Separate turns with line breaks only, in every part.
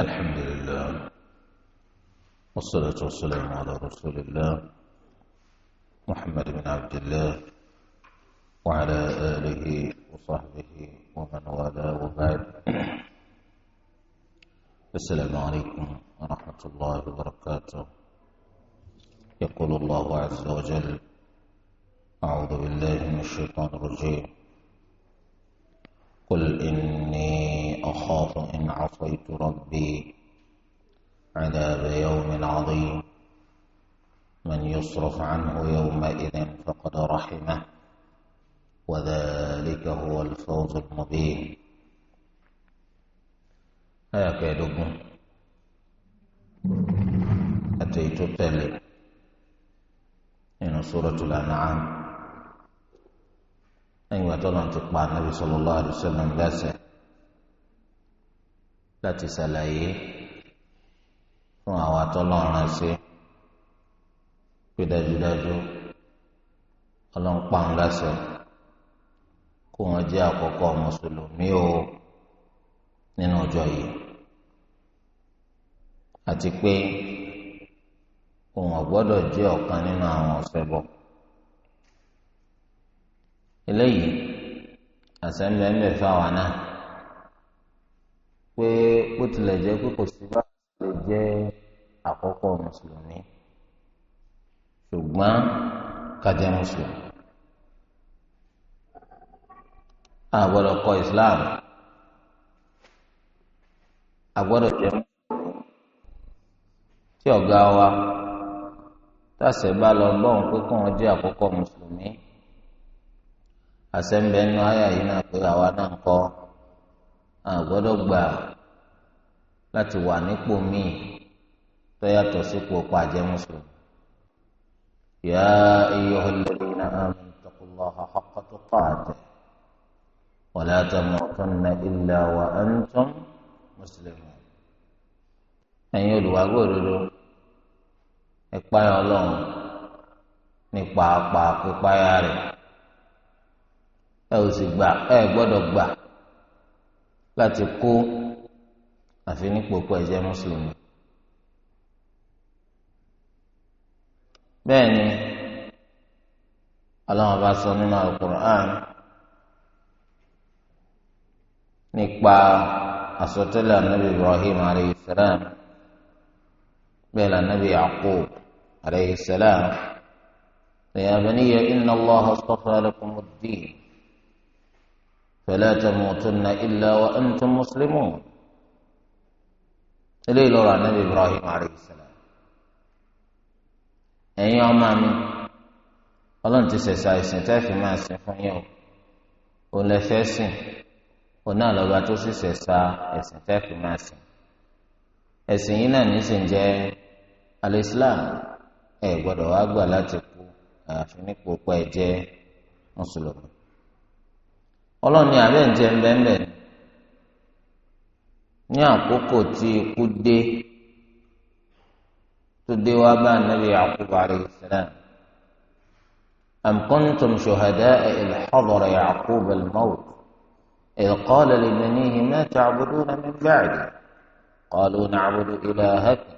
الحمد لله والصلاة والسلام على رسول الله محمد بن عبد الله وعلى آله وصحبه ومن والاه وبعد السلام عليكم ورحمة الله وبركاته يقول الله عز وجل أعوذ بالله من الشيطان الرجيم قل إني أخاف إن عصيت ربي عذاب يوم عظيم من يصرف عنه يومئذ فقد رحمه وذلك هو الفوز المبين هكذا آية أتيت التالي إن سورة الأنعام أيوة تلون تقبع النبي صلى الله عليه وسلم لا سهل láti ṣàlàyé fún àwọn atọ́lọ́run ṣe pé dájúdájú ọlọ́run pàun láṣẹ kó wọn jẹ́ àkọ́kọ́ mùsùlùmí o nínú ọjọ́ yìí àti pé òun ọ̀gbọ́dọ̀ jẹ́ ọ̀kan nínú àwọn ọ̀sẹ̀ bọ̀ eléyìí àṣẹ ń pé bó tilẹ̀ jẹ́ pé kò sí bá lè jẹ́ àkọ́kọ́ mùsùlùmí ṣùgbọ́n kájẹ́ mùsùlùmí. àgbọ́dọ̀ kọ Islam àgbọ́dọ̀ jẹ́ mùsùlùmí tí ọ̀gá wa tàṣẹ bá lọ bọ́ọ̀n pé kí wọ́n jẹ́ àkọ́kọ́ mùsùlùmí àṣẹ ń bẹ nínú àyà yìí náà pé àwa náà ń kọ́ ọ́. àgbọ́dọ̀ gbà láti wà nípò míì tọ́yàtọ̀ sípò pàjẹ́ mùsùlùmí. يا أيها الذين آمنوا اتقوا الله حق تقاته ولا تموتن إلا وأنتم مسلمون ẹ̀yin olùwàgbọ́ òdodo ìpáyà ọlọ́run nípa apá pípáyà rẹ̀ ẹ ò sì gbà ẹ láti kó àfi nípò pọ̀ ẹ̀jẹ̀ mùsùlùmí. bẹ́ẹ̀ ni ọlọ́run bá sọ nínú alukur'an nípa àsọtẹ́lẹ̀ anabi ibrahim aleyhisselam bẹ́ẹ̀ ni anabi yaqub aleyhisselam lẹ́yìn abẹ́niyẹ inna allah astafa lakum ad-din. فلا تموتن إلا وأنتم مسلمون eléyìí lọ́rọ̀ anabi ibrahim aleyhisselam ẹ̀yin ọmọ mi ọlọ́run ti ṣẹ̀ṣẹ̀ àìsàn tẹ́ fi máa sìn fún yín o ò lè o náà lọ́ba tó sì ṣẹ̀ṣẹ̀ ẹ̀sìn tẹ́ fi máa sìn ẹ̀sìn
ọlọ́run ní abẹ́ ǹjẹ́ ńbẹ́ńbẹ́
ní àkókò tí ikú dé tó dé wá bá anabi Yaqub alayhi salam am kuntum shuhada'a idh hadara Yaqub al-mawt idh qala li banihi ma ta'buduna min ba'di qalu na'budu ilahaka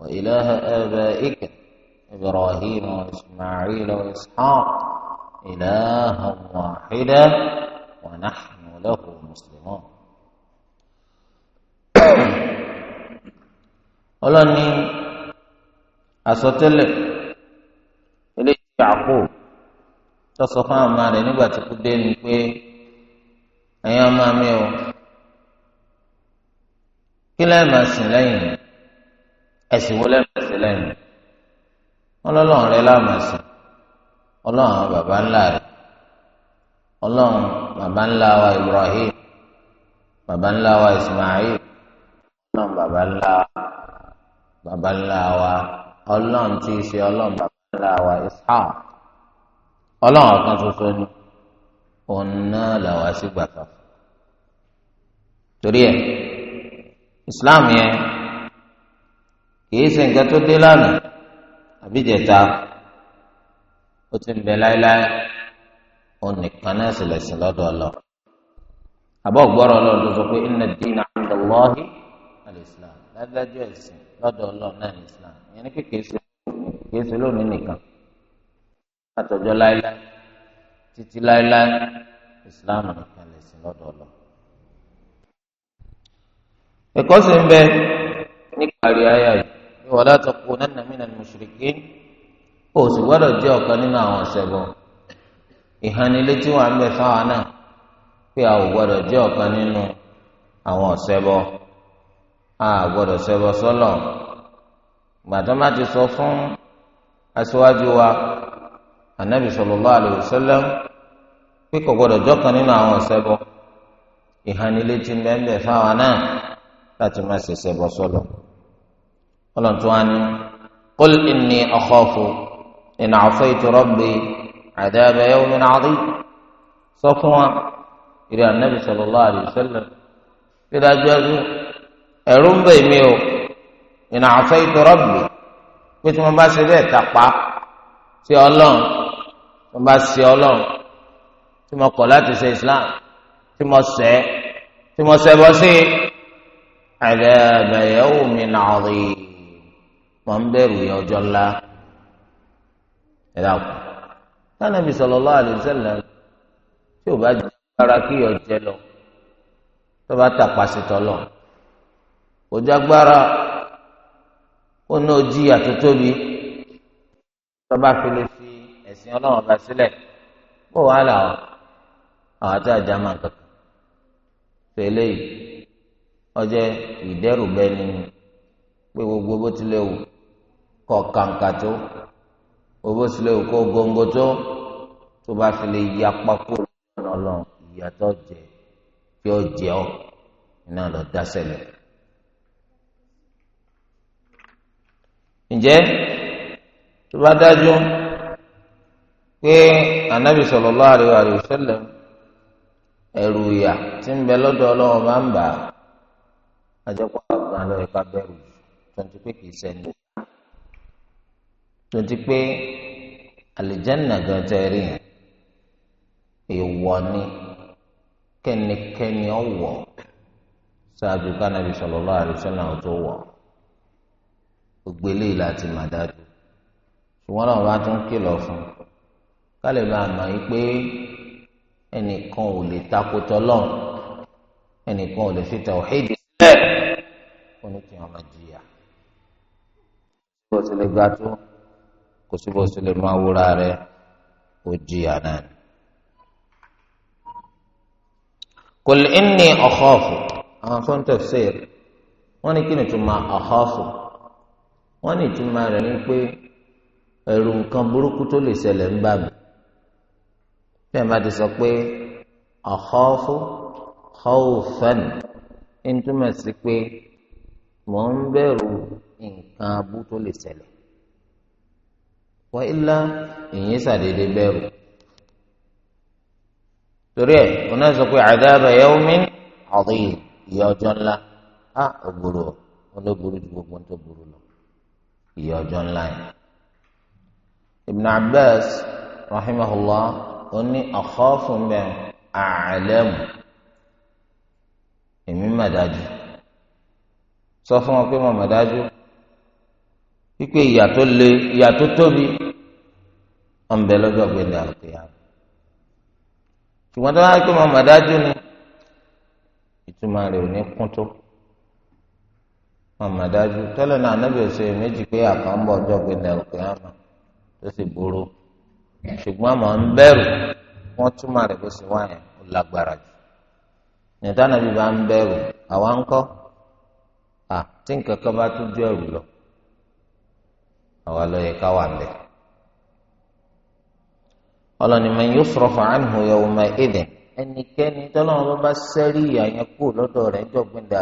wa ilaha aba'ika إبراهيم وإسماعيل وإسحاق إلها واحدا ونحن له مسلمون ọlọ́ni àsọtẹ́lẹ̀ eléyìí àkó tó fún àwọn ọmọ rẹ̀ nígbà tí kú dé ni pé ẹ̀yin ọmọ mi o kí sìn lẹ́yìn ẹ̀sìn wo lẹ́yìn lẹ́yìn ọlọ́run rẹ̀ ọlọ́run ńlá bàbá ńlá wa Ibrahim bàbá ńlá wa Ismail ọlọ́run bàbá ńlá bàbá ńlá wa ọlọ́run tí í ṣe ọlọ́run bàbá ńlá wa Ishaq ọlọ́run ọ̀kan ṣoṣo ni òun náà làwa sì gbàgbọ́ torí ẹ̀ Islam yẹn kìí ṣe nǹkan tó dé lánàá àbíjẹta ó ti ń bẹ láéláé onìkan náà sì lẹ̀sìn lọ́dọ̀ ọlọ. àbọ̀ gbọ́rọ̀ ọlọ́run ló sọ pé inna ad-dina 'inda Allahi al-Islam ládájọ́ ẹ̀sìn lọ́dọ̀ ọlọ́run náà ní Islam ìyẹn ní kékeré sí kékeré sí lónìí nìkan àtọ̀jọ́ láéláé títí láéláé Islam nìkan lẹ̀sìn lọ́dọ̀ ọlọ́run. ẹ̀kọ́ sì ń bẹ níparí ayá yìí wala takunanna minal mushrikin kò sì gbọ́dọ̀ jẹ́ ọ̀kan nínú àwọn ọ̀sẹ̀ gan ìhánilétí wà ń bẹ fáwọn náà pé a ò gbọdọ̀ jẹ́ ọ̀kan nínú àwọn ọ̀sẹ́bọ a gbọdọ̀ ṣẹbọ sọ́lọ̀ gbàtọ́ má ti sọ fún aṣíwájú wa anabi sallallahu alaihi wasallam pé kò gbọdọ̀ jọkan nínú àwọn ọ̀sẹ́bọ ìhánilétí ń bẹ́ẹ̀ bẹ́ẹ̀ fáwọn náà láti má ṣe ṣẹbọ sọ́lọ̀ ọlọ́ntún wa ni qul inni akhafu in asaytu àdáàbẹ yẹwò mi náà rí sọ fún wa ìrẹ anabi sallallahu alaihi wasallam dídájọ ẹrú ń bẹ mí o ìnà àfẹ ìtọrọbì pé tí mo bá ṣe bẹ́ẹ̀ tàpá sí Ọlọ́run mo bá ṣe Ọlọ́run tí mo kọ̀ láti ṣe Islam tí mo ṣẹ̀ tí mo ṣẹ̀ bọ sí àdáàbẹ yẹwò mi náà rí mo ń bẹ̀rù yẹ ọjọ́ ńlá ẹ dákun. tánàbí sallallahu alaihi wasallam tí ò bá jẹ agbára kí ọjẹ lọ tó bá tàpá sí tọlọ kò jágbára ó ná ojú àti tó bá fi lè fi ẹ̀sìn Ọlọ́run bá wàá là ọ àwọn àti àjà máa kankan gbogbo bó tilẹ̀ kọ̀ owó sílẹ̀ òkú góńgó tó tó bá fi lè ya pákó lọ́nà ọlọ́run ìyàtọ̀ jẹ kí ọ jẹ ọ iná lọ dá sẹlẹ̀. ǹjẹ́ tó bá dájú pé anabi sallallahu alaihi wa sallam ẹrù ìyà tí ń bẹ lọ́dọ̀ ọlọ́run máa ń bà á àjẹpọ̀ àgbà lọ́yẹ̀ká bẹ̀rù tó ń ti pé kì í sẹ́ni. tonti pé alìjánná gan tẹ̀rí yẹn èèwọ̀ ni kẹ́nikẹ́ni ọ̀wọ̀ ṣáájú kánábì sallallahu alaihi tó wọ̀ gbogbo láti má dájú ṣùgbọ́n náà wọ́n tún kìlọ̀ fún kálí bá a mọ̀ yí pé ẹnìkan ò lè takotọ́ lọ́n ẹnìkan ò lè fi kò síbò sí lè máa wúra rẹ ó jìyà náà. kul inni akhafu àwọn fún tafsir wọ́n ní kí ni tún máa akhafu wọ́n ní ìtumọ̀ rẹ̀ ni pé ẹ̀rù nǹkan burúkú tó lè ṣẹlẹ̀ ń bà mí bẹ́ẹ̀ má ti sọ pé akhafu khawfan ń sí pé mò ń bẹ̀rù nǹkan abú tó lè ṣẹlẹ̀ wọ́n ilá ìyẹn sàdédé bẹ̀rù torí ẹ̀ wọn náà sọ pé àdáàbà yawmin adheem ìyà ọjọ́ ńlá á ògbòrò wọn ló burú ju gbogbo tó burú lọ ìyà ọjọ́ ńlá yẹn. Ibn Abbas rahimahullah ó ní akhafu min èmi mà dájú sọ fún wọn pé mo dájú wípé ìyà tó le ìyà tó tóbi ọ̀nbẹ lọ́jọ́ gbẹ̀dẹ̀ àlùkìyà ṣùgbọ́n tó bá pé wọn màdájú ni ìtumọ̀ rẹ̀ ò ní kún tó wọn màdájú tẹ́lẹ̀ náà anábì ọ̀sẹ̀ méjì pé àkànbọ̀ ọjọ́ gbẹ̀dẹ̀ àlùkìyà mà tó sì burú ṣùgbọ́n àmọ́ ń bẹ̀rù wọ́n túmọ̀ rẹ̀ bó ṣe wáyẹn ó lágbára jù nìtànàbí bá ń bẹ̀rù àwa ń à tí nǹkan kan bá tún ju ẹ̀rù lọ. àwa ló yẹ ká wà ń bẹ. ọlọ́ni man yusrafu anhu yawma idin ẹnikẹ́ni tọ́lọ́wọ́n bá bá sẹ́rí ìyá yẹn kú lọ́dọ̀ rẹ̀ jọ̀gbìn tí ò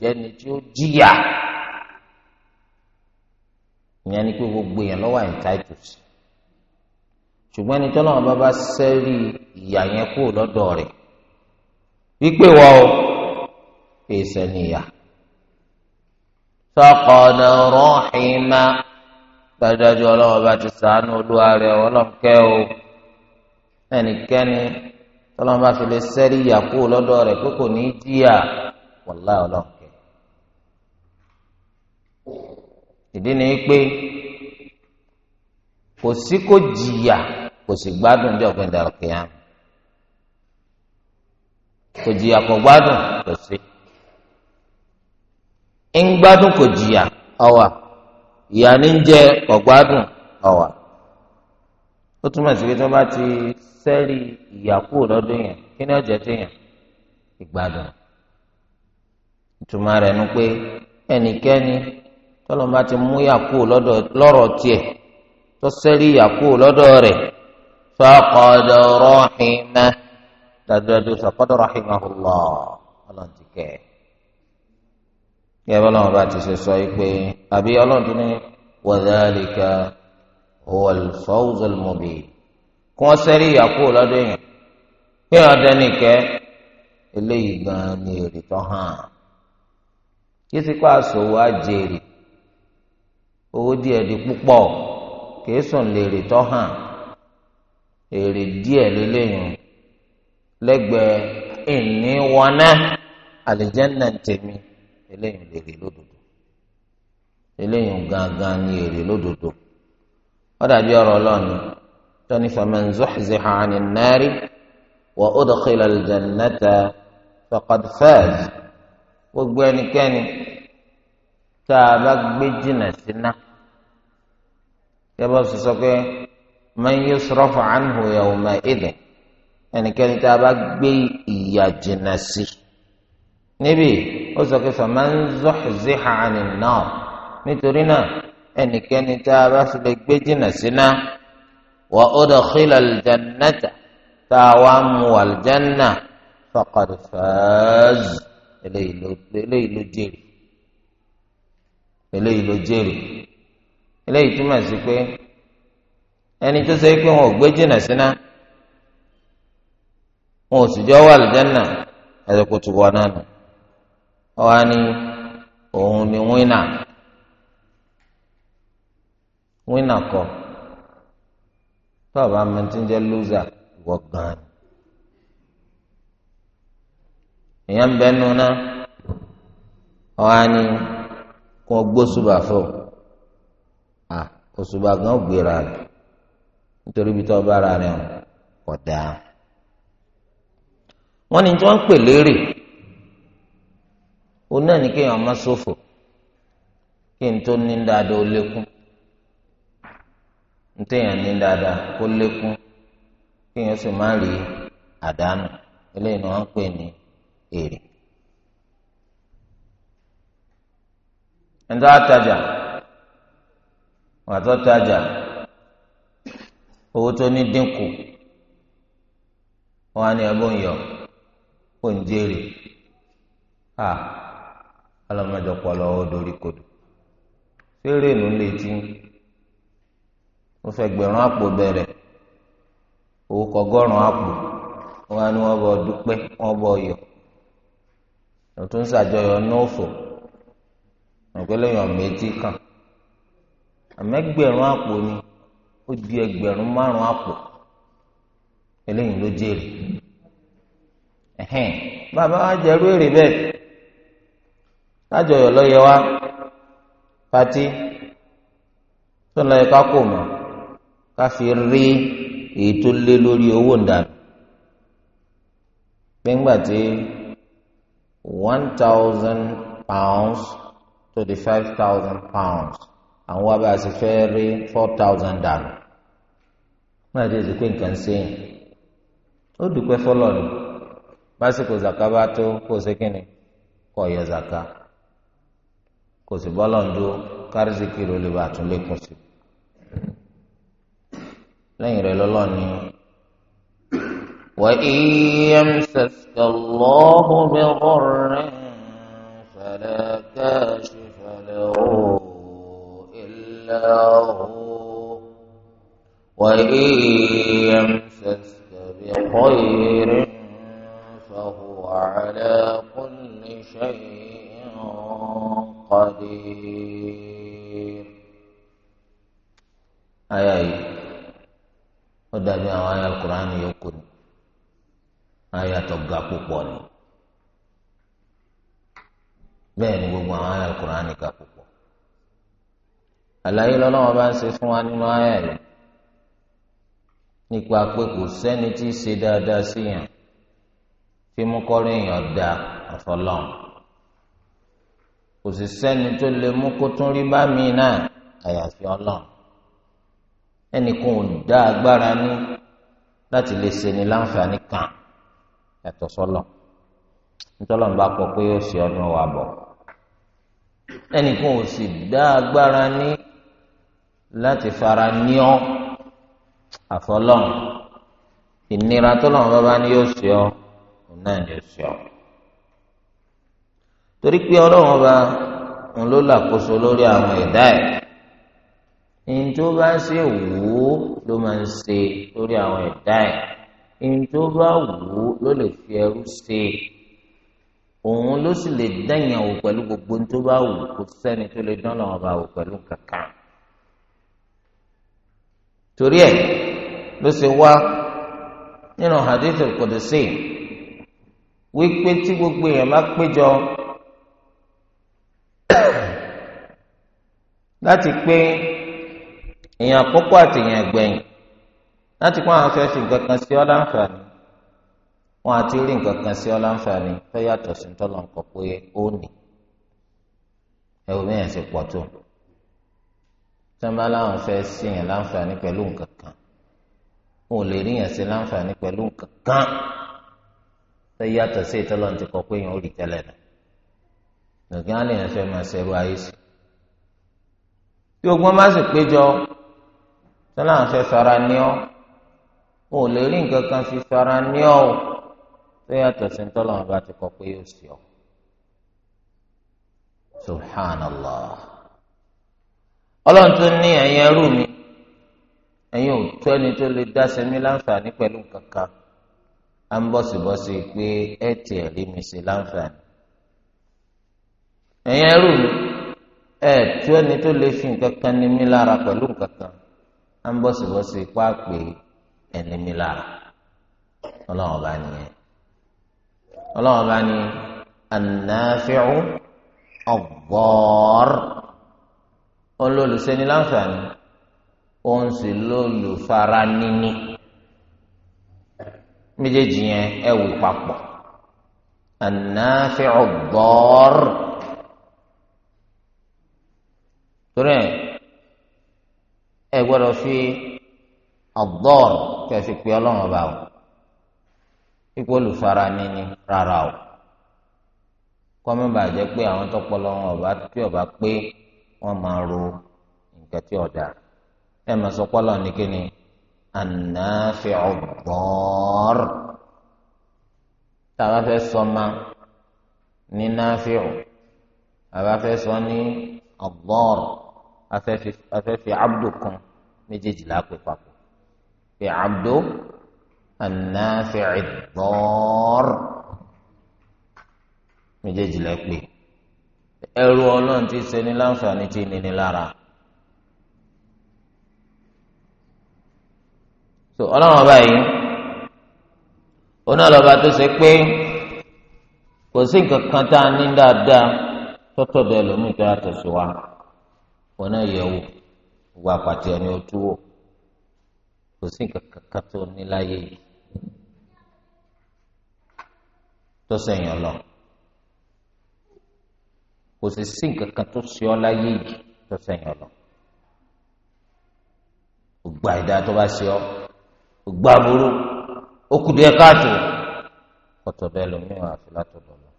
jẹ́ni tí ó jìyà ìyẹn ni pé gbogbo èèyàn lọ́wọ́ entitled ṣùgbọ́n ẹni bá bá sẹ́rí ìyá faqad rahima dájúdájú ọlọ́wọ́ bá ti sàánú olúwa rẹ̀ ọlọ́mkẹ́ o ẹnikẹ́ni tọ́lọ́mọ bá fi lè sẹ́rí ìyàkú lọ́dọ̀ rẹ̀ pé kò ní í jìyà wàlá ọlọ́mkẹ́. ìdí ni pé kò sí kó jìyà kò sì gbádùn jọ gbẹ̀dẹ̀ kò jìyà kò gbádùn kò sí. ń gbádùn kò jìyà ọwà ya ní ń jẹ ọgbádùn ọwà ó túmọ̀ sí pé tí wọ́n bá ti sẹ́rí ìyàkú lọ́dún yẹn kí ni ọ̀jẹ̀ ti yàn ìgbádùn ìtumọ̀ rẹ̀ nu pé ẹnikẹ́ni tọ́lọ́ bá ti mú ìyàkú lọ́rọ̀ tiẹ̀ tó sẹ́rí ìyàkú lọ́dọ̀ rẹ̀ gẹ́gẹ́ bí ọlọ́run bá ti ṣe sọ yìí pé àbí ọlọ́run tún ní wàdálìkà wàlfọ́wùsọ̀lùmọ̀bì kí wọ́n sẹ́rí ìyàkó lọ́dọ̀ èèyàn pé ọ̀dẹ́ nìkẹ́ eléyìí gan-an ni èrè tó hàn kí sípò àṣòwò àjèrè owó díẹ̀ di púpọ̀ kìí sùn lèrè tó hàn èrè díẹ̀ lélẹ́yìn lẹ́gbẹ̀ẹ́ ìníwọ́ná àlìjẹ́nà tèmi eléyìí lè rí lódodo eléyìí gangan ni èrè lódodo ó dàbí ọ̀rọ̀ lọ́nà tóní faman zuhziha anin nari wa udkhila aljannata faqad faz gbogbo ẹnikẹ́ni tá a bá gbé jìnnà síná yẹ́bọ̀ sọ pé man yusrafu anhu yawma idhin ẹnikẹ́ni tá a bá gbé ìyà jìnnà sí níbi ó sọ pé faman zuhziha 'anil nar nítorí náà ẹnikẹ́ni tá a bá fi lè gbé jìnnà síná wa udkhila al-jannata tá a wá mú al-janna faqad faz eléyìí ló jèrè eléyìí ló jèrè eléyìí túmọ̀ sí pé ẹni tó sọ pé wọn ò gbé jìnnà síná wọn ò sì jọ wà al-janna ẹ̀rọ kò tù wọ náà nù. Ọha ni òun ni wínà wínà kọ tó o bá mọ tí ń jẹ́ lóza gan èèyàn bẹ nu ná ni kò gbósùbà fún a òsùbà gan gbéra rẹ nítorí ibi tó o bá ra rẹ dáa pè lérè. ó náà ní kéèyàn má kí n tó ní dáadáa ó lékún n téèyàn ní dáadáa kó lékún kéèyàn sì má rí àdánù eléyìí ni wọ́n ń pè ní èrè. ẹnitọ́ àtajà owó tó ní dínkù wọn ní ẹbùn kó ń jèrè. ala lọ́wọ́ dorí kodò fèrè nù létí ó fẹ́ gbẹ̀rún àpò bẹ̀rẹ̀ owó kọgọrùn àpò wọn ni wọn bọ dúpẹ́ wọn bọ yọ̀ lọtún ń ṣàjọyọ̀ méjì kan àmẹgbẹ̀rún ni ó di márùn eléyìí ló jèrè bàbá wa èrè lájọyọ̀ lọ́yẹ wa pati tó ń lọ́yẹ ká kò mọ̀ ká fi rí èyí tó lé lórí owó ńdànù gbẹ́ngbà tí one thousand pounds to the five thousand pounds àwọn wa bá a fẹ́ rí four thousand dànù náà dé ìsìnkú nǹkan sẹ́yìn ó dùpẹ́ fọlọ́ọ̀nù básìkò zaka bá tó kó o ṣe kí ni kó yọ zaka kò sì bọ́ lọ́ndún kárísìkì rẹ̀ lè bàa tún lékun sí. lẹ́yìn rẹ̀ lọ́lọ́ ni وإن يمسسك الله بضر فلا كاشف له إلا هو وإن يمسسك بخير فهو على كل شيء قدير آية ودابي آية القرآن يكون آية تبقى قبول bẹ́ẹ̀ ni gbogbo àwọn àyà alukur'an nìkan púpọ̀ àlàyé lọ́lọ́wọ́ bá ń ṣe fún wa nínú àyà yìí nípa pé kò sẹ́ni tí í ṣe dáadáa sí yàn tí mú kọ́rin èèyàn da àfọlọ́hùn kò sì sẹ́ni tó lè mú kó tún rí bá mi náà àyàfi ọlọ́run ẹnìkan ò dá agbára ní láti lè ṣe ní láǹfààní kan yàtọ̀ sọ́lọ̀ nítorí bá kọ pé ó ṣe ọdún wa bọ̀ ẹnìkan ò sì dá agbára ní láti fara ní ọ àfọlọ́run ìnira tó lọ́n bá ní yóò ṣe ọ òun náà yóò ṣe ọ torí pé ọlọ́run ọba òun ló làkóso lórí àwọn ẹ̀dá ẹ̀ ìyìn tó bá ń ṣe wù ú ló máa ń ṣe lórí àwọn ẹ̀dá ẹ̀ ìyìn tó bá wù ú ló lè fi ẹrú ṣe òun ló sì lè dẹ́yìn àwò pẹ̀lú gbogbo tó bá wù kó sẹ́ni tó lè dán lọ́wọ́ bá wò pẹ̀lú kankan torí ẹ̀ ló ṣe wá nínú hadith al-Qudsi wípé tí gbogbo èèyàn bá péjọ. láti pé èèyàn àkọ́kọ́ àti èèyàn ẹ̀gbẹ̀yìn láti pé àwọn afẹ́fẹ́ nǹkan kan sí ọ́ láǹfààní wọn àti rí nǹkan kan sí ọ́ láǹfààní tó yàtọ̀ sí tọ́lọ̀ nǹkan pé ó nì ẹ̀wù mẹ́yàn sì pọ̀ tó sọ́nbà láwọn fẹ́ sí yẹn láǹfààní pẹ̀lú nǹkan kan wọn ò lè rí yẹn sí láǹfààní pẹ̀lú nǹkan kan tó yàtọ̀ sí ìtọ́lọ̀ ti kọ pé yẹn ó rí tẹ́lẹ̀ náà nǹkan á lè yẹn máa ṣerú ayé sí i. bí ogun bá sì péjọ sọlá sara ní ọ ò lè rí nǹkan kan fi sara ní ọ o tó yàtọ̀ sí ti kọ pé yóò sí ọ. subhanallah
ọlọ́run tó ní ẹ̀yin mi
ẹ̀yin ò tó ẹni tó lè dá sẹ́mi láǹfààní pẹ̀lú kankan à ń bọ̀sibọ̀si pé ẹ̀ tiẹ̀ mi sí láǹfààní ẹ̀yin ẹ tú ẹni tó lè fi nǹkan kan ní mi lára pẹ̀lú nǹkan kan á ń bọ̀sibọ̀si ipá pé ẹni mi lára ọlọ́wọ́n bá nìyẹn ọlọ́wọ́n bá ní anáfíù ọ̀gbọ́r olólùsẹ́ni láǹfààní òun sì lólùfara níní méjèèjì yẹn ẹ wù papọ̀ anáfíù ọ̀gbọ́r. torí ẹ ẹ gbọ́dọ̀ fi ọdọọr kẹfì pé Ọlọ́run ọba o ipò olùfara ni ni rárá o kọ́mí bàjẹ́ pé àwọn tọ́pọ̀ lọ́wọ́ ọba tí ọba pé wọ́n máa ro nǹkan tí ọ̀dà ẹ máa sọ pọ́lọ́ ní kíni ànáfẹ́ ọ̀dọ́ọ̀r tàbá fẹ́ sọ ma ní náfẹ́ o àbá fẹ́ sọ ní ọ̀dọ́ọ̀r afẹ́fẹ́ abdu kan méjèèjì lápè papọ̀ pé abdu anáfẹ́ẹ́ dọ́ọ̀rọ̀ méjèèjì lẹ́pẹ́ ẹrú ọlọ́run ti ṣe ní láǹfààní tí ní ní lára. so ọlọ́run ọba yìí oná lọ́ba tó ṣe pé kò sí nǹkan kan tá a ní dáadáa tọ́tọ̀ bẹ́ẹ̀ lómi tó yàtọ̀ wọn náà yẹ wò gbogbo àpàtì ẹni ojú wò kò sí nǹkan kankan tó ní láyé yìí tó sẹ́yìn ọlọ kò sì sí nǹkan kan tó sí ọ láyé yìí tó sẹ́yìn ọlọ gbogbo àìdá tó bá sí ọ gbogbo aburú ó kù káàtó kọtọ bẹ́ẹ̀ lómi àfi látọ̀dọ̀ lọ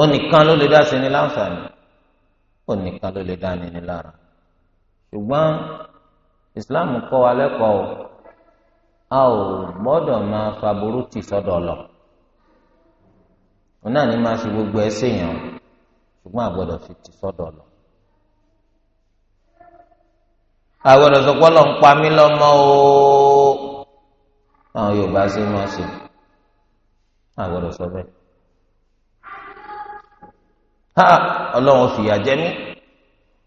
ó nìkan ló lè dá sí ni láǹfààní kò nìkan ló lè dáni ní lára ṣùgbọ́n islam kọ́ wa lẹ́kọ̀ọ́ a ò gbọ́dọ̀ máa faburú tì sọ́dọ̀ lọ òun náà ní máa ṣe gbogbo ẹ séèyàn ṣùgbọ́n a gbọ́dọ̀ fi tì sọ́dọ̀ lọ. a gbọ́dọ̀ sọ pé pa mí lọ́mọ o àwọn yorùbá ṣe máa ṣe a sọ bẹ́ẹ̀. ha ọlọ́run fìyà jẹ mí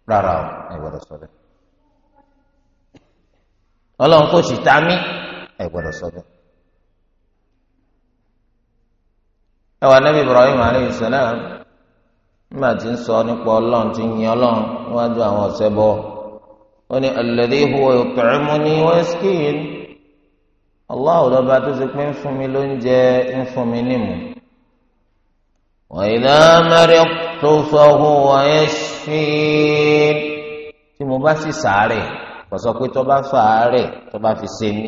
rárá o ẹ gbọ́dọ̀ sọ bẹ́ẹ̀ ọlọ́run kò sì ta mí ẹ gbọ́dọ̀ sọ bẹ́ẹ̀. ẹ wà Nabi Ibrahim aleyhi salam nígbà tí ń sọ nípa ọlọ́run tí yin ọlọ́run níwájú àwọn ọ̀sẹ̀ bọ́ ó ní يعطسه ويشفين tí mo bá sì sàárẹ̀ kò sọ pé tó bá fàárẹ̀ tó bá fi ṣe mí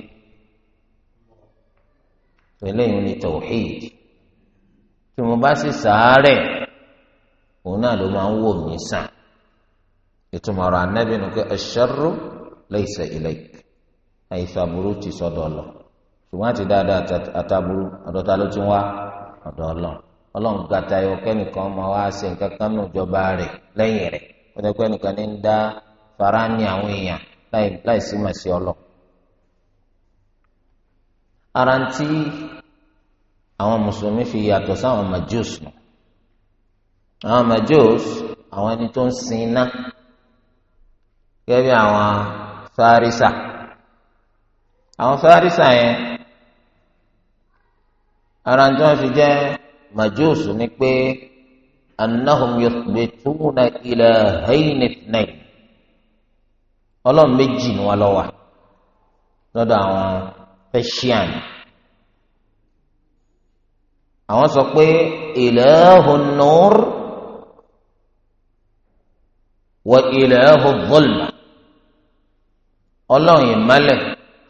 eléyìí ni tawhid tí mo bá sì sàárẹ̀ òun náà ló máa ń wò mí sàn ìtumọ̀ ọ̀rọ̀ anábì ni pé ash-sharru laysa ilayk àìsàn aburú ti sọ́dọ̀ lọ ṣùgbọ́n àti dáadáa àtàbúrú ọ̀dọ́ta ló ti wá ọ̀dọ̀ ọlọ́run. ọlọ́run gàtà yọ kẹ́nìkan máa wá ṣe nǹkan kan nù jọba rẹ̀ lẹ́yìn rẹ̀ ọ̀dẹ́gbẹ́ ní fara ní àwọn èèyàn láì sí mà sí ọlọ. ara ń tí àwọn mùsùlùmí fi yàtọ̀ sáwọn majus nù àwọn majus àwọn ẹni tó ń sin iná gẹ́gẹ́ bí àwọn fárísà àwọn fárísà yẹn ara màjúùsù ni pé annahum yuthbituna ilahayn ithnayn ọlọ́run méjì ni wọ́n lọ wà lọ́dọ̀ àwọn persian àwọn sọ pé ilahun nur wa ilahu dhulma ọlọ́run ìmálẹ̀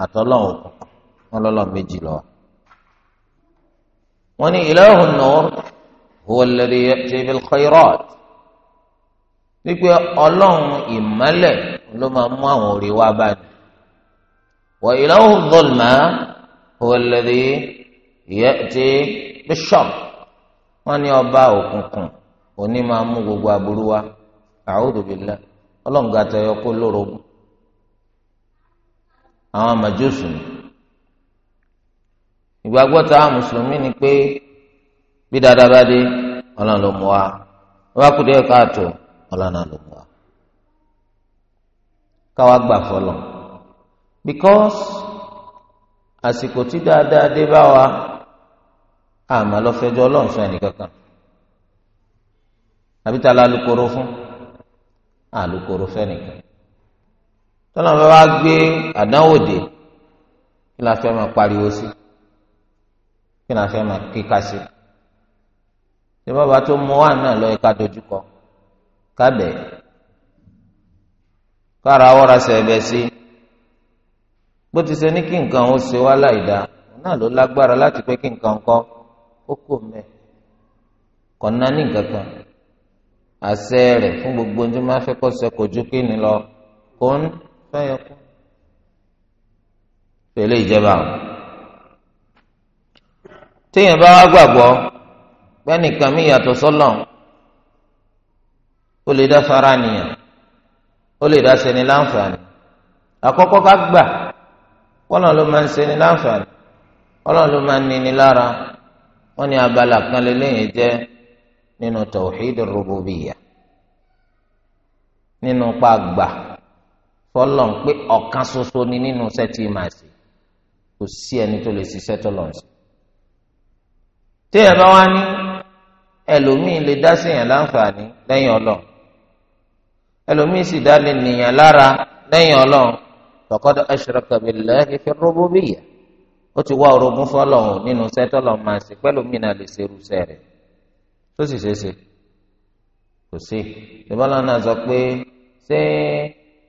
àtọ́lọ́run òkùnkùn wọn lọ́lọ́run méjì lọ wà wọ́n ní ilahu nur huwa alladhi ya'ti bil khairat wípé ọlọ́run ìmọ́lẹ̀ ló máa mú àwọn orí wá báyìí wa ilahu dhulma huwa alladhi ya'ti bish-sharr wọ́n ní ọba òkùnkùn òní máa mú gbogbo aburú wá a'udhu billah ọlọ́run gàtọ̀ ẹ̀yọ́ kó lórogún àwọn màjúsù ni ìgbàgbọ́ táwa mùsùlùmí ni pé bí dáadáa bá dé ọlọ́run ló mú wa wọ́n kú káàtó ọlọ́run ló mú wa káwa gbà fọlọ́ because àsìkò tí dáadáa dé bá wa àmọ́ lọ́fẹ́jọ́ ọlọ́run fún ẹnìkankan àbí ta la alukoro fún alukoro fẹ́nìkan tọ́lá bá wá gbé àdánwò dé kí la fẹ́ máa pariwo sí i kí ni a fẹ́ máa kí ká sí ṣé bàbá tó mú wá náà lọ ẹ̀ka dojúkọ kábẹ̀ kára wọ́ra sẹ̀bẹ̀ sí bó ti ṣe ní kí nǹkan ó ṣe wá láìda náà ló lágbára láti pé kí nǹkan kọ́ ó kò mẹ́ kọ̀ọ̀nà ní nǹkan kan àṣẹ rẹ̀ fún gbogbo ohun tí wọ́n fẹ́ kọ́ sọ kò ju kí ni lọ kò ń fẹ́ yẹ kó. pẹ̀lú ìjẹba àwọn téèyàn bá wá gbàgbọ́ gbẹ́nìkan mí yàtọ̀ sọ́lọ̀ ó lè dá fara nìyàn ó lè dá ṣeni láǹfààní àkọ́kọ́ ká gbà kọ́lọ́n ló máa ń ṣeni láǹfààní kọ́lọ́n ló máa ń nini lára wọ́n ní abala kan lélẹ́yìn jẹ́ nínú tawhid rububiya nínú pàgbà fọlọ́n pé ọ̀kan ṣoṣo ni nínú sẹ́tì kò sí ẹni tó lè ṣiṣẹ́ tó lọ́n ṣe. tí ẹ bá wá ní ẹlòmíì lè dá sí yàn láǹfààní lẹ́yìn ọlọ́run sì dá lè nìyàn lára lẹ́yìn ọlọ́run faqad ashraka billahi fi ó ti wá orogún fọlọ́run nínú máa lè tó sì pé ṣé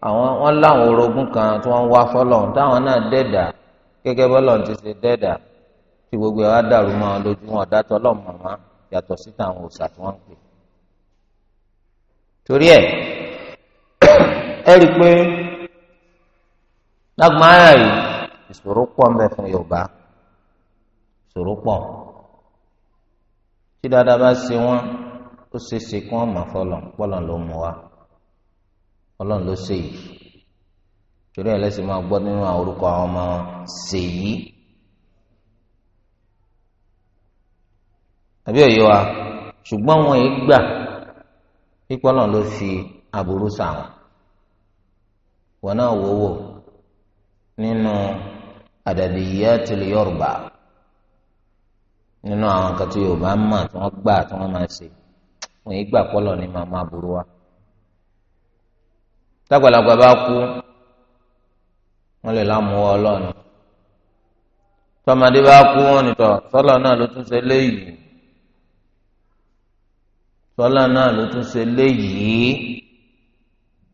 àwọn wọn láwọn orogún kan tí wọ́n wá fọlọ́run táwọn náà tí gbogbo ẹ̀ wá dàrú mọ́ ọ lójú wọn ọ̀dà tọ́lọ̀ mọ̀mọ́ yàtọ̀ síta àwọn òòṣà tí wọ́n ń pè. torí ẹ̀ ẹ rí i pé lágbọ́n ara yìí ìṣòro pọ̀ ń bẹ fún Yorùbá ìṣòro pọ̀ tí dáadáa bá ṣe wọ́n ó ṣeé ṣe kí wọ́n mọ̀ fọlọ̀ pọ́lọ̀ ló mú wa ọlọ́run ló ṣe yìí torí ẹ̀ lẹ́sìn máa gbọ́ nínú àwọn orúkọ àwọn ọmọ ṣèyí. àbí òye wa ṣùgbọ́n wọn yìí gbà pípọ́ náà ló fi aburú sàwọn wọn náà wò wò nínú adadiyatil Yorùbá nínú àwọn kan tí Yorùbá ń mà tí wọ́n gbà tí wọ́n máa ṣe wọn yìí gbà pọ́lọ̀ ní màmá aburú wa tágbàlagbà bá kú wọn lè lámú ọ lọ́nà bá kú wọn nìtọ̀ sọ́lọ́ náà ló tún ṣe léyìí. lọ́la náà ló tún ṣe léyìí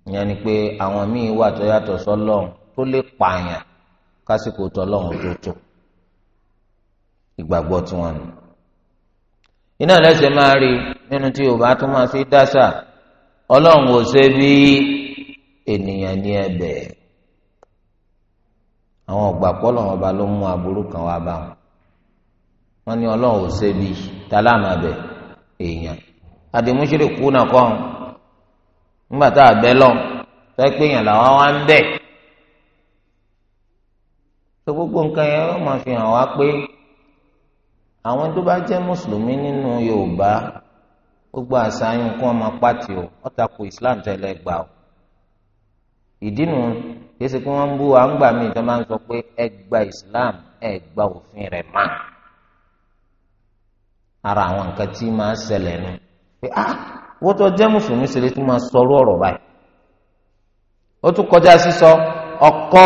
ìyẹn ni pé àwọn míì wà tó yàtọ̀ sọ́lọ́run tó lè pààyàn kásìkò tọ́lọ́run tó tó ìgbàgbọ́ tiwọn nù. iná lẹ́sẹ̀ máa rí nínú tí yorùbá tún máa fi dáṣà ọlọ́run ò ṣe bí ènìyàn ní ọba ló mú aburú kan wá bá wọn wọ́n ní ọlọ́run ò ṣe bí tálámà àti mùsùlùkù náà kọ́ ọ̀hún nígbà tá a bẹ́ lọ fẹ́ pé nkà làwọn wá ń fi hàn wá pé àwọn tó bá jẹ́ mùsùlùmí nínú Yorùbá gbogbo àṣàyàn ọmọ pàtì o kò Islam tẹ̀lé gbà ọ. ìdí nu ń bú ẹ gba Islam ẹ gba òfin rẹ mọ́ ara àwọn nǹkan tí máa ń pé ah wọ́n jẹ́ mùsùlùmí ṣe lè tún máa sọ ọ̀rọ̀ báyìí ó tún kọjá sísọ ọkọ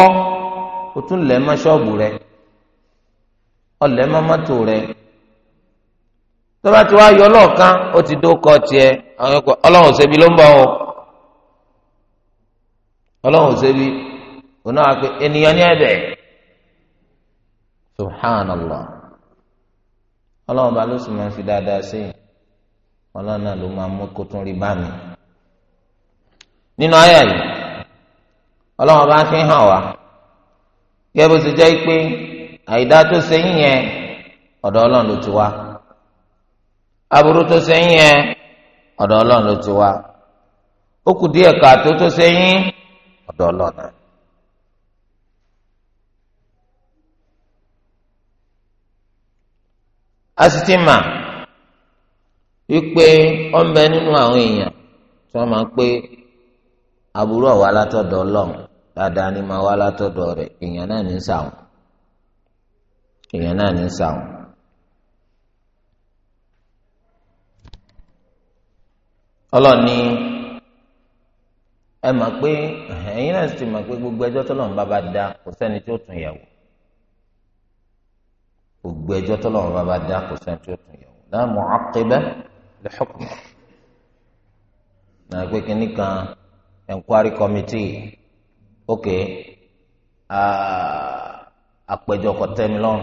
ó tún lẹ̀ mọ́ ṣọ́ọ̀bù rẹ̀ ọlẹ̀ mọ́ mọ́tò rẹ. tí wàá yọ ọlọ́ọ̀kan ó ti dó kọ tiẹ̀ ọlọ́run òṣèbí ló ń bọ̀ ọ́ ọlọ́run òṣèbí òun náà pé ènìyàn ní ẹ̀bẹ̀ subhanallah ọlọ́run ló sì máa ọlọ́nà ló máa mú kó tún rí bá mi. nínú ayé yìí ọlọ́wọ́n bá fi hàn wá kí ẹ bó ti jẹ́ pé àìdá tó ṣe yín yẹn ọ̀dọ̀ ọlọ́run ló ti wá aburú tó ṣe yín yẹn ọ̀dọ̀ ọlọ́run ló díẹ̀ tó ṣe wípé ó ń bẹ nínú àwọn èèyàn tí ma máa ń pé aburú ọ̀wá látọ̀dọ̀ ọlọ́run dáadáa ni máa wá látọ̀dọ̀ rẹ̀ èèyàn náà ní sàwọn èèyàn náà ní sàwọn. ọlọ́ni ẹ mọ̀ pé ẹ̀yin náà mọ̀ gbogbo ẹjọ́ tọ́lọ́run bá bá dá kò sẹ́ni tí ó tún gbogbo ẹjọ́ tọ́lọ́run bá bá dá kò sẹ́ni tí ó tún lẹ́xọ́kùn náà pé kínní kan enquiry committee ok àpèjọ kọtẹ́milọ́rùn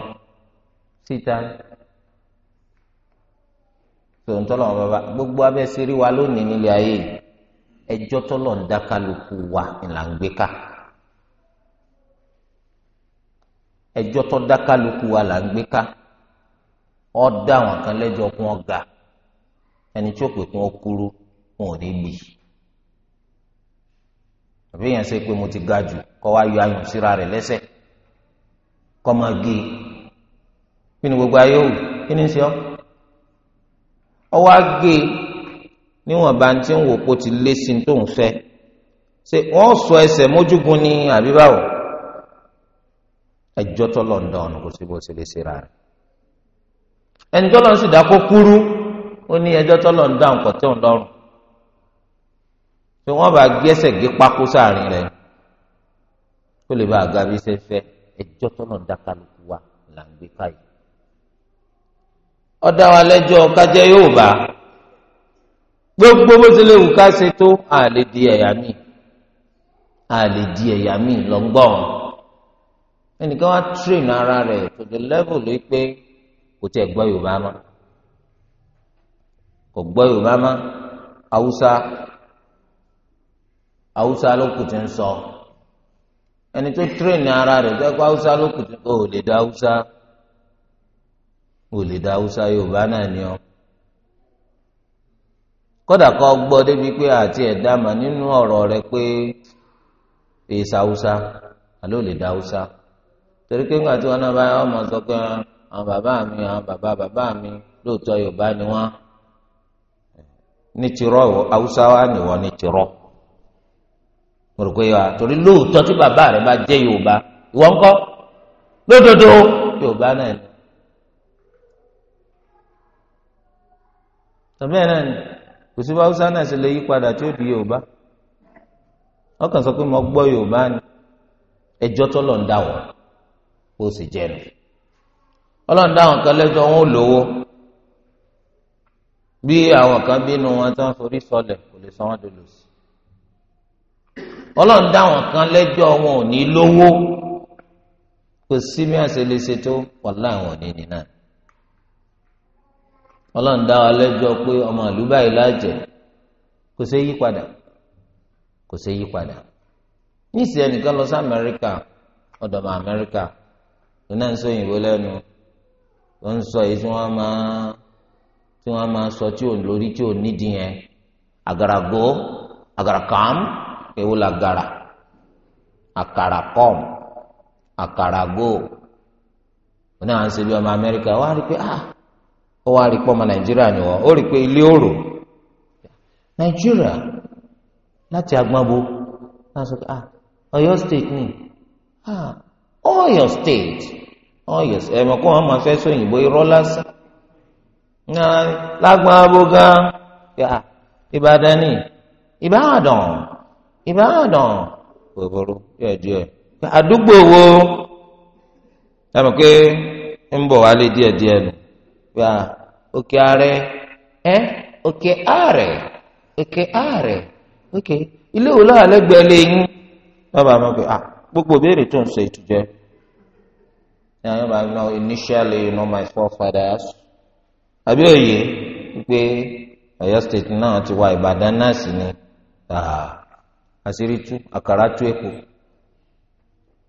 síta tòǹtọ́lọ́ bàbá gbogbo abẹ́ sírí wa lónìí nílé ayé ẹjọ́ tọ́lọ̀ ń dá kálukú wa là ń gbé ká ẹjọ́ tọ́ dá kálukú wa là ń gbé ká ọ́ dá àwọn kan lẹ́jọ́ kún ọ́ ẹni tí ó pè kún ó wọn ò ní gbì àbí èèyàn ṣe pé mo ti ga jù kọ́ wá yọ ayùn síra rẹ̀ lẹ́sẹ̀ kọ́ máa gé e kí ni gbogbo ayé wù kí ni ń ṣe ọ́ ọ wá gé e níwọ̀nba tí ń wò kó ti lé sí tó ń fẹ́ ṣe wọ́n sọ ẹsẹ̀ mójúgun ní àbí ẹjọ́ tó lọ́ndọ̀n kò sí bó ṣe lè ṣe rà rẹ̀ ẹni tó lọ́n sì dákó kúrú ó ní ẹjọ́ tọ́lọ̀ ń dá kọ́ tó ń lọ́rùn tí wọ́n bá gẹ́sẹ̀ gé pákó sáàrin rẹ̀ kó lè bá àga bí sẹ́fẹ́ ẹjọ́ tọ́lọ̀ ń dá kálukú wa là ń gbé káyìí. ọ̀dà wa lẹ́jọ́ kájẹ́ yóò bá
gbogbo bó ti lè wù ká ṣe
tó àlè di ẹ̀yà mi àlè di ẹ̀yà mi lọ́ngbọ̀n ẹnìkan wá tírèn ara rẹ̀ to the level pé kò tẹ̀ gbọ́ Yorùbá náà. kò gbọ́ yorùbá mọ́ Awusa haúsá ló ti ń sọ ẹni ara re jẹ́ pé haúsá ló kù ti ń sọ ò lè da haúsá ò lè da haúsá yorùbá náà ni ọ́ kódà kọ́ gbọ́ débi pé àti ẹ̀dá mà nínú ọ̀rọ̀ pé èsì da torí pé wọn náà bá ọmọ sọ pé àwọn bàbá mi àwọn bàbá bàbá mi lóòótọ́ yorùbá ni wọn ní tirọ haúsá wa nìwọ ní tirọ lo torí tí bàbá rẹ bá yorùbá ìwọ lódodo yorùbá náà ni tọ́bẹ́ náà ni kò sí náà lè di yorùbá sọ pé mo gbọ́ yorùbá ni ẹjọ́ tó lọ́ọ́ ń dà wọ́n ó sì jẹ́ wọn ò lówó bí àwọn kan bínú wọn tó so forí sọlẹ̀ kò lè san wọn dolo sí kan lẹ́jọ́ wọn ò ní lówó kò sí bí wọ́n lè ṣe tó ni náà ọlọ́run dá lẹ́jọ́ pé ọmọ ìlú báyìí lájẹ kò ṣe yí padà kò ṣe yí padà níìsí ẹnìkan lọ sí amẹ́ríkà ọ̀dọ̀mọ̀ amẹ́ríkà lónà sọ òyìnbó lẹ́nu tí wọ́n máa sọ tí ò lórí tí ò nídìí yẹn àgàràgó àgàràkàm èwo làgàrà àkàràkọ́m àkàràgó wọn náà ń ṣe bí ọmọ amẹ́ríkà wọ́n á rí pé ah ó wá rí pé ọmọ nàìjíríà ni wọ́n ó rí pé ilé òrò nàìjíríà láti náà sọ pé ah, ni ah state wọn máa sọ òyìnbó lágbọn abogan ìbàdàn ni ìbàdàn ìbàdàn òhòrò yóò díẹ̀ àdúgbò wo dàbí pé ń bọ̀ wálé díẹ̀díẹ̀ nù yà òkè ààrẹ ẹ òkè ààrẹ òkè ààrẹ òkè ilé wo láwà lẹ́gbẹ̀ẹ́ lẹ́yìn bàbá mi pé ah gbogbo béèrè tó ń ṣe ìtújẹ ní àwọn bàbá mi náà initially my forefathers. àbí òye pé Ọ̀yọ́ state náà ti wá Ìbàdàn náà sí ni àṣírí tú àkàrà tú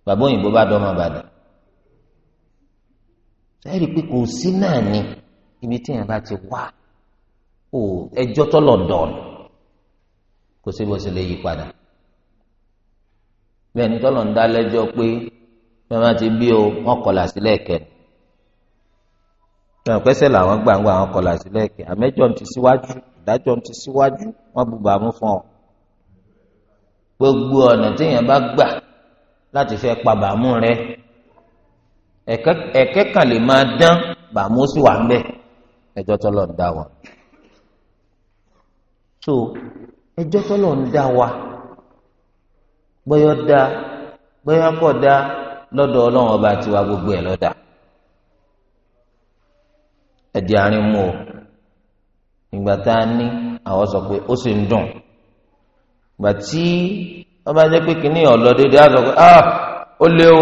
bàbá òyìnbó bá dọ́mọ Ìbàdàn pé kò sí náà ni ibi tí yẹn bá ti wá ò ẹjọ́ tọ́lọ̀ dọ̀ọ̀nù kò sí bó ṣe lè yí padà bẹ́ẹ̀ ni tọ́lọ̀ ń dá lẹ́jọ́ pé ti bí ìwọ̀n pẹ́sẹ̀ làwọn gbàngbà àwọn kọlà sílẹ̀ kẹ́ àmẹ́jọ́ ti síwájú ìdájọ́ ti síwájú wọ́n bùbà mú fún ọ. gbogbo ọ̀nà téèyàn bá gbà láti fẹ́ pa bàmú rẹ ẹ̀kẹ́ kan lè máa dán bàmú sí wà ń ẹjọ́ tọ́lọ̀ ń dá wọn. so ẹjọ́ tọ́lọ̀ ń dá wa gbọ́yọ́ dá gbọ́yọ́ kọ̀ dá lọ́dọ̀ ọlọ́run ọba tiwa gbogbo ẹ̀ lọ́dà. ẹ̀dí àárín mu o ìgbà tá a ní àwọn sọ pé ó sì ń dùn ìgbà tí wọ́n bá pé kínní pé ah ó lé o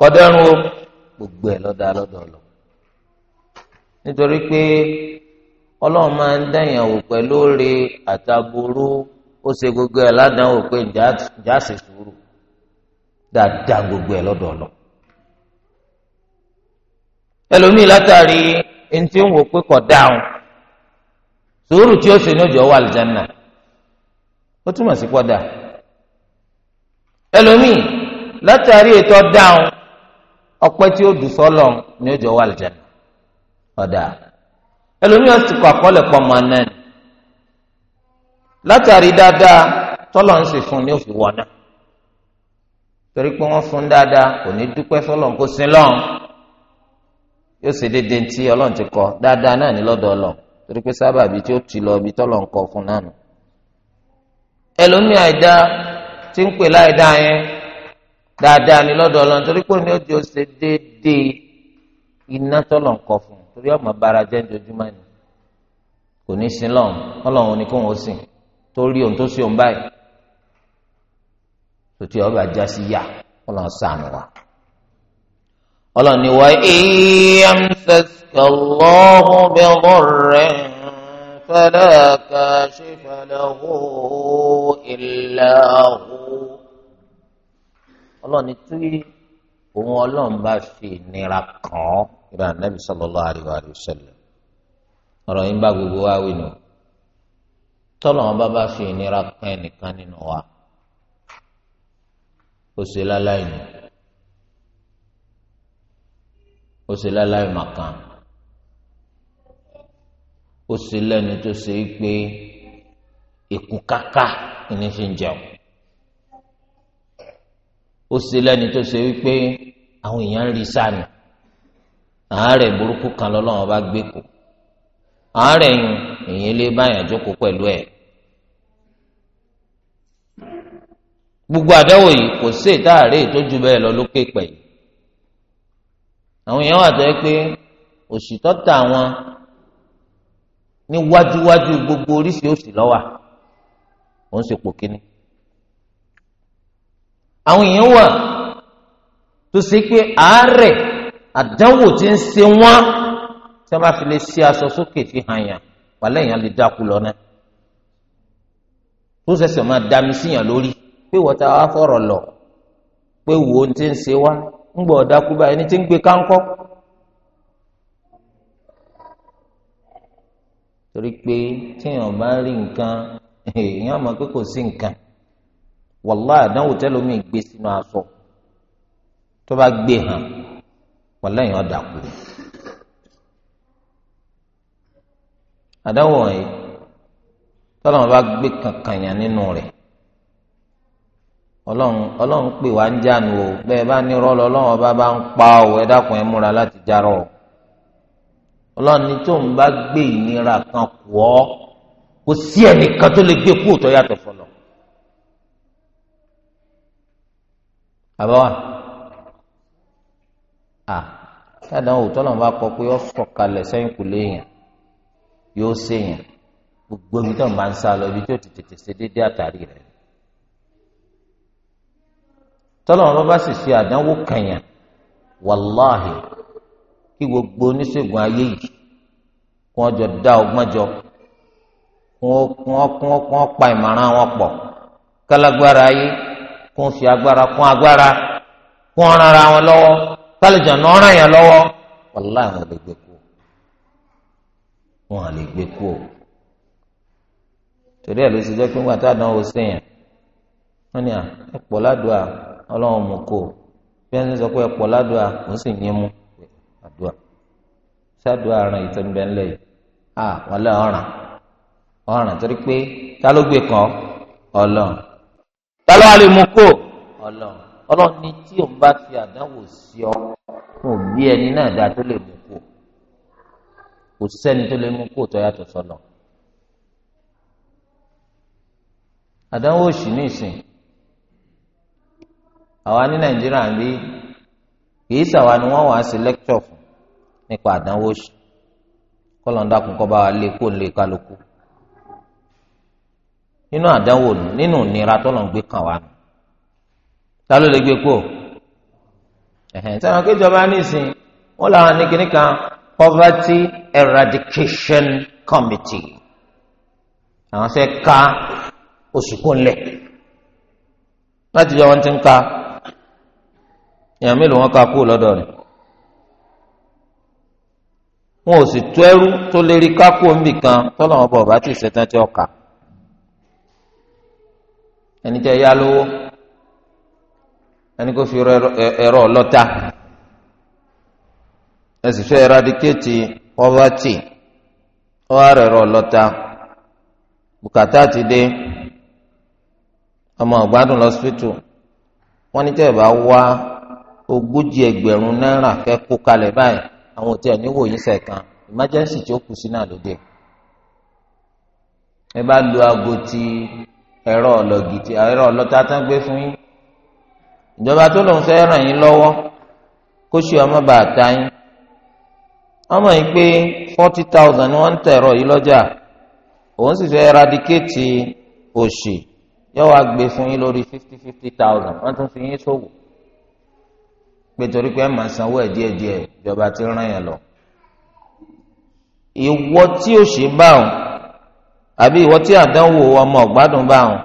kọ́dẹ́rùn o gbogbo ẹ̀ lọ́dà lọ́dọ̀ lọ nítorí pé ọlọ́run máa ń dẹ̀yàwó pẹ̀lú oore àtàbúrú ó ṣe gbogbo ẹ̀ ládàáwò pé ǹjẹ́ sùúrù dáadáa gbogbo ẹ̀ lọ́dọ̀ lọ ẹlòmíì látàrí eŋti tí ń wò dáhùn sùúrù tí ó sì ní òjò wà lìjánà ó túmọ̀ sí pọ́dà ẹlòmíì látàrí ètò dáhùn ọpẹ́ tí ó dùn sọ́lọ̀ ní òjò wà lìjánà ọ̀dà ẹlòmíì ó sì kọ́ àkọọ́lẹ̀ pọ̀ mọ́ náà látàrí dáadáa tọ́lọ̀ ń sì fún ní torí pé wọ́n fún dáadáa kò ní dúpẹ́ sọ́lọ̀ kó yóò ṣe déédéé tí ọlọ́run ti kọ dáadáa náà ní lọ́dọ̀ ọlọ́ torí pé sábàbí tí ó ti lọ ibi tọ́lọ̀ ń kọ fún náà nù.
ẹlòmíì àìdá
tí ń pè láìdá yẹn dáadáa ní lọ́dọ̀ ọlọ́run torí pé ní ó ti ṣe déédéé iná tọ́lọ̀ ń kọ fún torí ọmọ bara jẹ́ ojoojúmọ́ ni kò ní sin lọ́run ọlọ́run ò ní kóhun ó sìn torí ohun tó sì òun báyìí tòtí ọba já sí yá ọlọ́run sànù wa ọlọ́run ni wà ìyẹn sẹ́sẹ̀ lọ́hùn bí ọgọ́rẹ́ fẹ́lẹ́ ká ṣe fẹ́lẹ́ hó ilẹ̀ hó. ọlọ́run ni tí òun ọlọ́run bá fi ìnira kàn ọ́ ìrà nàbì sallallahu alaihi wa sallam ọ̀rọ̀ yín bá gbogbo wa wí tọ́lọ́run bá bá fi ìnira kàn ẹnìkan nínú wa ó ṣe láláì nù. ó ṣe láláì màkàn ó ṣe lẹ́ni tó ṣe é pé èkú káká ní fi ń jẹun ó ṣe lẹ́ni tó ṣe wípé àwọn èèyàn ń rí sáàmì àárẹ̀ burúkú kan lọ́lọ́run bá gbé kù àárẹ̀ yun èèyàn lè báyàn jókòó pẹ̀lú ẹ̀ gbogbo àdáwò yìí kò sí ìtaàrẹ̀ tó bẹ́ẹ̀ lọ lókè pẹ̀yì àwọn èèyàn wà tó yẹ pé òṣìtọ́ ta wọn ní wájúwájú gbogbo oríṣi òṣì lọ́wà òun sì pò kíní àwọn èèyàn wà tó ṣe pé àárẹ̀ àdánwò tí ń ṣe wọ́n tí wọ́n bá fi lè ṣe aṣọ sókè fi hàn yàn wàlẹ́ èèyàn lè dákú lọ náà tó ṣẹ̀ṣẹ̀ máa dami síyàn lórí pé wọ́n ta wá fọ̀rọ̀ lọ pé wo ti ń ṣe wá ń gbọ́ ọ̀dàkú báyìí ẹni tí ń gbé káńkọ́ torí pé tíyàn bá rí nǹkan èèyàn mọ̀ pé kò sí nǹkan wàláhì àdánwò tẹ́lómi gbé sínú aṣọ tó bá gbé hàn wàláhì èèyàn dàkú àdánwò tọ́lọ́mọ bá gbé kankan ọlọ́run ọlọ́run pè wá ń jánu o bẹ́ẹ̀ bá ní rọ́ọ̀lù ọlọ́run ọba bá ń pa ọ ẹ dákun ẹ múra láti jarọ ọlọ́run ní tóun bá gbé ìnira kan kù ọ́ kò sí ẹnìkan tó lè gbé kú òtọ́ yàtọ̀ fọlọ́ àbáwá à sádàn òótọ́ náà bá kọ pé ó sọ̀kalẹ̀ sẹ́yìn kù léèyàn yóò séèyàn gbogbo ibi tó ń bá ń sá lọ ibi tó ti tètè ṣe déédéé àtàrí rẹ̀ tọ́lọ́run ló bá sì ṣe àdánwò kẹyàn wàláhì kí gbogbo oníṣègùn ayé yìí jọ dá ọgbọ́n jọ ìmọ̀ràn wọn pọ̀ kálágbára ayé kí fi agbára kún agbára ara wọn lọ́wọ́ kálíjà lọ́wọ́ wàláhì wọn lè gbé kú wọn lè gbé kú o torí ẹ̀ ló ti jẹ́ pé a dánwò sèyàn à ọlọ́run mú kó bí wọ́n sọ pé ẹ̀pọ̀ ládùá ó sì yín mú àdúà sádùá ràn ìtẹ́nubẹ́ńlẹ̀ yìí à wọ́n ọ̀ràn ọ̀ràn torí pé ta ló gbé kan ọlọ́run ta ló wà lè mú kó ọlọ́run ni tí òun bá fi àdánwò sí ọ fún òbí ẹni náà dáa tó lè mú kó kò sẹ́ni tó lè mú kó àdánwò ní ìsìn àwa ní nàìjíríà ń bí kì í sàwa ni wọ́n wàá sí lẹ́kítọ̀ fún nípa àdánwò sí kọ́lọ́ńdà kún kọ́ wa lé kó lè kálukú nínú àdánwò nínú ìnira tọ́lọ̀ ń gbé kàn wá nù ta ló lè gbé kó ẹ̀hẹ̀n sáwọn kéjọba nísìn wọ́n làwọn ní kíní kan poverty eradication committee àwọn fẹ́ ka oṣù kó lẹ̀ láti jọ wọn ti ń ka èèyàn mélòó wọn ká kú lọ́dọ̀ rẹ̀ wọn ò sì tó ẹrú tó lérí kákó ńbì kan wọn bọ̀ bá ti ṣẹ̀tàn tí ọkà ẹni tẹ́ yá lówó ẹni kò fi ẹ̀rọ ọlọ́ta ẹ sì fẹ́ eradicate poverty ọwọ́ ẹ̀rọ ọlọ́ta bùkátà ti dé ọmọ ọ̀gbádùn lọ́sítù wọ́n ní tẹ́ ẹ̀ bá wá. ogójì ẹgbẹ̀rún náírà fẹ́ kó kalẹ̀ báyìí àwọn òtí ẹ̀ níwò yín sẹ̀kan emergency tí ó kù sí náà lóde ẹ bá ti ẹ̀rọ ọlọ́gì ti ẹ̀rọ ọlọ́ta tán gbé fún yín ìjọba tó lòun fẹ́ ràn yín lọ́wọ́ kó ṣe ọmọ bàtà yín ọmọ yìí pé forty thousand ni wọ́n ń tẹ̀rọ yìí lọ́jà òun sì fẹ́ eradicate òṣì yóò wá gbé fún yín lórí fifty fifty thousand wọ́n tún fi yín ṣòwò pé torí pé ẹ máa sanwó ẹ̀ díẹ̀díẹ̀ ìjọba ti rán yẹn lọ ìwọ tí ó ṣe báwọn àbí ìwọ tí àdánwò ọmọ ọgbádùn báwọn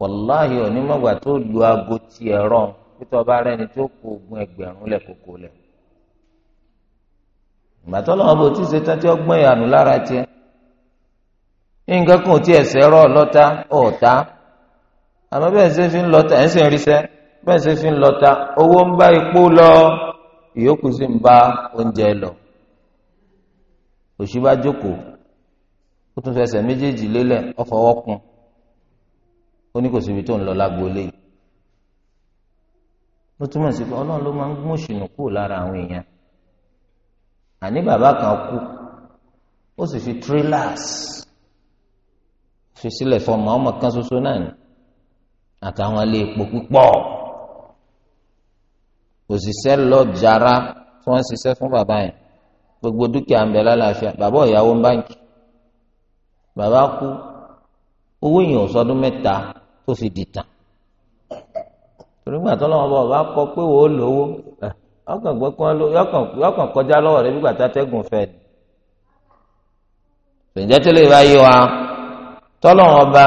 wàláhì onímọ̀gbà tó lu aago ti ẹ̀rọ pété ọba rẹni tó kó ogun ẹgbẹ̀rún lẹ̀ lẹ̀ ìgbà tó lọ́wọ́ bó ti ṣe tán tí ó ìyànú lára tiẹ̀ nǹkan kan ò tí ẹ̀sẹ̀ rọ̀ lọ́ta ọ̀ọ́ta fi ń lọ́ta ẹ̀ ń bẹ́ẹ̀ sì fi ń lọ́ta owó ń bá epo lọ ìyókù sì ń bá oúnjẹ lọ òṣì bá jókòó ó tún fẹsẹ̀ méjèèjì lélẹ̀ ọ̀fọwọ́ kún ó ní kò síbi tó ń lọ lágboolé ó túmọ̀ sí pé ọlọ́run ló máa ń gbọ́n òṣìnà kúrò lára àwọn èèyàn àní bàbá kan kú ó sì fi trailers fi sílẹ̀ fọmọ ọmọ kan ṣoṣo náà ní àtàwọn ilé epo púpọ̀ òṣìṣẹ́ lọ jara tí wọ́n ń ṣiṣẹ́ fún bàbá yẹn gbogbo dúkìá ń bẹ lálàáfíà bàbá ìyàwó ń báǹkì bàbá kú owó yìí ò sọdún mẹ́ta tó fi dìtàn torígbà tó lọ́wọ́ bá ọba kọ pé wò ó lówó ọkàn gbọ́ kán yọkàn kọjá lọ́wọ́ rẹ nígbà tátẹ́gùn fẹ́ ni tòǹjẹ́ tó lè bá yí wa tọ́lọ́wọ́ bá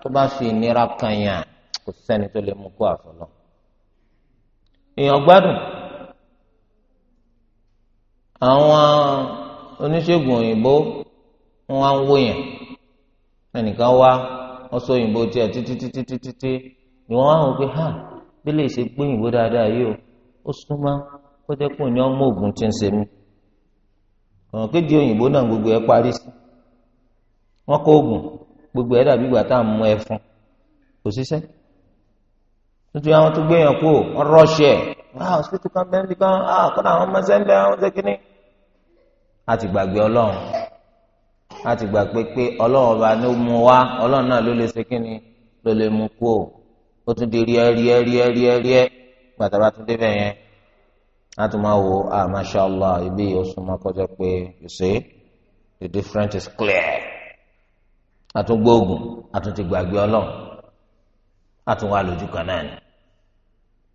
tó bá fi ìnira kan yàn kò sẹ́ni tó lè mú kó àfọlọ́wọ́ èèyàn gbádùn àwọn oníṣègùn òyìnbó wọn á ń wò yẹn ẹnìkan wá wọn sọ òyìnbó tiẹ̀ títí títí títí tí ni wọn á wò pé ha bí lè ṣe gbé òyìnbó dáadáa yìí o ó súnmọ́ kó jẹ́ pé òní ọmọ ògùn ti ń ṣe mí ọ̀nà kejì òyìnbó náà gbogbo ẹ̀ parí sí wọn kó oògùn gbogbo ẹ̀ dàbí ìgbà tá à ń mú ẹ fún kò ṣiṣẹ́ nítorí àwọn tó gbé yàn kú ọrọṣẹ wá hospital kan bẹ́ẹ̀ níbi kan á ah, kọ́nà àwọn ọmọ sẹ́ńbẹ́ àwọn sẹ́kínní. a ti gbàgbé ọlọ́run a ti gbàgbé pé ọlọ́run ọba ló mú wá ọlọ́run náà ló lè sẹ́kínní ló lè mú kú o ó tún di rí ẹ rí ẹ rí ẹ rí ẹ rí ẹ gbàtà bá tún débẹ̀ yẹn a tún máa wo ah mashallah, ibi oṣù máa pé you see the difference is clear a tún gbóògùn a tún ti gbàgbé ọlọ́run a tún wà lójú kan náà ni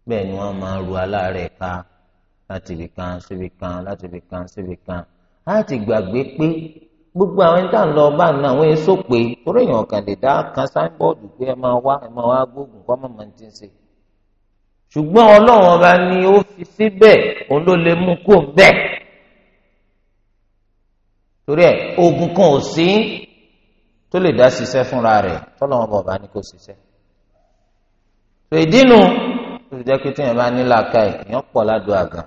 bẹ́ẹ̀ ni wọ́n máa ru aláàárẹ̀ ká láti ibì kan síbì kan láti ibì kan síbì kan á ti gbàgbé pé gbogbo àwọn ẹni tá à ń lọ bá ń náà wọ́n èso pé torí èèyàn kàn lè dá kan sáńbọ́ọ̀dù pé ẹ máa wá ẹ máa wá gbóògùn kọ́ mọ̀mọ́ ti ń ṣe ṣùgbọ́n ọlọ́run ọba ni ó fi síbẹ̀ òun ló lè mú kó bẹ́ẹ̀ torí ẹ oògùn kan ò sí tó lè dá ṣiṣẹ́ fúnra rẹ̀ tọ́lọ́run ọba ọba ni kò ṣiṣẹ́ tó ìdínú ó ti jẹ́ pé téèyàn bá ní làákàyè èèyàn pọ̀ ládùú àgàn.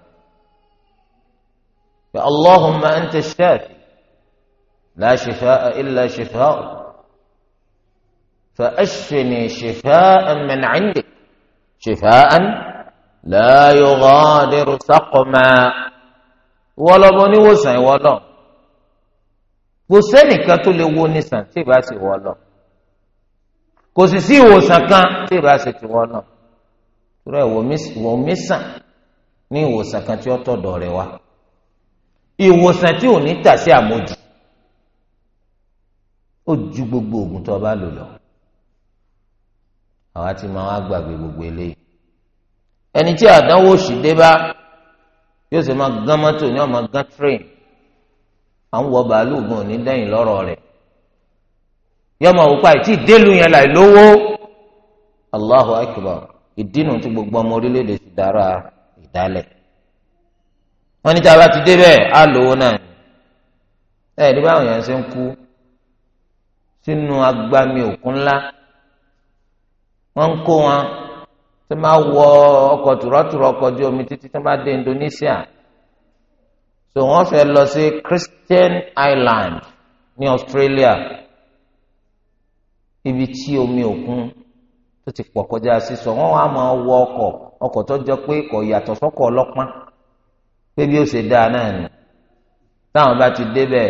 pé allahumma anta shafi la shifaa illa shifaa fa ashfini shifaan min indik shifaan la yughadiru saqma wọ́n lọ́mọ oníwòsàn ìwọ́ náà kò sẹ́nìkan tó lè wo nísàn tí ì bá sì wọ́ náà
kò sì sí ìwòsàn kan tí
ì bá sì ti wọ́ náà. torí ẹ wò mí sàn ní ìwòsàn kan tí ó tọ̀dọ̀ rẹ̀ ìwòsàn tí ò ju gbogbo oògùn tó o bá lò lọ àwa ti máa wá gbàgbé gbogbo eléyìí ẹni tí àdánwò òṣì dé bá yóò sì máa gán mọ́tò ní ọmọ gán train à ń wọ bàálù gan ò ní dẹ́yìn lọ́rọ̀ rẹ̀ yọmọ òkú àìtí ìdínà tí gbogbo ọmọ orílẹ̀-èdè ti dára ìdálẹ̀ wọ́n ní tí a bá ti débẹ̀ á lówó náà ẹ̀ ẹ̀ ní báwọn èèyàn ṣe ń kú sínú agbami òkun ńlá wọ́n ń kó wọn tí wọ́n máa wọ ọkọ̀ tùrọ̀tùrọ̀ ọkọ̀ omi títí tí wọ́n bá dé Indonesia so wọ́n fẹ́ lọ sí Christian Island ní Australia ibi tí omi òkun tó ti pọ̀ kọjá sísọ wọn wá máa wọ ọkọ̀ ọkọ̀ tó jọ pé kò yàtọ̀ sọ́kọ̀ ọlọ́pàá pé bí ó ṣe dáa náà ni táwọn bá ti débẹ̀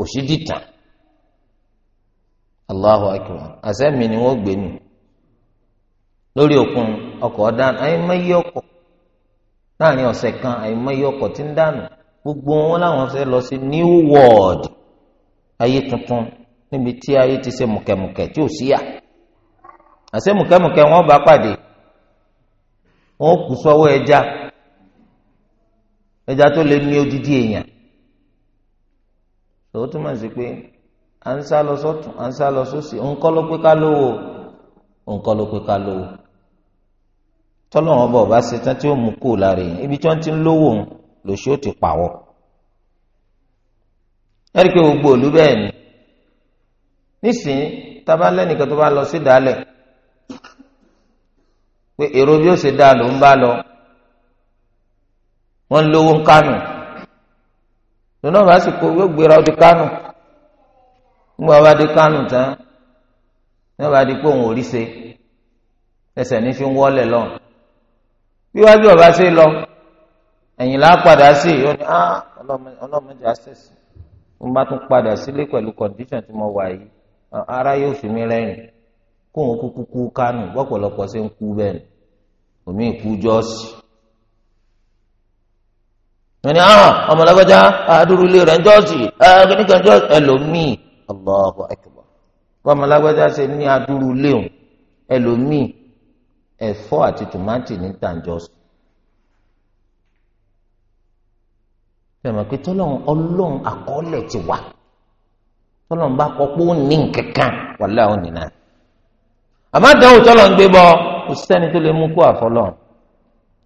òṣìdìtà Allahu akbar àṣẹ́mi ni wọ́n gbé ni lórí òkun ọkọ̀ ọ̀dánù àìmọye ọkọ̀ láàrin ọ̀sẹ̀ kan àìmọye ọkọ̀ ń gbogbo wọn làwọn fẹ́ lọ sí new ti ṣe àṣẹ mùkẹ́mùkẹ́ wọn bá pàdé wọn kù sọ́wọ́ ẹja ẹja tó lè ní odidi èèyàn tòun túmọ̀ sí pé à ń sá lọ sọ́tún à ń sá lọ sósì òǹkọ́ ló pé ká lówó òǹkọ́ ló pé ká lówó tọ́lọ́wọ́n bọ̀ bá ṣe tán tí ó mú kó lára yẹn ibi tí wọ́n ti ń lówó òun lòṣù ó ti pàwọ́ ẹ̀rí pé gbogbo òlú bẹ́ẹ̀ ni nísìnyí tábà lẹ́nìkan tó bá lọ sí ìdálẹ̀ pé èrò bí ó ṣe dáa ló ń bá lọ wọ́n lówó ń kánù lónà bá sì kó yóò gbéra ó di kánù ńgbà bá di kánù tán ní bá di pé òun ò rí ṣe ẹsẹ̀ ní fi ń wọ́lẹ̀ lọ bí wájú ọba ṣe lọ ẹ̀yìn là padà sí i ó ní ah, ọlọ́mọdé access mo bá tún padà sílé pẹ̀lú condition tí mo wà yìí ara yóò fi mí rẹ́rìn kóun kúkú kú kánù bọ́pọ̀lọpọ̀ ṣe ń kú bẹ́ẹ̀ ni. omi ìkú jọ́ọ̀sì. wọ́n ní ah, ọmọlágbájá àdúró ilé rẹ̀ jọ́ọ̀sì ẹ̀ẹ́dẹ́gbẹ̀kan ah, jọ́ọ̀sì ẹlòmíì Allahu akbar ọmọlágbájá ṣe ní àdúró ilé òun ẹlòmíì ẹ̀fọ́ àti tòmátì ní tàǹjọ́sì. tẹ̀mọ̀ pé ọlọ́run àkọọ́lẹ̀ ti wà bá kọ́ pé ó ní wàlẹ́ àwọn nìyẹn. àmọ́ àdáwò kò sẹ́ni tó lè mú kó àfọlọ́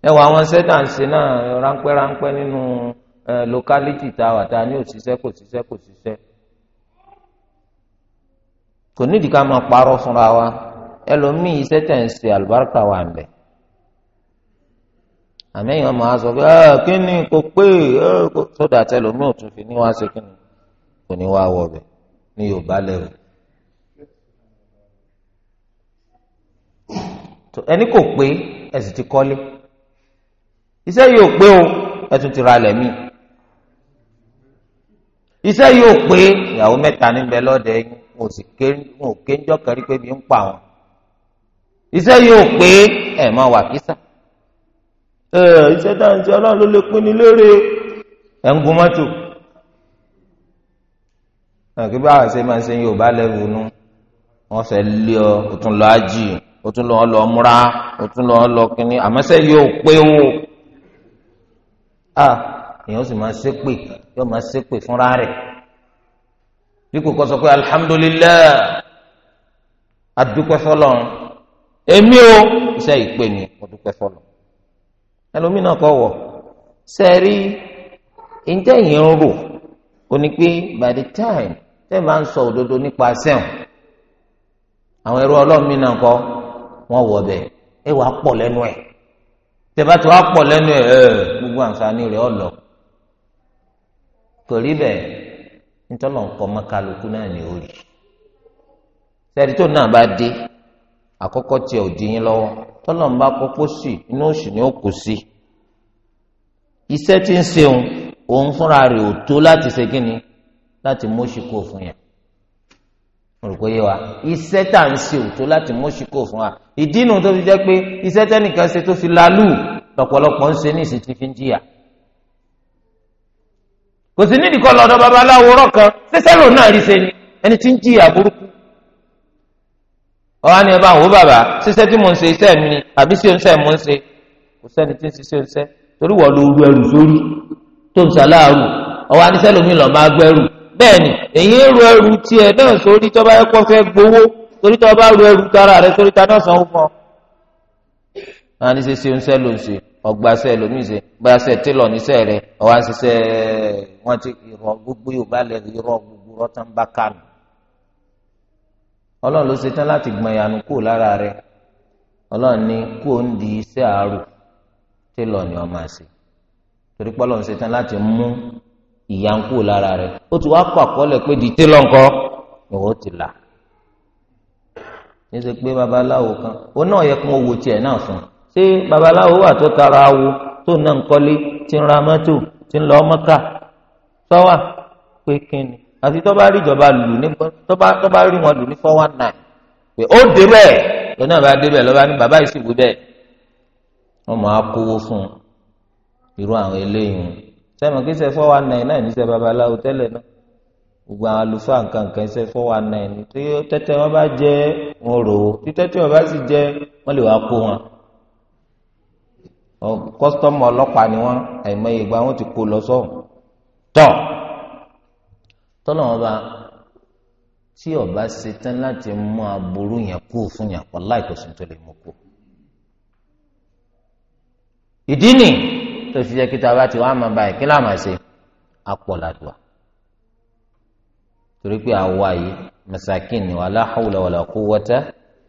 ẹ wọ àwọn sẹ́tàǹsì náà ráńpẹ́ ráńpẹ́ nínú lókálítì tá a wà tá a ní òṣìṣẹ́ kò ṣiṣẹ́ kò ṣiṣẹ́ kò nídìí ká máa parọ́ fúnra wa ẹlòmíì sẹ́tàǹsì àlùbáríkà wà ń bẹ̀ àmẹ́yìn ọmọ wa sọ pé ẹ kí ni kò pé ẹ sódà tẹlòmíì ò tún fi ní wá sí kí ni kò ní wá wọ bẹ̀ ní Yorùbá lẹ́rù. ẹni kò pé ẹ sì ti kọ́lé iṣẹ́ yóò pé o ẹ tún ti ra alẹ̀ míì iṣẹ́ yóò pé ìyàwó mẹ́ta níbẹ̀ lọ́dẹ yín wọn ò ké ń jọ́ kẹrí pé bí ń pa wọn iṣẹ́ yóò pé ẹ̀ mọ́ wà kísà ẹ iṣẹ́ dáhùn sí ọlọ́run ló lè pín ní lérè ẹ̀ ń gun mọ́tò àkíbáwá ṣe máa ń ṣe Yorùbá lẹ́rù inú wọ́n fẹ́ lé ọ òtún lọ́ájì o tún lọ lọ múra o tún lọ lọ kínní àmọ́sẹ́ yóò pé o a èèyàn sì máa ṣépè yóò máa ṣépè fúnra rẹ̀ bí kò kọ́ sọ pé alihamudulilayi adúpẹ́ fọlọ́run èmi o iṣẹ́ ìpè ni adúpẹ́ fọlọ́ ẹlòmínà kọ wọ̀ sẹ́ẹ̀rí ǹjẹ́ yìí ń rò ó ní pé by the time tẹ́ máa ń sọ òdodo nípa sẹ́wọ̀n àwọn ẹrú ọlọ́run kọ́ wọn wọ bẹ̀ ẹ wàá pọ lẹnu ẹ tẹ́bá tí wàá pọ̀ lẹ́nu gbogbo àǹfààní lọ. kò rí bẹ́ẹ̀ nítorí ọ̀nkọ́ mọ́kàlùkù náà ní orí sẹ́ẹ̀dì tó náà bá dé àkọ́kọ́ tiẹ̀ ò dín yín ń bá sí inú oṣù ni ó kù sí iṣẹ́ tí ń mo rò pé yé wa iṣẹ́ tá à ń ṣe òtó láti mọ́ṣíkò fún wa ìdí nu tó fi jẹ́ pé iṣẹ́ tẹ́nìkan ṣe tó fi lálù lọ́pọ̀lọpọ̀ ń ṣe ní ìsìn tí fi ń jìyà kò sí nídìí kọ́ lọ́dọ̀ babaláwo rọ́kan ṣẹṣẹ́ lòun náà rí ṣe ni ẹni tí ń jìyà burúkú ọ̀hán ni ọba àwọn bàbá ṣiṣẹ́ tí mò ń ṣe iṣẹ́ mi ni àbí ṣe ń ṣe mò ń ṣe kò sẹ́ni tí ń ṣiṣẹ́ ń ṣe torí wọ́n lo oru ẹrù bẹ́ẹ̀ni èyí ń ru ẹrù tiẹ̀ náà sórí tó bá yẹ kó fẹ́ gbowó torí tó bá ru ẹrù tara rẹ̀ sórí ta náà sanwó fún ọ. máa ní sẹ́sẹ́ ń sẹ́ ló ń ṣe ọgbà sẹ́ lómi ṣe bá sẹ́ télọ̀ níṣẹ́ rẹ̀ ọwọ́ á ṣiṣẹ́ wọ́n ti irọ́ gbogbo yorùbá lẹ̀ irọ́ gbogbo rọ́tàn bá kánú. ọlọ́run ló ṣe tán láti gbọ̀n ìyanu kúrò lára rẹ̀ ọlọ́run ní kó ń di iṣẹ́ àárò télọ̀ ni ọ máa ṣe ọlọ́run ṣe tán láti mú ìyà ń kú lára rẹ̀ ó ti wá kọ àkọọ́lẹ̀ pé di télọ̀ ńkọ́ ìwọ ti là ní sẹ pé babaláwo kan ó náà yẹ kó wo tiẹ̀ náà fún un ṣé babaláwo wà tó tara awo tó ná ń kọ́lé tí ń ra mọ́tò tí ń lọ mọ́kà sọ́wà pé kíni àti tó rí ìjọba lù ní tó bá rí wọn lù ní four one nine pé ó débẹ̀ lọ́nà bá débẹ̀ lọ́ba ní bàbá yìí sì wú bẹ́ẹ̀ wọ́n máa kówó fún irú àwọn eléyìí sẹ́mi kí sẹ́ fọ́ wa nà ẹ̀ náà ní sẹ́ babaláwo tẹ́lẹ̀ náà gbogbo àwọn àlùfáà nkankan sẹ́ fọ́ wa nà ẹ̀ ní tí tẹ́tẹ́ wọn bá jẹ́ wọn rò ó tí tẹ́tẹ́ wọn bá sì jẹ́ wọn lè wá kó wọn kọ́sítọ́mù ọlọ́pàá ni wọ́n àìmọye ìgbà wọn ti kó lọ sọ́hùn tọ́ tọ́lọ́wọ́n bá tí ọba ṣetán láti mú aburú yẹn kú fún yàn pọ̀ láì tó lè mú kú ìdí nìyí tó fi jẹ́ kí tá a bá ti wá máa báyìí kí láà máa ṣe àpọ̀ làdùà torí pé àwa yìí masakin ni wala hawla wala quwwata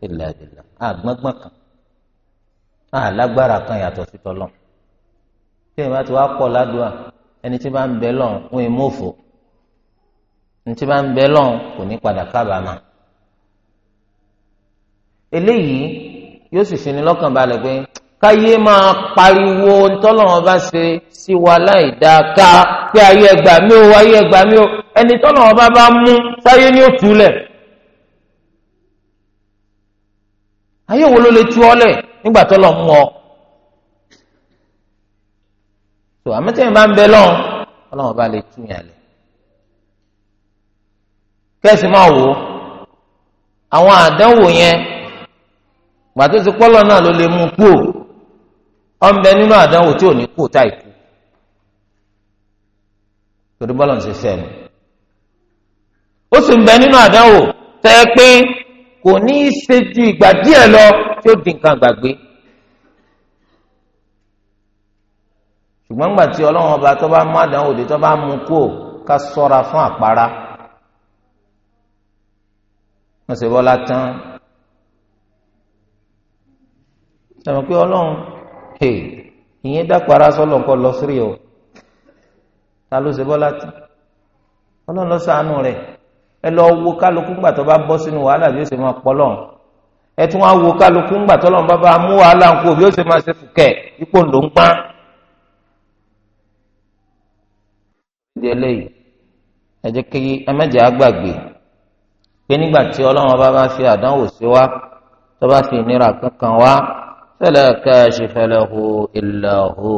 illa billah àgbọ́ngbọ́n kan àlágbára kan yàtọ̀ sí tọ́lọ́ tí èèyàn bá ti wá pọ̀ ládùá ẹni tí bá ń bẹ lọ́n ń mú òfò ẹni tí bá ń bẹ lọ́n kò ní padà kábàámà eléyìí yóò sì fi ni lọ́kàn balẹ̀ pé káyé máa pariwo ntọ́lọ́wọ́n bá ṣe sí wa láì dáa ká pé ayé ẹgbà mi ò ayé ẹgbà mi ò ẹni tọ́lọ́wọ́n bá bá mú sáyé ní òtúlẹ̀. ayé wo ló lè tú ọ lẹ̀ nígbà tọ́lọ́ mú ọ. tó àmọ́tẹ́yìn bá ń bẹ lọ́n ọlọ́wọ́n bá lè tú yàn lẹ̀. kẹ́sì máa wò ó àwọn àdánwò yẹn gbàtó ti pọ́lọ́ náà ló lè mú kúò ọ̀nbẹ nínú àdánwò tí ò ní kú táì kú torí bọ́lá ń ṣe fẹ́ mi ó sì ń bẹ nínú àdánwò tẹ́ ẹ pé kò ní í ṣe ju ìgbà díẹ̀ lọ tí ó di nǹkan gbàgbé ṣùgbọ́n gbà tí ọlọ́run ọba tó bá mú àdánwò tó bá mú kú ò ká sọ́ra fún àpárá wọ́n ṣe bọ́lá tán ṣàmì ọlọ́run ìyẹn dápara sọlọ nǹkan lọ sírí o ta ló ṣe bọ́lá tí ọlọ́run lọ sànù rẹ̀ ẹ lọ wo kálukú ńgbà tó bá bọ́ sínú wàhálà bí ó ṣe máa pọ̀ lọ́n ẹ tún wá wo kálukú ńgbà tó lọ́n bá bá mú wàhálà ńkú bí ó ṣe máa ṣe fùkẹ́ ipò ńlò ń pán. ìdí eléyìí ẹ jẹ́ kí ẹ mẹ́jẹ̀ á gbàgbé pé nígbà tí ọlọ́run bá bá fi àdánwò sí wa tó bá fi ìnira kankan wá fala kashifa lahu illa hu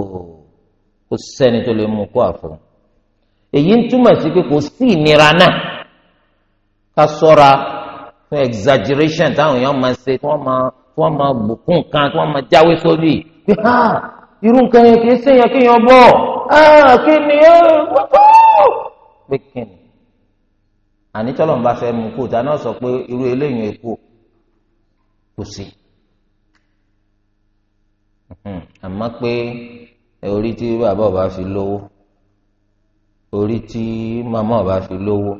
kò sẹ́ni tó lè mú kó àfọ èyí ń túmọ̀ sí pé kò sí ìnira náà ká sọ́ra fún exaggeration táwọn èèyàn máa ṣe tí wọ́n máa tí wọ́n máa bùkún kan tí wọ́n máa jáwé sórí pé ha irú nǹkan yẹn kì í sèyàn kéèyàn bọ̀ kí ni ẹ wọ́pọ̀ pé kí ni àní tọ́lọ́mùbá fẹ́ mú kó ta sọ pé irú eléyìí èkó kò sí. Hmm. àmọ́ pé orí tí bàbá ọba fi lówó orí tí màmá ọba fi lówó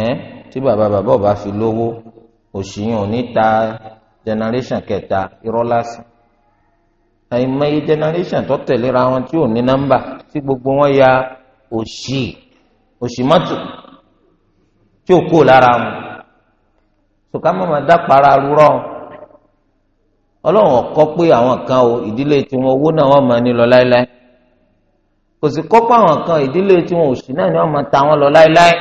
ẹ tí bàbá bàbá ọba fi lówó òṣìyàn níta generation kẹta irọ́ lásán àìmọye generation tó tẹ̀léra wọn tí ò ní nọ́mbà tí gbogbo wọn ya òṣì òṣì mọ́tò tí ò kó lára wọn sọ̀ká mọ́ máa para rúrọ́ wọn ọlọ́run ọ̀kọ́ pé àwọn kan o ìdílé tiwọn owó náà wọ́n máa ní lọ láéláé kò sì kọ́ pé àwọn kan ìdílé tiwọn òṣì náà ni wọ́n máa ta wọn lọ láéláé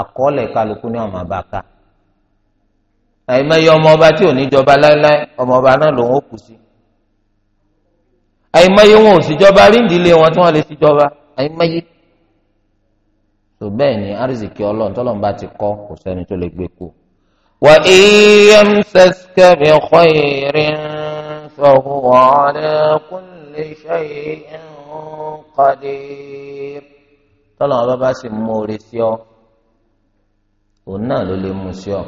àkọọ́lẹ̀ kálukú ni wọ́n máa bá ká àìmọye ọmọ ọba tí ò ní jọba láéláé ọmọ ọba náà lòun ó kù sí
àìmọye wọn ò sì jọba rí ìdílé wọn tí wọ́n lè
fi jọba àìmọye tó bẹ́ẹ̀ ni àrísìkí ọlọ́run tọ́lọ́run bá ti kọ́ kò sẹ́ni tó lè gbé kú وإن يمسسك بخير فهو على كل شيء قدير tọ́lọ́mọ bá bá sì mú oore sí ọ òun náà ló lè mú sí ọ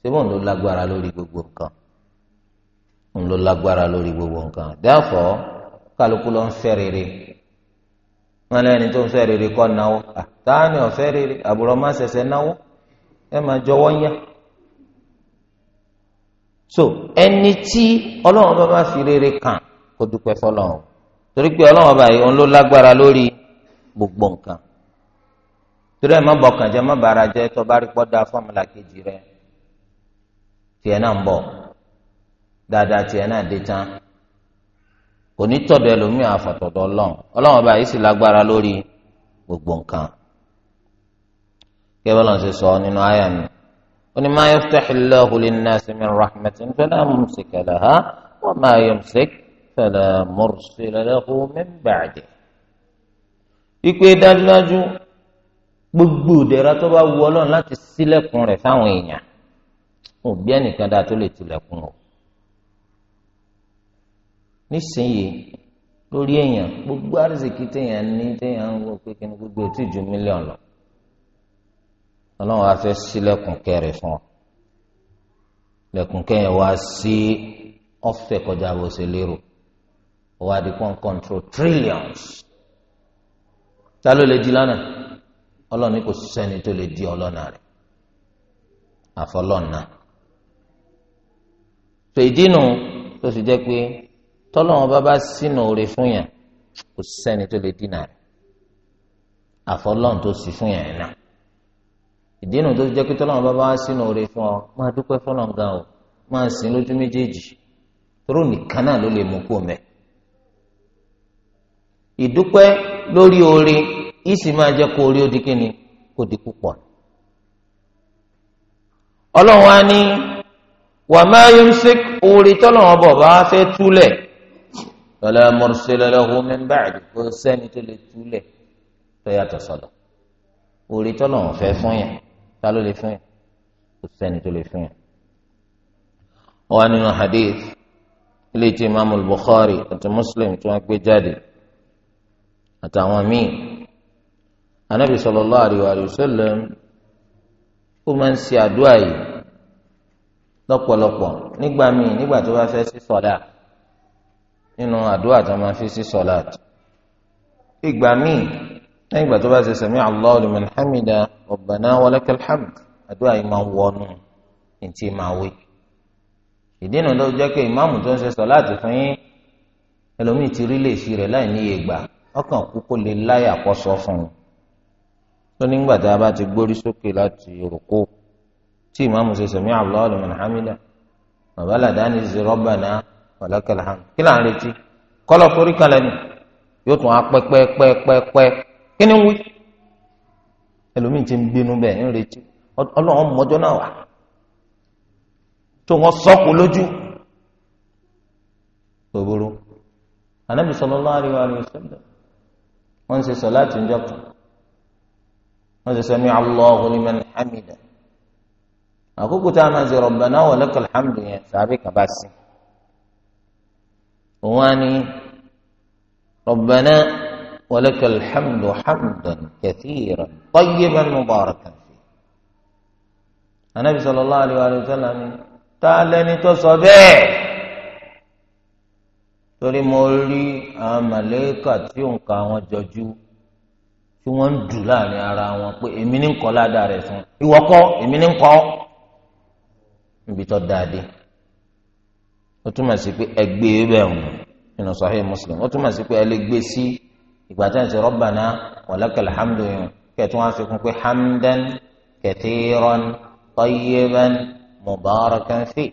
síbòun ló lágbára lórí gbogbo nǹkan òun ló lágbára lórí gbogbo nǹkan dáàfọ́ kálukú ló ń fẹ́ rere wọn lẹ́ni tó ń fẹ́ rere kọ́ náwó àtàwọn ọ̀fẹ́ rere àbúrò má ṣẹ̀ṣẹ̀ náwó ẹ máa jọ̀wọ́ yẹn so ẹni tí ọlọ́run bá bá fi rere kàn kó dúpẹ́ fọlọ́run torí pé ọlọ́run bá yìí òun ló lágbára lórí gbogbo nǹkan torí ẹ̀ má bọkàn jẹ́ má bàrà jẹ́ tó bá rí pọ́dà fọ́mùlà kejì rẹ tiẹ̀ náà ń bọ̀ dáadáa tiẹ̀ náà dé tán kò ní tọ̀dọ̀ ẹlòmíì àfọ̀tọ̀dọ̀ ọlọ́run ọlọ́run bá yìí sì lágbára lórí gbogbo nǹkan kí ẹ bá lọ́n ṣe sọ nínú àyà mi oni ma yaftahi Allahu linnasi min rahmatin fala mumsika laha wa ma yumsik fala mursila lahu min ba'dihi. ìpè dájúdájú gbogbo ìdẹ̀ra tó bá wù Ọlọ́run láti ṣílẹ̀kùn rẹ̀ fáwọn èèyàn òbí ẹnìkan dáa tó lè tilẹ̀kùn o. nísìnyí lórí èèyàn gbogbo àrísìkí téèyàn ní téèyàn ń wọ pé kí ni gbogbo ètò ìjù mílíọ̀nù lọ ọlọ́run á fẹ́ sílẹ̀kùn kẹrẹ̀ fún ọ lẹ̀kùn kẹyìn wá sí ọ̀fẹ́ kọjá bó ṣe lérò ọwọ́ àdìpọ̀ ń kọ́ńtró trillions ta ló lè di lánàá ọlọ́run ní kò sẹ́ni tó lè di ọlọ́nà rẹ̀ àfọlọ́nà tó ìdínú tó sì jẹ́ pé tọ́lọ́run bá bá sínú oore fún yàn kò sẹ́ni tó lè dínà rẹ̀ àfọlọ́n tó sì fún yàn náà. ìdí nu tó jẹ́ pé tọ́lọ́mọ bá bá sínú oore fún ọ máa dúpẹ́ fọlọ́n gan o máa sìn lójú méjèèjì tóró nìkan náà ló lè mú kó mẹ ìdúpẹ́ lórí oore yìí máa jẹ́ kó oore ó di kíni kó di púpọ̀. ọlọ́run á ní oore bọ̀ bá fẹ́ túlẹ̀ ta ló lè fún yẹn kò sẹ́ni tó lè fún yẹn. ó wà nínú hadith ilé tí imaamu bukhari àti muslim tí wọ́n gbé jáde àtàwọn míì anabi sallallahu alayhi wa sallam ó máa ń ṣe àdúrà yìí lọ́pọ̀lọpọ̀ nígbà míì nígbà tó bá fẹ́ sí sọlá nínú àdúrà tó máa fi sí sọlá ìgbà míì lẹ́yìn ìgbà tó bá ṣe sami'a Allahu liman hamida rabbana walakal hamd àdúrà yìí máa ń wọnú ntí máa wé ìdí nu ló jẹ́ pé ìmáàmù tó ń ṣe sọ̀láàtì fún yín ẹlòmíì ti rí lè ṣi rẹ̀ láì níye gbà ọkàn kú kó lè láyà kó sọ fún un tó nígbà tá a bá ti gbórí sókè láti rúkú tí ìmáàmù ṣe sami'a Allahu liman hamida bàbá làdáni kí ni ń wí ẹlòmíì ti ń gbénu bẹ́ẹ̀ ń retí ọlọ́run mọ́jọ́ náà wà tó wọ́n sọ́kù lójú gbogbooro anabi sallallahu alaihi wa sallam wọ́n ń ṣe sọ láti ń jọkàn wọ́n ṣe sami Allahu liman hamida àkókò tá a máa ṣe rabbana wa lakal hamdu yẹn sàbí kaba sí. wọ́n á ní rabbana. ولك الحمد حمدا كثيرا طيبا مباركا فيه النبي صلى الله عليه وآله وسلم تعالى تصبح torí mo rí àwọn màlẹ́kà tí òǹkà wọn jọjú tí wọ́n ń dù láàrin ara wọn pé èmi ní kọ́ ládàá rẹ̀ fún ìwọ kọ́ èmi ní kọ́ níbi tó dáadé ó túmọ̀ sí pé ẹgbẹ́ e bẹ́ẹ̀ hùn nínú Sahih Muslim ó túmọ̀ sí pé ẹ lè gbé sí. ìgbà tí a ti rabbana walakal hamdu yẹn kẹtù wọn fi kún pé hamdan kathiran tayyiban mubarakan fi.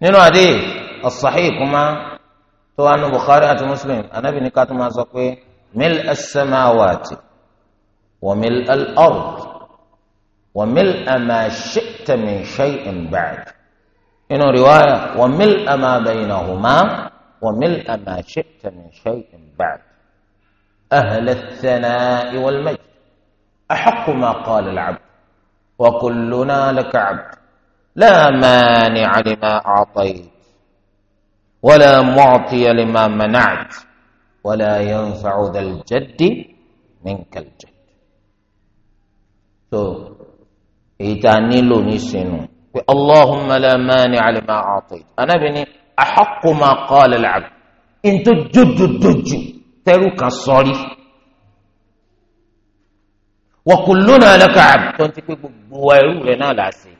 nínú àdé kuma tó wà ní Bukhari àti Muslim anábì ní kátó máa sọ pé mil as-samawati wa mil al-ard wa mil ma shi'ta min shay'in ba'd. إنه رواية وملء ما بينهما وملء ما شئت من شيء بعد أهل الثناء والمجد أحق ما قال العبد وكلنا لك عبد لا مانع لما أعطيت ولا معطي لما منعت ولا ينفع ذا الجد منك الجد So, إذا نيلو نسينو pé allahumma la mani'a lima a'tayt anábì ni ahaqqu ma qala al-'abd ntó jódòdòjò tẹ́rù kan sọ́rí wa kulluna laka 'abd tó ń ti pé gbogbo wa irú rẹ̀ náà là á ṣe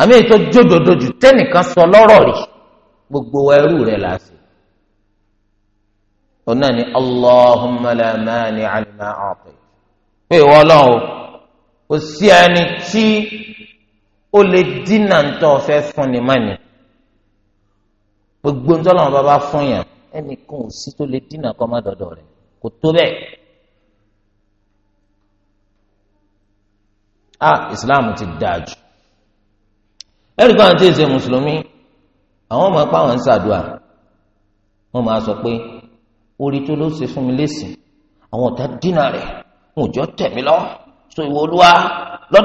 àmì ètò jódòdòjò tẹ́nìkan sọ lọ́rọ̀ rí gbogbo wa irú rẹ̀ là á ṣe ọ̀nà ni allahumma la mani'a lima a'tayt pé ìwọ ọlọ́run kò sí ẹni tí ó lè dínà ntọ́ ọ̀fẹ́ fún ni mọ́ni gbogbo ntọ́ làwọn bàbá fún yàn ẹnìkan ò sí tó lè dínà kọ́ má dọ̀dọ̀ rẹ̀ kò tó bẹ́ẹ̀. a Islam ti dáa jù ẹnì kan tí ì ṣe mùsùlùmí àwọn ọmọ ẹ̀pá wọn ń ṣàdúrà wọn máa sọ pé orí tó ló ṣe fún mi lẹ́sìn àwọn ọ̀tá dínà rẹ̀ wọn ò jọ tẹ̀ lọ sọ ìwọ olúwa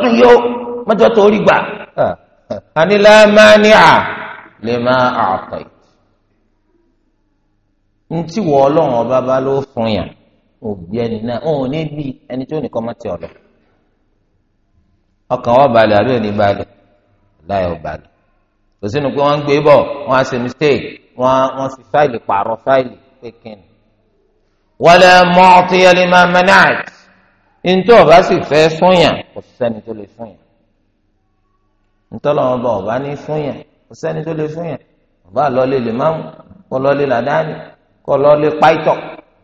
yìí ó mọ́jọ́ tó rí gbà anilámánìà lè máa àpè ntí wọ ọlọ́run ọba bá ló fún yàn òbí ẹni náà òun ní bí ẹni tó nìkan mọ́ ti ọ̀lọ́ ọkàn wọn balẹ̀ àbí òní balẹ̀ láyọ̀ balẹ̀ kò sínú pé wọ́n ń gbé bọ̀ wọ́n á ṣe mistake wọ́n wọ́n fi fáìlì pààrọ̀ fáìlì pé kíni. wala mu'tiya lima mana'at ntí ọba sì fẹ́ fún yàn kò sẹ́ni tó lè fún yàn ntọ́lọ́wọ́n bá ọba ní fún yẹn kò sẹ́ni tó lè fún yẹn ọba lọ́lé lè máàmù kọ́ lọ́lé làdáni kọ́ lọ́lé páìtọ̀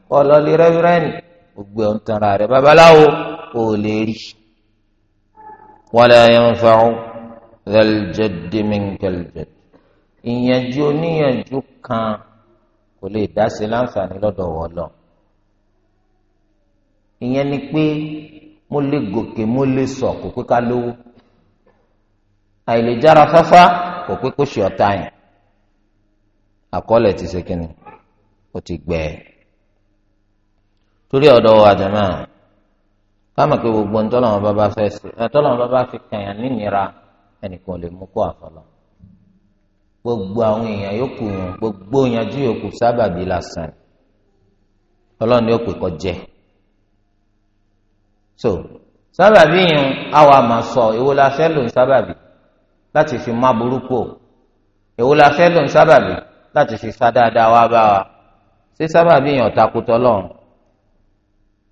kọ́ lọ́lé rẹ́fúrẹ́nì gbogbo ọ̀ntàrà rẹ̀ babaláwo kò lè rí. wala yanfa'u dhal jaddi minkal jadd ìyànjú oníyànjú kan kò lè dá sí láǹfààní lọ́dọ̀ wọ́lọ́ ìyẹn ni pé mo lè gòkè mo lè sọ̀ kò pé ká lówó àìlèjára fáfá kò pé kó ṣe ọ̀tá yẹn àkọọ́lẹ̀ ti ṣe kínní ó ti gbẹ ẹ́ torí ọ̀dọ̀ àjàmá káàmọ̀ pé gbogbo ní tọ́lọ́mọ bá bá fẹ́ ṣe eh, tọ́lọ́mọ bá bá fi kàn yàn nínira ẹnìkan lè mú kó àfọlọ́ gbogbo àwọn èèyàn yòókù yàn gbogbo yanjú yòókù sábàbí lásán ọlọ́run yóò pè kọ́ jẹ́ so sábàbí yìí àwa máa sọ ìwo la fẹ́ lò láti fi má burúkú o èwo la fẹ́ lò ń sábàbí láti fi fa dáadáa wá bá wa ṣé sábàbí yẹn ọ̀takùtọ̀ lọ́run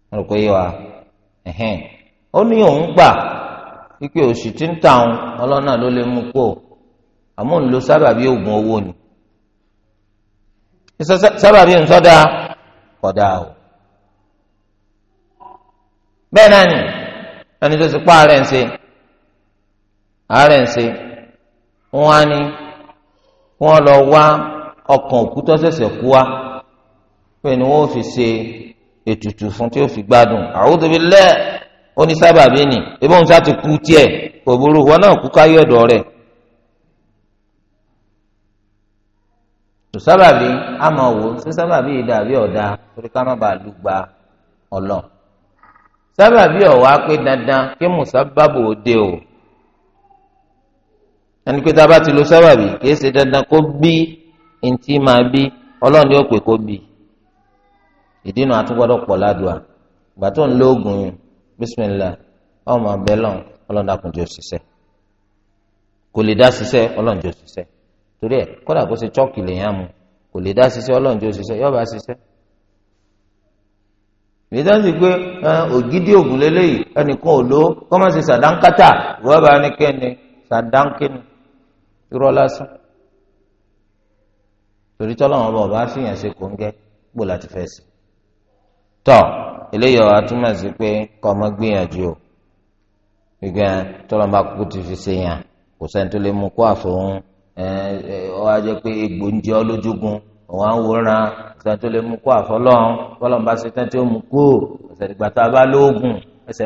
mo rò pé yẹ wa ó ní òun gbà wípé oṣù tí ń ta òun ọlọ́nà ló lè mú kó àmọ́ òun lo sábàbí oògùn owó ni sábàbí òun sọ́dà o bẹ́ẹ̀ náà ni ẹni tó ti pa àárẹ̀ ń ṣe àárẹ̀ ń ṣe wọn á ní wọn lọ wá ọkàn òkú tó ṣẹ̀ṣẹ̀ kú wa pé ni wọn ò fi ṣe ètùtù fún tí ó fi gbádùn a'udhu billahi onísábàbí ni ebi òun sá ti kú tiẹ̀ kò burú wọn náà kú káyọ̀ ọ̀dọ̀ rẹ̀ sábàbí àmọ́ wò sí sábàbí ìdàbí ọ̀dà torí ká má bàa lù gba ọlọ́ sábàbí ọ̀wá pé dandan kí mùsábàbò dé o ẹni pé tá a bá ti lo sábàbí kì í ṣe dandan kó bí ntí máa bí ọlọ́run yóò pè kó bí ìdínà àtúgbọ́dọ̀ pọ̀ ládùá ìgbà tó ń lo oògùn yìí bísímìlá ọmọ abẹ lọ́n ọlọ́run dàkún jẹ́ òṣìṣẹ́ kò lè dá ṣiṣẹ́ ọlọ́run jẹ́ òṣìṣẹ́ torí ẹ̀ kódà kó ṣe chọ́ọ̀kì lèyàn mu kò lè dá ṣiṣẹ́ ọlọ́run jẹ́ òṣìṣẹ́ yọ̀ọ́ bá ṣiṣẹ́ nìdánsì pé ògidì ògùn lélẹ́yìí ẹnìkan ò ló kọ́ sàdánkátà ìwọ́ba ẹnikẹ́ni sàdánkẹ́ni irọ́ lásán torí tọ́lọ́wọ́n bọ̀ bá fìyàn ṣe kòńgẹ́ gbò láti fẹ́ sí. tọ́ eléyìí ọ̀rọ̀ sí pé kọ́ ọmọ gbìyànjú o gbígbẹ́ ti fi ṣe yàn kò sẹ́ni tó ọ wá jẹ́ pé egbò ń jẹ́ ọ lójúgun òun á ń wòran kò sẹ́ni tó lè mú kó àfọ̀lọ́hún bá ṣe a bá lóògùn ẹsẹ̀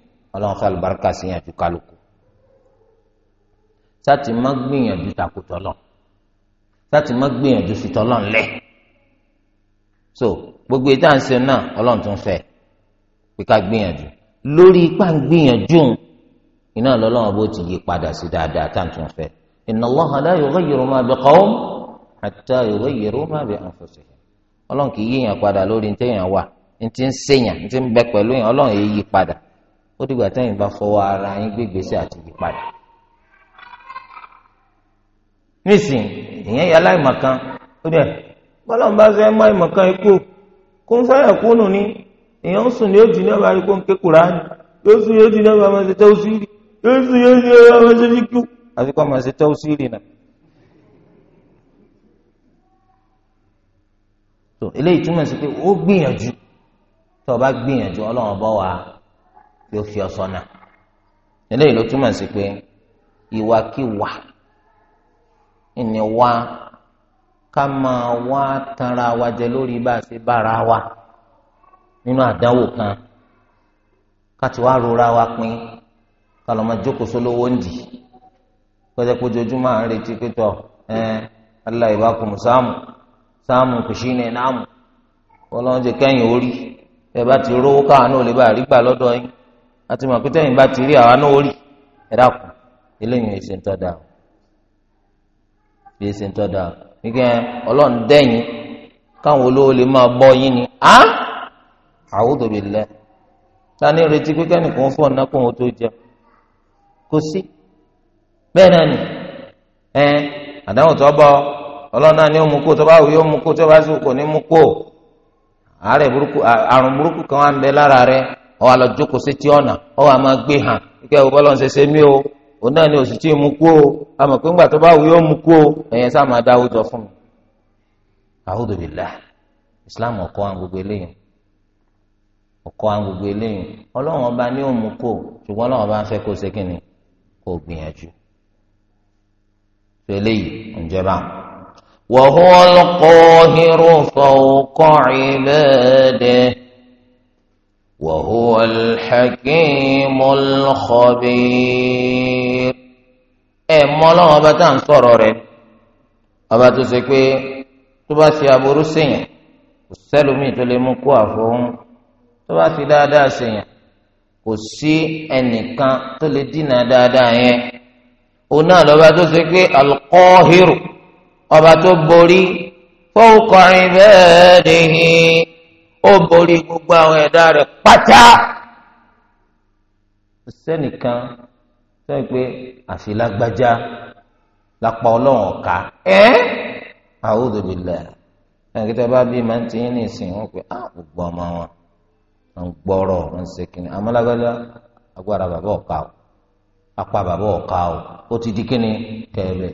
ọlọ́run fẹ́ alùbáríkà sí yànjú kálukú sátì má gbìyànjú takùtọ̀ lọ sátì má gbìyànjú fìtọ̀ lọ so gbogbo ètò àǹsẹ̀ náà ọlọ́run tún fẹ́ pé ká gbìyànjú lórí ipá ń gbìyànjú iná lọ́lọ́run bó ti yí padà sí dáadáa tá à ń tún fẹ́ inna Allaha la yughayyiru ma bi qawm hatta yughayyiru ma bi anfusihim ọlọ́run kì í yíyàn padà lórí ntẹ́yàn wà ntí ń sèyàn ntí ń bẹ pẹ̀lú yàn ọlọ́run èyí yí padà ó dìgbà tẹ́yìn bá fọwọ́ ara yín gbégbèsè àti yípadà nísìn ìyẹn yà láìmọ̀kan ó dẹ̀ bọ́lá ń bá fẹ́ mọ́ ìmọ̀kan ikú kó ń fẹ́rẹ̀ kú nù ní èèyàn ń sùn ní òjì náà bá rí kó ń ké Kùránì yóò sùn yóò jìnnà bá máa ṣe tẹ́ òsìrì yóò sùn yóò jìnnà bá máa ṣe ní kú àfi kó máa ṣe tẹ́ òsìrì náà. tó eléyìí túmọ̀ sí pé ó gbìyànjú tó o bá gbìyànjú ọlọ́run bọ́ wàá le ó fi ọ sọ́nà eléyìí ló túmọ̀ sí pé ìwàkiwà ìníwá ká máa wá wa jẹ lórí bá a ṣe bára wa nínú àdánwò kan ká ti wá rora wa pin ká lọ́ọ́ máa jókòó sólówó ń dì pẹ́ẹ́sẹ́ pé à ń retí pé ẹ Allah ìbákùn sáàmù sáàmù kò náàmù jẹ kẹ́yìn orí ẹ bá ti rówó káwọn náà lè bá lọ́dọ̀ láti mọ̀ pé tẹ́yìn ti rí àwọn náà ó rí ẹ dákun eléyìí èsì ń tọ́da o èsì ń tọ́da o nígbà ọlọ́run dẹ́yìn káwọn olówó lè máa bọ́ yín ni á a'udhu billah ta ni retí pé kẹ́nìkan fún ọ̀nà jẹ kó sí bẹ́ẹ̀ ni ó mú kó tó ọwọ́ àlọ́ jókòó sétí ọ̀nà ọwọ́ àmọ́ gbé hàn kíkẹ́ ọ̀bọ̀ bọ́lọ̀ ń ṣe ṣe mí o òun náà ni oṣù tí mu kú o àmọ̀ pé ńgbà tó bá wù yóò mu kú o ẹ̀yẹn sá máa dáwó jọ fún mi. A'udhu billah Islam ọkọ àwọn gbogbo eléyìí ọkọ àwọn gbogbo eléyìí ọlọ́run ọba ní òun mu kú o ṣùgbọ́n ọlọ́run ọba ń fẹ́ kó ṣe ni kó gbìyànjú. ṣe eléyìí ǹjẹ́bà. wa huwa al-qahiru fawqa ibadihi وهو الحكيم الخبير ẹ mọ Ọlọ́run ọba tá à ń sọ̀rọ̀ rẹ̀ ọba tó ṣe pé tó bá ṣe aburú ṣèyàn kò sẹ́lómìn tó lè mú kó àfọwọ́n tó bá ṣe dáadáa ṣèyàn kò sí ẹnìkan tó lè dínà dáadáa yẹn òun náà lọ́ba tó ṣe pé alukọ́hírù ọba tó borí fọ́ọ̀kọ́ ìbẹ́ẹ̀dẹ́hìn ó borí gbogbo àwọn ẹ̀dá rẹ̀ pátá sẹ́nìkan sọ pé àfi lágbájá lápá ọlọ́run ọ̀ka ẹ́ a'udhu billah ẹ̀kẹ́tẹ́ bá bí màá ti yín ní ìsìn wọn pé á ah, gbogbo ọmọ wọn wọn gbọ́rọ̀ wọn ṣe kínní amálágbádá agbára bàbá ọ̀ka o apá bàbá ọ̀ka o ó ti di kínní kẹ̀lẹ́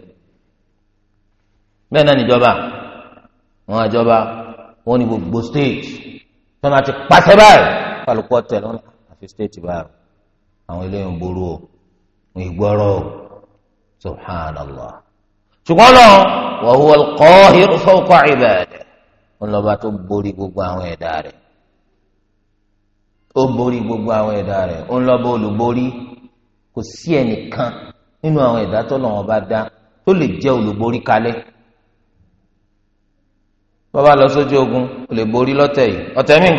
bẹ́ẹ̀ náà níjọba wọn àjọba wọn ní gbogbo stage tó máa ti pàṣẹ báyìí kálukú ọ̀tẹ̀ lọ́nà àfi stéètì báyìí àwọn eléyìí ń burú o ń ìgbọ́rọ̀ o subhanallah ṣùgbọ́n náà wa huwa al-qahiru fawqa ibadihi ńlọba tó borí gbogbo àwọn ẹ̀dá rẹ̀ ó borí gbogbo àwọn ẹ̀dá rẹ̀ ó ń olùborí kò sí ẹnìkan nínú àwọn ẹ̀dá tó lọ́wọ́ bá dá tó lè jẹ́ olùborí kalẹ̀ bó bá lọ sójú ogun o lè borí lọ́tẹ̀ yìí ọ̀tẹ̀ mi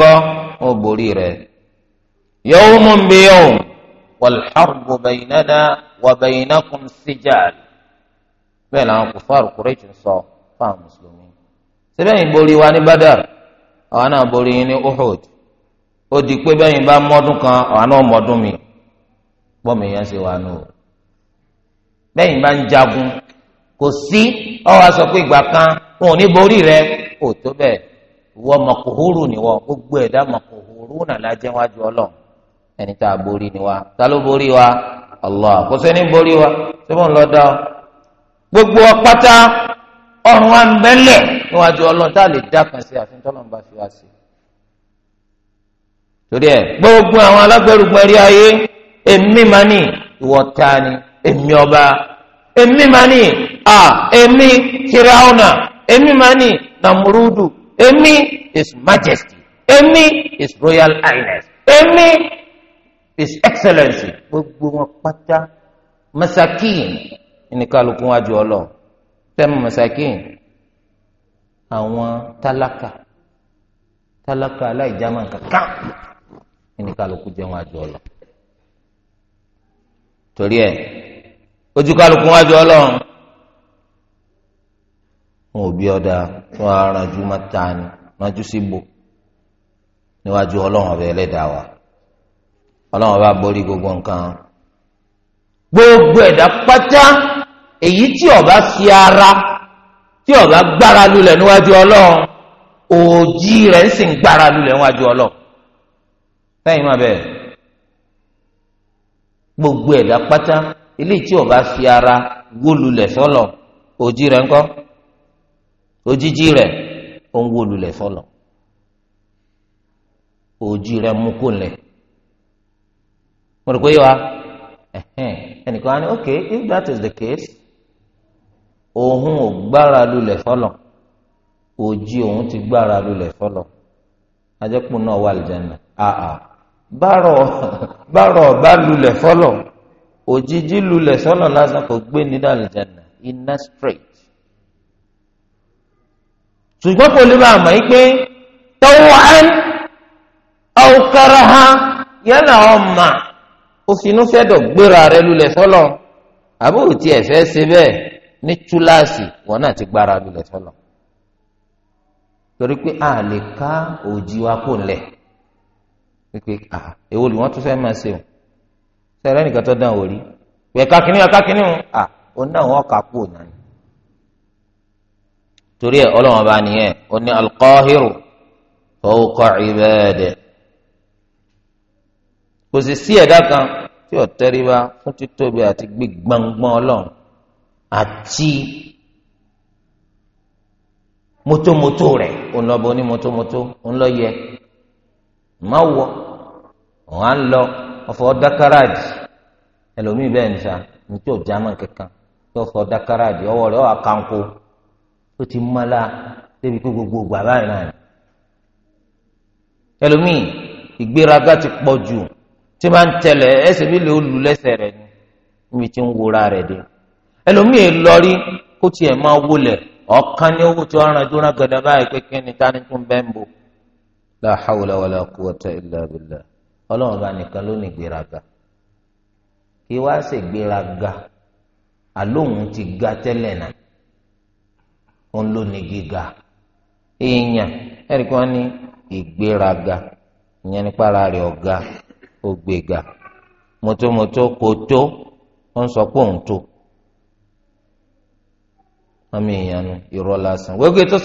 borí rẹ̀.
yawmun bi yawm
wal bẹ́ẹ̀ làwọn sọ fáwọn mùsùlùmí. síbẹ̀ yìí borí wa ní náà borí yín ní Uhud ó di pé bẹ́yìn bá mọ́dún kan náà mọ́dún mi yẹn ṣe ọ wá sọ pé kò tó bẹ́ẹ̀ ìwọ mọ̀kòhóró gbogbo ẹ̀dá mọ̀kòhóró náà lájẹ́ wájú ọlọ́run ẹni tá a borí ni wa ta ló borí wa ń lọ gbogbo ọpátá ọrùn wa ń níwájú ọlọ́run tá a lè dá bá fi wá sí i torí ẹ gbogbo àwọn rí ayé èmi máa ní ìwọ ta ni ọba èmi máa ní à èmi èmi máa ní namurudu èmi is majesty èmi is royal highness èmi is excellency gbogbo wọn pátá masakin ní kálukú wájú ọlọ tẹmu masakin àwọn tálákà tálákà aláìjámà kankan ní kálukú jẹ wájú ọlọ torí ẹ ojú kálukú wájú wọn ò ọ̀dà tí wọ́n aranjú máa sí níwájú ọlọ́run ọbẹ̀ ẹlẹ́dàá wa ọlọ́run ọba borí gbogbo nǹkan gbogbo ẹ̀dá pátá èyí tí ọba fi ara tí ọba gbára lulẹ̀ níwájú ọlọ́run rẹ̀ ń sì ń gbára lulẹ̀ níwájú ọlọ́run Ojiji rẹ̀ ó ń wó lulẹ̀ fọlọ̀ òjì rẹ̀ mú kó lẹ̀ mo rò pé yọ wa ẹnìkan á ní okay if that is the case òun ò gbára lulẹ̀ fọlọ̀ òjì òun ti gbára lulẹ̀ fọlọ̀ ajẹ́pọ̀ náà wà lìjànà àà bárọ̀ bárọ̀ bá lulẹ̀ fọlọ̀ òjijì lulẹ̀ sọlọ̀ lásán kò gbé nídàlìjànà iná straight ṣùgbọ́n kò lè bá àmọ́ yìí pé tọ́wọ́ án ọ̀kọ́rọ̀ ha yálà ọ̀mà òfinúfẹ́dọ̀ gbéra rẹ lulẹ̀ fọlọ́ àbúrò tí ẹ̀fẹ́ ṣe bẹ́ẹ̀ ní túláàsì wọn náà ti gbára lulẹ̀ fọlọ́ torí pé a lè ká òjì wa kò lẹ̀ pípé à èwo ni wọ́n tún fẹ́ máa ṣe o sẹ́rẹ́ nìkan tó dáhùn orí pẹ̀ka kìnìún ẹ̀ka kìnìún à òun náà wọ́n kà á kú òun náà torí ẹ ọlọ́wọ́n bá nìyẹn ó ní alqahiru fawqa ibadihi kò sì sí ẹ̀dá kan tí ó tẹríba fún títóbi àti gbígbọ́ngbọ́n ọlọ́run àti mótómótó rẹ̀ ònlọ́bọ ní mótómótó ńlọ́yẹ má wọ ọ̀hún á ń lọ ọ̀fọ̀ dákàràjì ẹlòmíì bẹ́ẹ̀ nìṣá ní tí ò jámọ́ kankan tí ọ̀fọ̀ dákàràjì ọwọ́ rẹ̀ ọ̀ àkànkó. ó ti mọ́lá débi pé gbogbo ògbà báyìí náà ni. ẹlòmíì ìgbéraga ti pọ̀ jù tí máa ń tẹ̀lẹ̀ ẹsẹ̀ Mi lè lù lẹ́sẹ̀ rẹ̀ ni níbi tí ń wora rẹ̀ dé. ẹlòmíì lọrí kó tiẹ̀ máa ọ̀kan ní owó tí wọ́n rán gẹ̀dẹ̀ báyìí pé tani tún bẹ́ẹ̀ ń bò. wala illa billah ọlọ́run bá nìkan àlóhùn ti ga tẹ́lẹ̀ náà O ló ní gíga èèyàn ẹ̀rí ni ní ìgbéraga ìyẹn nípa ara rẹ̀ ọ̀gá ó gbéga kò tó ó sọ pé òun tó àmì ìyanu irọ́ lásán wẹ́gbẹ́ tó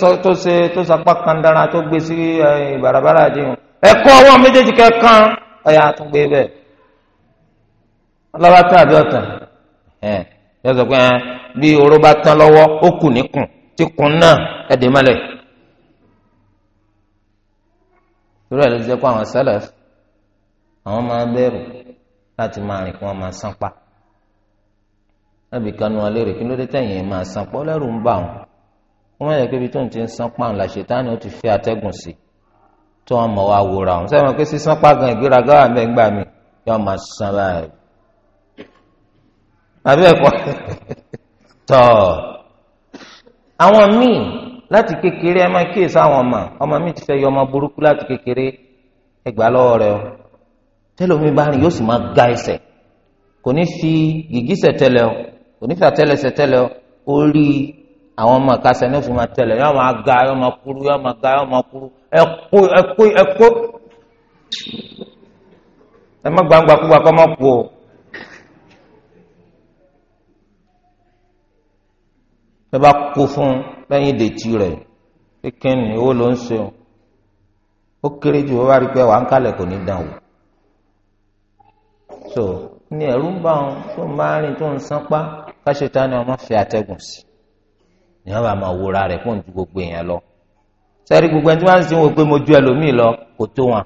ṣe tó sapá kan tó gbé sí ìbarabara àdéhùn ẹ̀kọ́ ọwọ́ méjèèjì kẹ́kàn ọ̀yà àtúngbé bẹ́ẹ̀ ọlọ́ba tán àbí ọ̀tàn ẹ̀ yọ sọ pé ti kun náà ẹ̀dẹ̀ mọ́lẹ̀. torí ẹ̀ ló jẹ́ pé àwọn sẹ́lẹ̀f àwọn máa bẹ̀rù láti máa rìn kí wọ́n máa sanpa lábì kanu alẹ́ rẹ̀ kí ló dé tẹ̀yìn ẹ̀ máa sanpa ó lẹ́rù ń bà wọ́n wọ́n máa yẹ kó ibi tó ń ti ń sanpa ńlá ṣètánì ó ti fi atẹ́gùn sí tó wọn mọ̀ wá wòra wọn sẹ́wọ̀n pé sísanpa gan ìgbéraga wà mẹ́gbàá mi yóò máa san báyìí. àbí ẹ̀kọ́ tọ́ọ̀. àwọn míì láti kékeré ẹ máa kíyèsí àwọn ọmọ ọmọ mi ti fẹ yọ ọmọ burúkú láti kékeré ẹ gbà lọ́wọ́ rẹ o tẹ́lómi bá rìn yóò sì máa ga kò ní fi gìgísẹ̀ tẹlẹ o kò ní fi àtẹ́lẹsẹ̀ tẹlẹ o orí àwọn ọmọ àkàsẹ̀ ní òfin máa tẹ́lẹ̀ máa ga máa kúrú máa ga máa kúrú ẹ ẹ má kú ẹ bá kó fún un lẹ́yìn dètí rẹ̀ kíkín ni owó ló ń ṣe o ó kéré jù ó bá rí pé wà ń kalẹ̀ kò ní dàn o so ní ẹ̀rú ń bá wọn tó ń bá rìn tó ń sánpá káṣetá ni wọn fi àtẹ̀gùn sí ni wọn bá máa wúra rẹ̀ pọ̀ ju gbogbo èèyàn lọ sẹ́rí gbogbo ẹni tí wọ́n á sì ń wo pé mo ju ẹlòmíì lọ kò tó wọn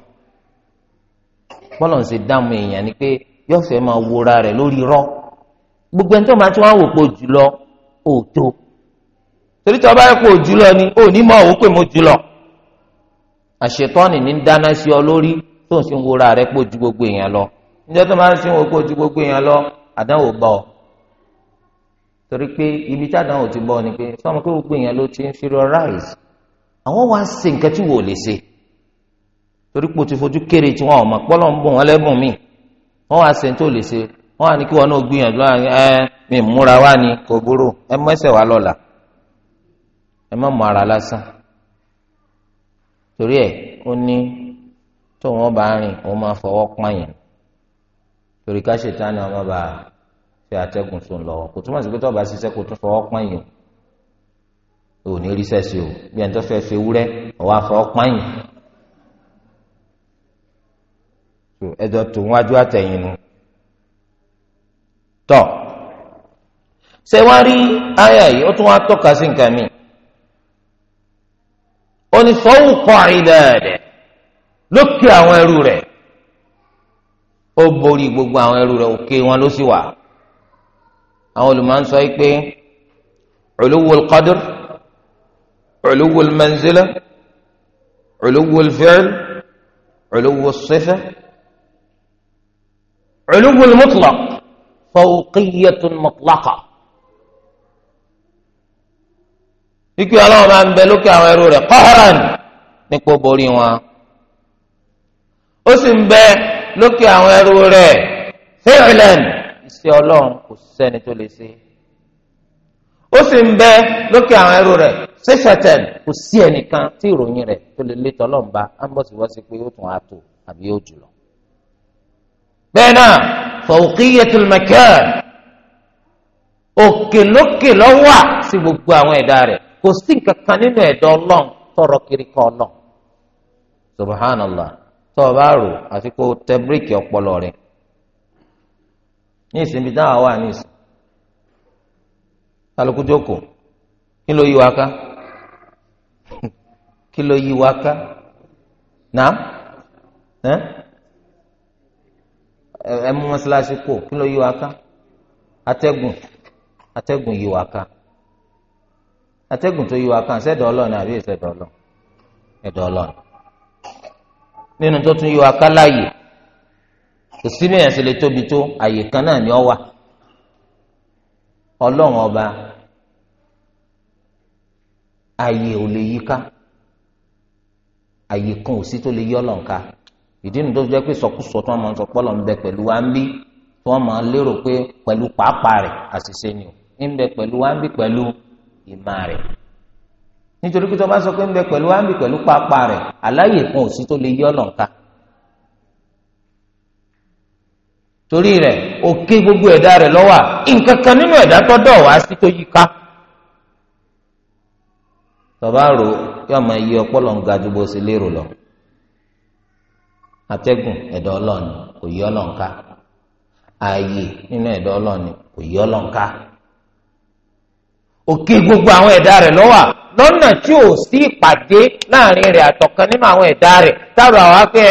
bọ́lọ̀ ń ṣe dáàmú èèyàn ni pé yóò máa wúra rẹ̀ lórí rọ́ gbogbo ẹni tó máa tún wá wò pé jù lọ òótọ́ torí tí ọba yẹ kó jù lọ ni ó ní mọ̀ òun pé mo jù lọ. àṣetọ́ni ní dáná sí ọ lórí tó ń sin wúra rẹ pé ojú gbogbo èèyàn lọ níjẹ́ tó máa ń sin wọ́n pé ojú gbogbo èèyàn lọ àdánwò bá ọ. torí pé ibi tí àdánwò ti bọ̀ ọ ni pé sọmọ pé gbogbo èèyàn ló ti ń inferiorize àwọn wá ń ṣe nǹkan tí wò ó lè ṣe torí pé o ti fojú kéré tí wọn ò mọ̀ pọ́lọ́ ń bùn wọn lẹ́bùn míì wọn wá ṣe tó lè ṣe wọn wá ní kí wọn náà gbìyànjú ẹ mi múra wá ní kò burú ẹ mọ ẹsẹ̀ wá lọ́la ẹ má mọ ara lásán torí ẹ ó ní tó wọn bá rìn òun máa fọwọ́ pààyàn torí ká ṣètánì ọmọ bá fi àtẹ̀gùn sùn lọ kò túmọ̀ sí pé tó bá ṣiṣẹ́ kò tún fọwọ́ pààyàn ò ní rí sẹ́sì o bí ẹni tó fẹ́ fi wúrẹ́ ọ̀wá fọwọ́ pààyàn ẹjọ́ tó wájú àtẹ̀yìn nu tọ́ ṣé wá rí àyà yìí ó tún wá tọ́ka sí nǹkan mìíràn. ó ní fọ́wọ́kọ̀ ilẹ̀ rẹ̀ lókè àwọn ẹrú rẹ̀ ó borí gbogbo àwọn ẹrú rẹ̀ òkè wọn ló sì wà àwọn olùmọ̀ ń sọ pé uluwul qadr uluwul manzila uluwul fi'l uluwul sifa uluwul mutlaq fawqiyatun mutlaqa. wípé ọlọ́run máa ń bẹ lókè àwọn ẹrú rẹ̀ kọ́hárán nípò borí wọn ó sì ń bẹ lókè àwọn ẹrú rẹ̀ fẹ́ẹ̀lẹ́n iṣẹ́ ọlọ́run kò sẹ́ni tó lè ṣe ó sì ń bẹ lókè àwọn ẹrú rẹ̀ ṣẹṣẹtẹn kò sí ẹnìkan tí ìròyìn rẹ̀ tó lè lé tọ́lọ́mùbá ambọ̀sibọ́sí pé ó tún á tó àbí ó jùlọ. bẹ́ẹ̀ náà fawqiyatul makan òkè lọ́wọ́ sí gbogbo àwọn ẹ̀dá rẹ̀ kò sí nǹkan nínú ẹ̀dọ́ ọlọ́run tọrọ kiri kan ọlọ́run subhanallah tó o bá rò kó o tẹ ọpọlọ rẹ ní ìsinmi wà ní ìsìn kálukú jókòó kí ló yí wa ká kí ló yí wa ká náà ẹ mú kí ló atẹ́gùn tó yí wa kan sẹ́dọ̀ ọlọ́run àbí ìsẹ̀dọ̀ ọlọ́run ẹ̀dọ̀ ọlọ́run nínú tó tún yí wa ká láàyè kò sí bẹ́ẹ̀ ṣe lè tóbi tó àyè kan náà ni ọ wà ọlọ́run ọba àyè ò lè yí ká àyè kan ò sí tó lè yí ọlọ́run ká ìdí nu tó jẹ́ pé sọkúsọ tí wọ́n máa ń sọ pọ́lọ̀ ń bẹ pẹ̀lú wa ń bí tí wọ́n máa ń lérò pé pẹ̀lú pàápàá rẹ̀ àṣìṣe ni ń bẹ pẹ̀lú wa ìmá rẹ̀ nítorí pé tó bá sọ pé ń bẹ pẹ̀lú ámì pẹ̀lú pápá rẹ̀ aláyè kan ò tó lè yọ lọ́nka torí rẹ̀ òkè gbogbo ẹ̀dá rẹ̀ lọ́wà nǹkan kan nínú ẹ̀dá tó dọ̀ wá sí tó yí ká tọba ọpọlọ ń ga ju bó ṣe lérò lọ kò nínú kò òkè gbogbo àwọn ẹ̀dá rẹ̀ lọ́wà lọ́nà tí ò sí ìpàdé láàrin rẹ̀ àtọ̀kan nínú àwọn ẹ̀dá rẹ̀ tábà àwọn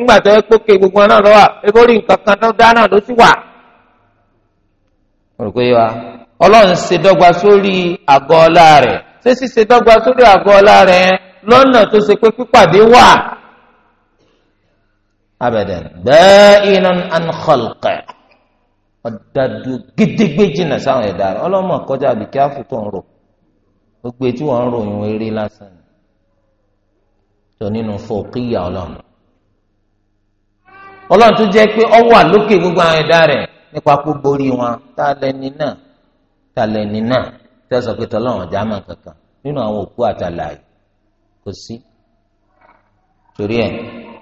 ńgbà gbogbo náà lọ́wà ebó rí nǹkan kan tó dá náà ló sì wà. wa ọlọ́run ṣe dọ́gba sórí àgọ́ ọlá rẹ̀ ṣé ṣíṣe dọ́gba sórí àgọ́ ọlá rẹ̀ ọdadu gidigbe jìnnà sáwọn ẹ̀dá rẹ ọlọ́mọ kọjá àbí kí áfùtọ̀ ń rò gbogbo etí wọn ń ròyìn eré lásán tó nínú fòkìyà ọlọmọ.
ọlọmọ tó jẹ́ pé ọ wà lókè gbogbo àwọn ẹ̀dá rẹ̀
nípa gbogbo orí wọn tá lẹni náà tá lẹni náà tẹ́ pé tọ́lọ́run ọ̀já mọ̀ kankan nínú àwọn òkú àtàlàyé kò sí torí ẹ̀.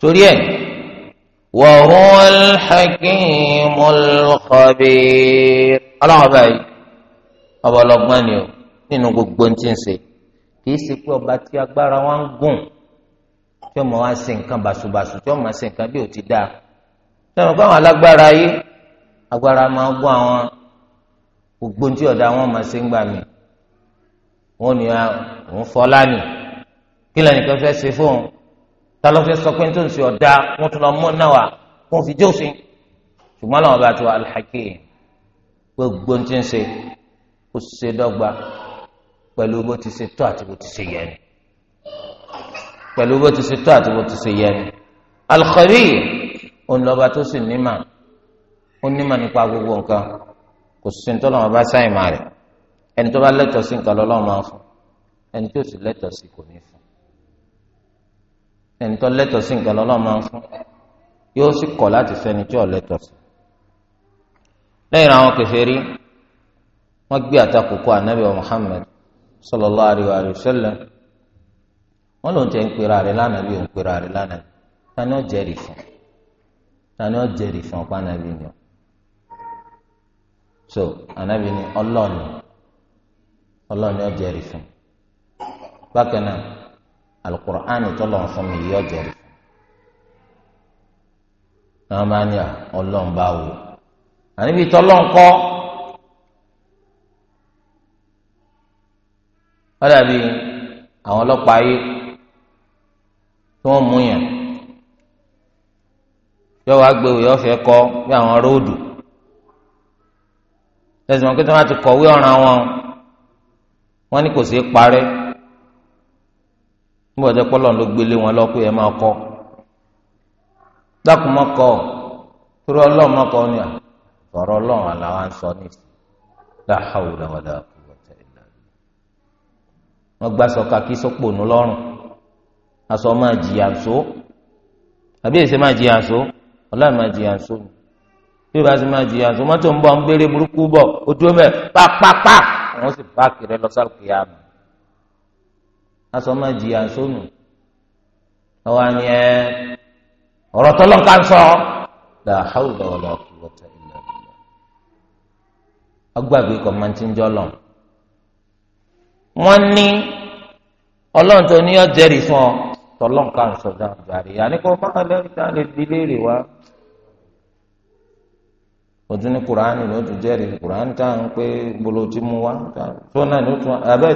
torí ẹ̀ wa huwal hakimul khabir ọlọ́wọ́n báyìí ọba ọlọ́gbọ́n ni o nínú gbogbo ní ti ń ṣe kì í ṣe pé ọba tí agbára wa ń gùn tí ọmọ wa ṣe nǹkan bàṣubàṣu tí ọmọ ṣe nǹkan bí ò ti dáa sọ̀rọ̀ pé àwọn alágbára yìí agbára máa gún àwọn gbogbo tí ọ̀dà wọn máa ṣe ń gbà mí wọn ni òun fọlá nì kí lẹ́nìkan fẹ́ ṣe fóun ta ló fẹ́ sọ pé tó ń sè ọ̀dà wọ́n tún lọ mú náà wá kó fi jófin ṣùgbọ́n làwọn bá ti wà alhakim gbogbo ń ti ń ṣe kó ṣe dọ́gba pẹ̀lú bó ti ṣe tó àti bó ti ṣe yẹ ni pẹ̀lú bó ti ṣe tó àti bó ti ṣe yẹ ni al tó sì nímà ó nípa gbogbo nǹkan kò sí ní tọ́lọ́mọ bá sáyìn máa rẹ̀ ẹni tó bá lẹ́tọ̀ọ́ sí nǹkan lọ́lọ́mọ ẹni tó sì lẹ́tọ̀ọ́ sí kò ní fún. ẹni tó lẹ́tọ̀ọ́ sí nǹkan lọ́lọ́ máa ń fún yóò sì kọ̀ láti fẹ́ni tí ò lẹ́tọ̀ọ́ lẹ́yìn àwọn kèfèrí wọ́n gbé àtakò kọ wa Muhammad sallallahu alaihi wa sallam wọ́n lòun ń pera rẹ̀ lánàá bí òun pera rẹ̀ lánàá tani ó jẹ́rìí fún tani ó fún ọ̀pá ni so ànábì ni ọlọ́ọ̀ni ọlọ́ọ̀ni ó jẹ́rìí fún bákan náà. alukur'an tọ́lọ̀ fún mi yọ اللهم náà máa ní ọlọ́run bá wò àníbi tọ́lọ̀ ń kọ́ ọ̀dà bíi àwọn ọlọ́pàá yìí tí wọ́n mú yàn yọ wá gbé òye ọ̀fẹ́ kọ́ bí àwọn róòdù tẹ̀sán pé tí wọ́n ti kọ̀wé ọ̀ràn wọn wọ́n ní kò sí parẹ́ níbo jẹ́ pọ́lọ́n ló gbélé wọn lọ́kọ́ ẹ máa kọ́ dákun mọ́kọ́ torí ọlọ́run mọ́kọ́ ni ọ̀rọ̀ ọlọ́run àlàwà ń sọ nìyí láhàwù làwàdà àkùrọ̀tẹ̀ ìlànà wọn gbá sọka kí sọpò nù lọ́rùn aṣọ máa jìyà so àbí èsè máa jìyà so ọlọ́run máa jìyà so ni bí ìbá sì máa jìyà so mọ́tò ń bọ̀ ń gbére burúkú bọ̀ ojú ẹ̀ pàápàá àwọn sì bá kiri lọ mi. asọ máa jìyà sónù àwọn àmì ẹ ọ̀rọ̀ tó lọ́nkà ń la hawla lọ wọn ní ọlọ́run ní fún ọ tọlọ́nkà ń sọ dáhùn jàre yà máa lẹ́yìn tá a léèrè wá ojú ní kuraani gbolo ti mú wa tó náà abẹ́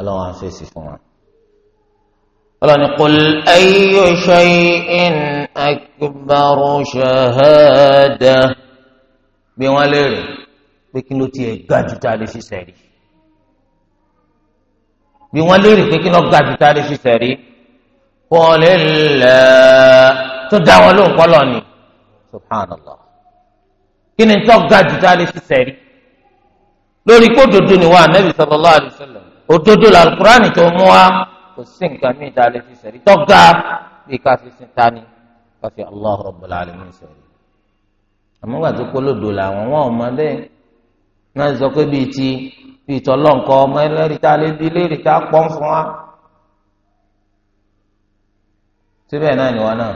ọlọ́wọ́n afẹ́sì fún wa. ọlọ́ni qul ayyu shay'in akbaru shahada bí wọ́n léèrè pé kí ló tiẹ̀ ga jù tá a lè fi sẹ̀rí. bí wọ́n léèrè pé kí ló ga jù tá a lè fi sẹ̀rí. kọ́lé lẹ́ tó dá wọn lóhùn kọ́lọ̀ ni subhanallah kí ni tó ga jù tá a lè fi sẹ̀rí.
lórí kó dodo ni wà Ànábì sallallahu
alaihi òdodo la alukurani tó mú wa kò sí nǹkan mi ìdálé fi sẹ̀rí tọ́ga bí ká fi sin tani ká fi allah rabbul alamin sẹ̀rí. àmọ́ gbà tó polódo làwọn wọn ò mọ bẹ́ẹ̀ náà sọ pé bíi ti bíi tọ́lọ́ nǹkan ọmọ ẹlẹ́rìí tá a lé bí léèrè tá a pọ́n fún wa. síbẹ̀ náà ni wọn náà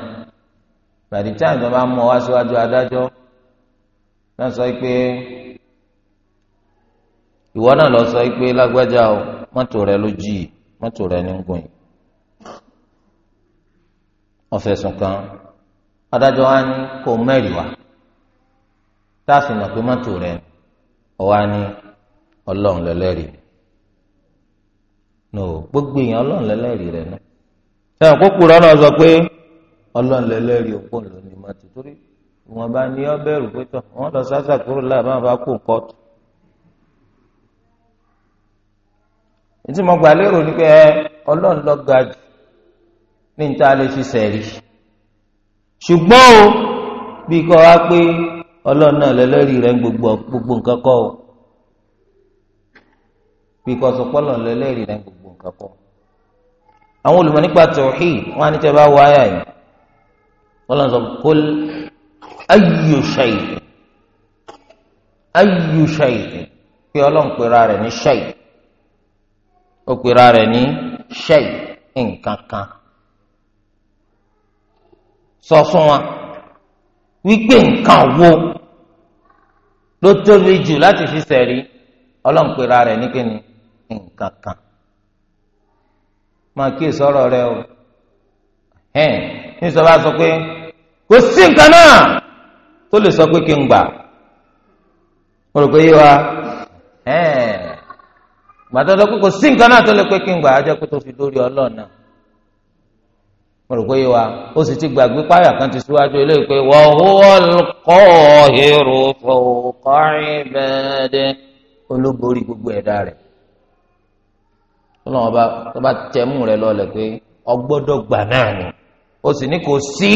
bàdí tí àjọ bá mú ọ wá síwájú adájọ́ náà sọ pé ìwọ náà lọ sọ pé lágbájá o mọ́tò rẹ ló jí yìí mọ́tò rẹ ní gùn yìí ọ̀fẹ̀sùn kan adájọ́ wa ní kó mẹ́rìí wá tá a pé mọ́tò rẹ ọ̀wá ní ọlọ́run lẹ́lẹ́rìí no gbogbo èèyàn ọlọ́run lẹ́lẹ́rìí rẹ̀ náà sẹ́wọ̀n kókò rẹ̀ náà sọ pé ọlọ́run lẹ́lẹ́rìí òpó ló ní mọ́tò torí ìwọ̀nba ni ọ bẹ̀rù pé tọ̀ wọ́n lọ sásà kúrò láàbá bá kó nǹkan ètò mo gbà lérò ni pé ẹ ọlọ́run lọ ga jù ní níta lè fi sẹ̀rí ṣùgbọ́n o bí kò wá pé ọlọ́run náà lẹ́lẹ́rì rẹ̀ ń gbogbo gbogbo nǹkan kọ́ o bí kò sọ lẹ́lẹ́rì rẹ̀ ń gbogbo nǹkan kọ́ àwọn olùmọ̀ nípa tòhí wọn á ní tẹ́ bá wọ àyà yìí ọlọ́run sọ kó ó pera rẹ̀ ní ṣẹ́ì nǹkan kan sọ fún wa wípé nǹkan wo ló tóbi jù láti fi sẹ̀rí ọlọ́run pera rẹ̀ ní ni nǹkan kan máa kíyè sọ̀rọ̀ rẹ o ẹ̀ẹ́n níṣẹ́ bá sọ pé kò sí nǹkan náà tó lè sọ pé kí n gbà mo rò pé yé wa ẹ̀ẹ́n. gbàtọ́ sọ pé kò sí nǹkan náà tó lè pé kí n gbà á jẹ́ pé tó fi dórí ọlọ́ọ̀nà mo rò pé yé wa ó sì ti gbàgbé páyà kan ti síwájú eléyìí pé gbogbo ẹ̀dá rẹ̀ ọlọ́wọ́n bá tó bá tẹ̀mú lọ́lẹ̀ pé ọgbọ́dọ̀ gbà náà ni ó sì ní kò sí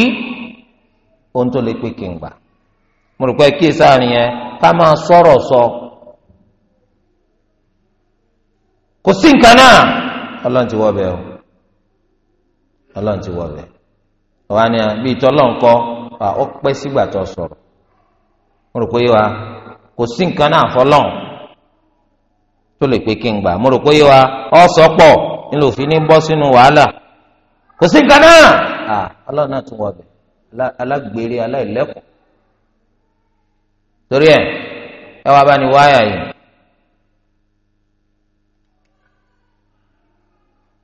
ohun tó lè pé kí n gbà mo rò pé kí sọ. kò sí nǹkan náà ọlọ́run ti wọ bẹ́ẹ̀ o ọlọ́run ti wọ bẹ́ẹ̀ ọ̀wá ni bí ọ pẹ́ sígbà tó sọ̀rọ̀ mo rò pé wa kò sí nǹkan náà fọlọ́n tó lè pé kí n gbà mo ọ sọ pọ̀ ní bọ́ sínú wàhálà ọlọ́run náà ti bẹ́ẹ̀ alágbèrè torí ẹ ẹ wá bá ní wáyà yìí.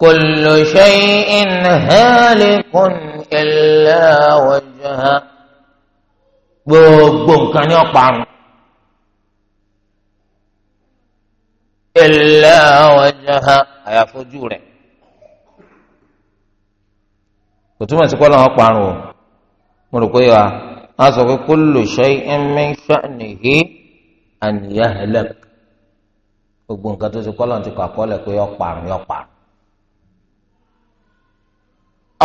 كل شيء هالك إلا وجهه gbogbo nǹkan ni ó parun illa wajhaha àyàfojú rẹ̀ kò túmọ̀ sí kọ́lá wọn parun o mo rò pé wa a sọ pé kullu shay'in min sha'nihi an yahlak gbogbo nǹkan tó ti kọ́lá ti kọ́ àkọọ́lẹ̀ pé ó parun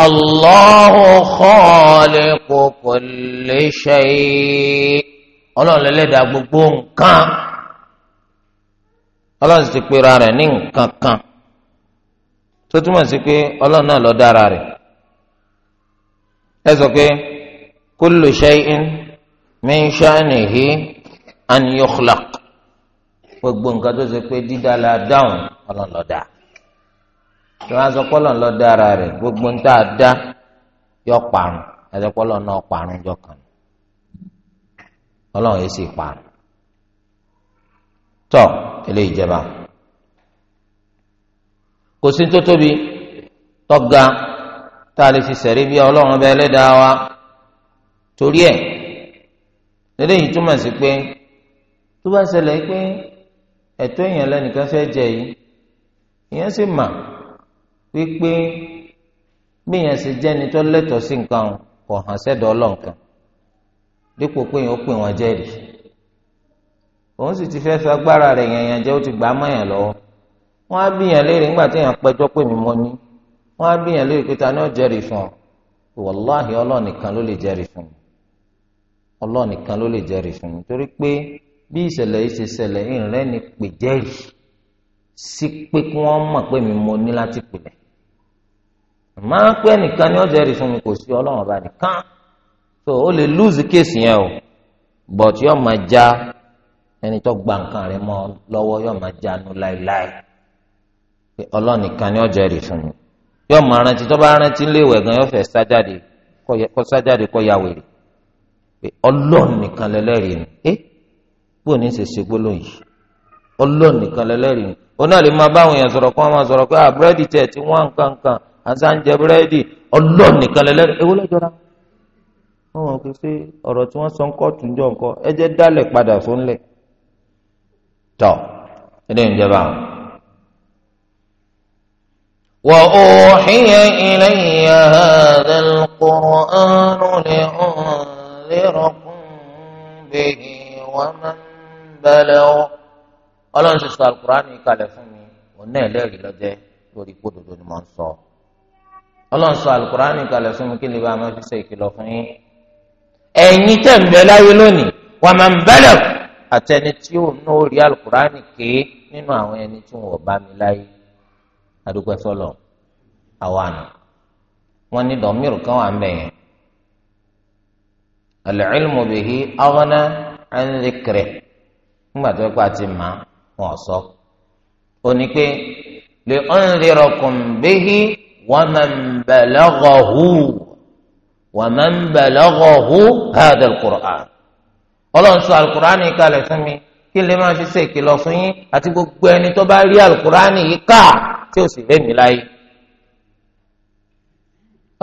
Allahu khaliqu kulli shay ọlọ́run lẹ́lẹ́dàá gbogbo nǹkan ọlọ́run sì ti pera rẹ̀ ní nǹkan kan tó túmọ̀ sí pé ọlọ́run náà ló dára rẹ̀ ẹ sọ pé kullu shay'in min sha'nihi an yukhlaq gbogbo nǹkan tó ṣe pé dídá la dáhùn ọlọ́run ló dáa tó wá sọ pọ́lọ̀ ńlọ dára rẹ̀ gbogbo ń tá a dá yọ parun ẹsẹ̀ pọ́lọ̀ náà parun jọ kàn ọlọ́run yìí sì parun tọ́ ilé ìjẹba kò sí tó tóbi tọ́ga tá a lè fi sẹ̀rí bí ọlọ́run bẹ́ẹ̀ lẹ́dàá wa torí ẹ̀ lẹ́lẹ́yìn túmọ̀ sí pé tó bá ṣẹlẹ̀ pé ẹ̀tọ́ èèyàn lẹ́nìkan fẹ́ jẹ yìí ìyẹn sì mà. wípé gbìyànjú ṣe jẹ́ni tó lẹ́tọ̀ọ́ sí nǹkan kò hàn sẹ́dọ̀ ọlọ́nkan dípò pé yẹn ó pè wọ́n ti fefe fi agbára rẹ̀ yẹn yẹn jẹ́ ó ti gbà á mọ̀yàn lọ́wọ́ wọ́n á bìyàn léèrè tí yẹn pé mi mọ́ ní á léèrè ni ó fún ọ wàláhì ọlọ́nìkan ló lè jẹ́rìí fún mi ọlọ́nìkan ló lè jẹ́rìí fún mi torí pé bí ìṣẹ̀lẹ̀ yìí ṣe ṣẹlẹ̀ ìrìn ni pè jẹ́rìí sí pé kí wọ́n mọ̀ pé mi ní láti máa pẹ́ nìkan ni ó jẹ́rìí fún kò sí ọlọ́run ọba nìkan so ó lè lose case yẹn o but yóò máa já ẹni tó gba nǹkan rẹ̀ mọ́ lọ́wọ́ yóò máa já nu láéláé ọlọ́run nìkan ni ó jẹ́rìí fún mi yóò máa rántí tó bá rántí léèwẹ̀ gan yóò fẹ́ sájáde kó sájáde kó ya wèrè pé ọlọ́run nìkan lẹ́lẹ́rìí ni ẹ́ bóun ní í ṣe ṣe gbólóhùn yìí ọlọ́run nìkan lẹ́lẹ́rìí ni ó náà lè máa báwọn èèyàn sọ̀rọ̀ kó wọn máa sọ̀rọ̀ pé àbúrẹ́dì ah, tẹ̀ àṣà ń jẹ búrẹ́dì ọlọ́ọ̀ nìkan lẹ́lẹ́rìí ewu lọ́jọ́ra wọn ò kí ṣe ọ̀rọ̀ tí wọ́n sọ ń kọ́ tún jọ nǹkan ẹ jẹ́ dálẹ̀ padà fún lẹ̀ tọ́ ẹ̀dẹ̀ ìjọba àwọn. وأوحي إلي هذا القرآن لأنذركم به ومن بلغ الله ṣe sọ alukur'an yìí kalẹ̀ fún mi òun náà ọlọ́run sọ alukurani kalẹ̀ fún mi kí lè bá a máa fi ṣe ìkìlọ̀ fún yín. ẹ̀yin tẹ̀ ń bẹ láyé lónìí wà máa ń bẹ̀rẹ̀ àtẹni tí ò ní orí alukurani ké nínú àwọn ẹni tí wọn bá mi láyé adúgbò sọlọ àwọn àná wọn ní kan wà ومن بلغه ومن بلغه هذا القرآن ọlọ́run sọ alukur'ani kalẹ̀ fún mi kí lè máa fi ṣe ìkìlọ̀ fún yín àti gbogbo ẹni tó bá rí alukur'ani yìí ká tí ó sì lé mi láyé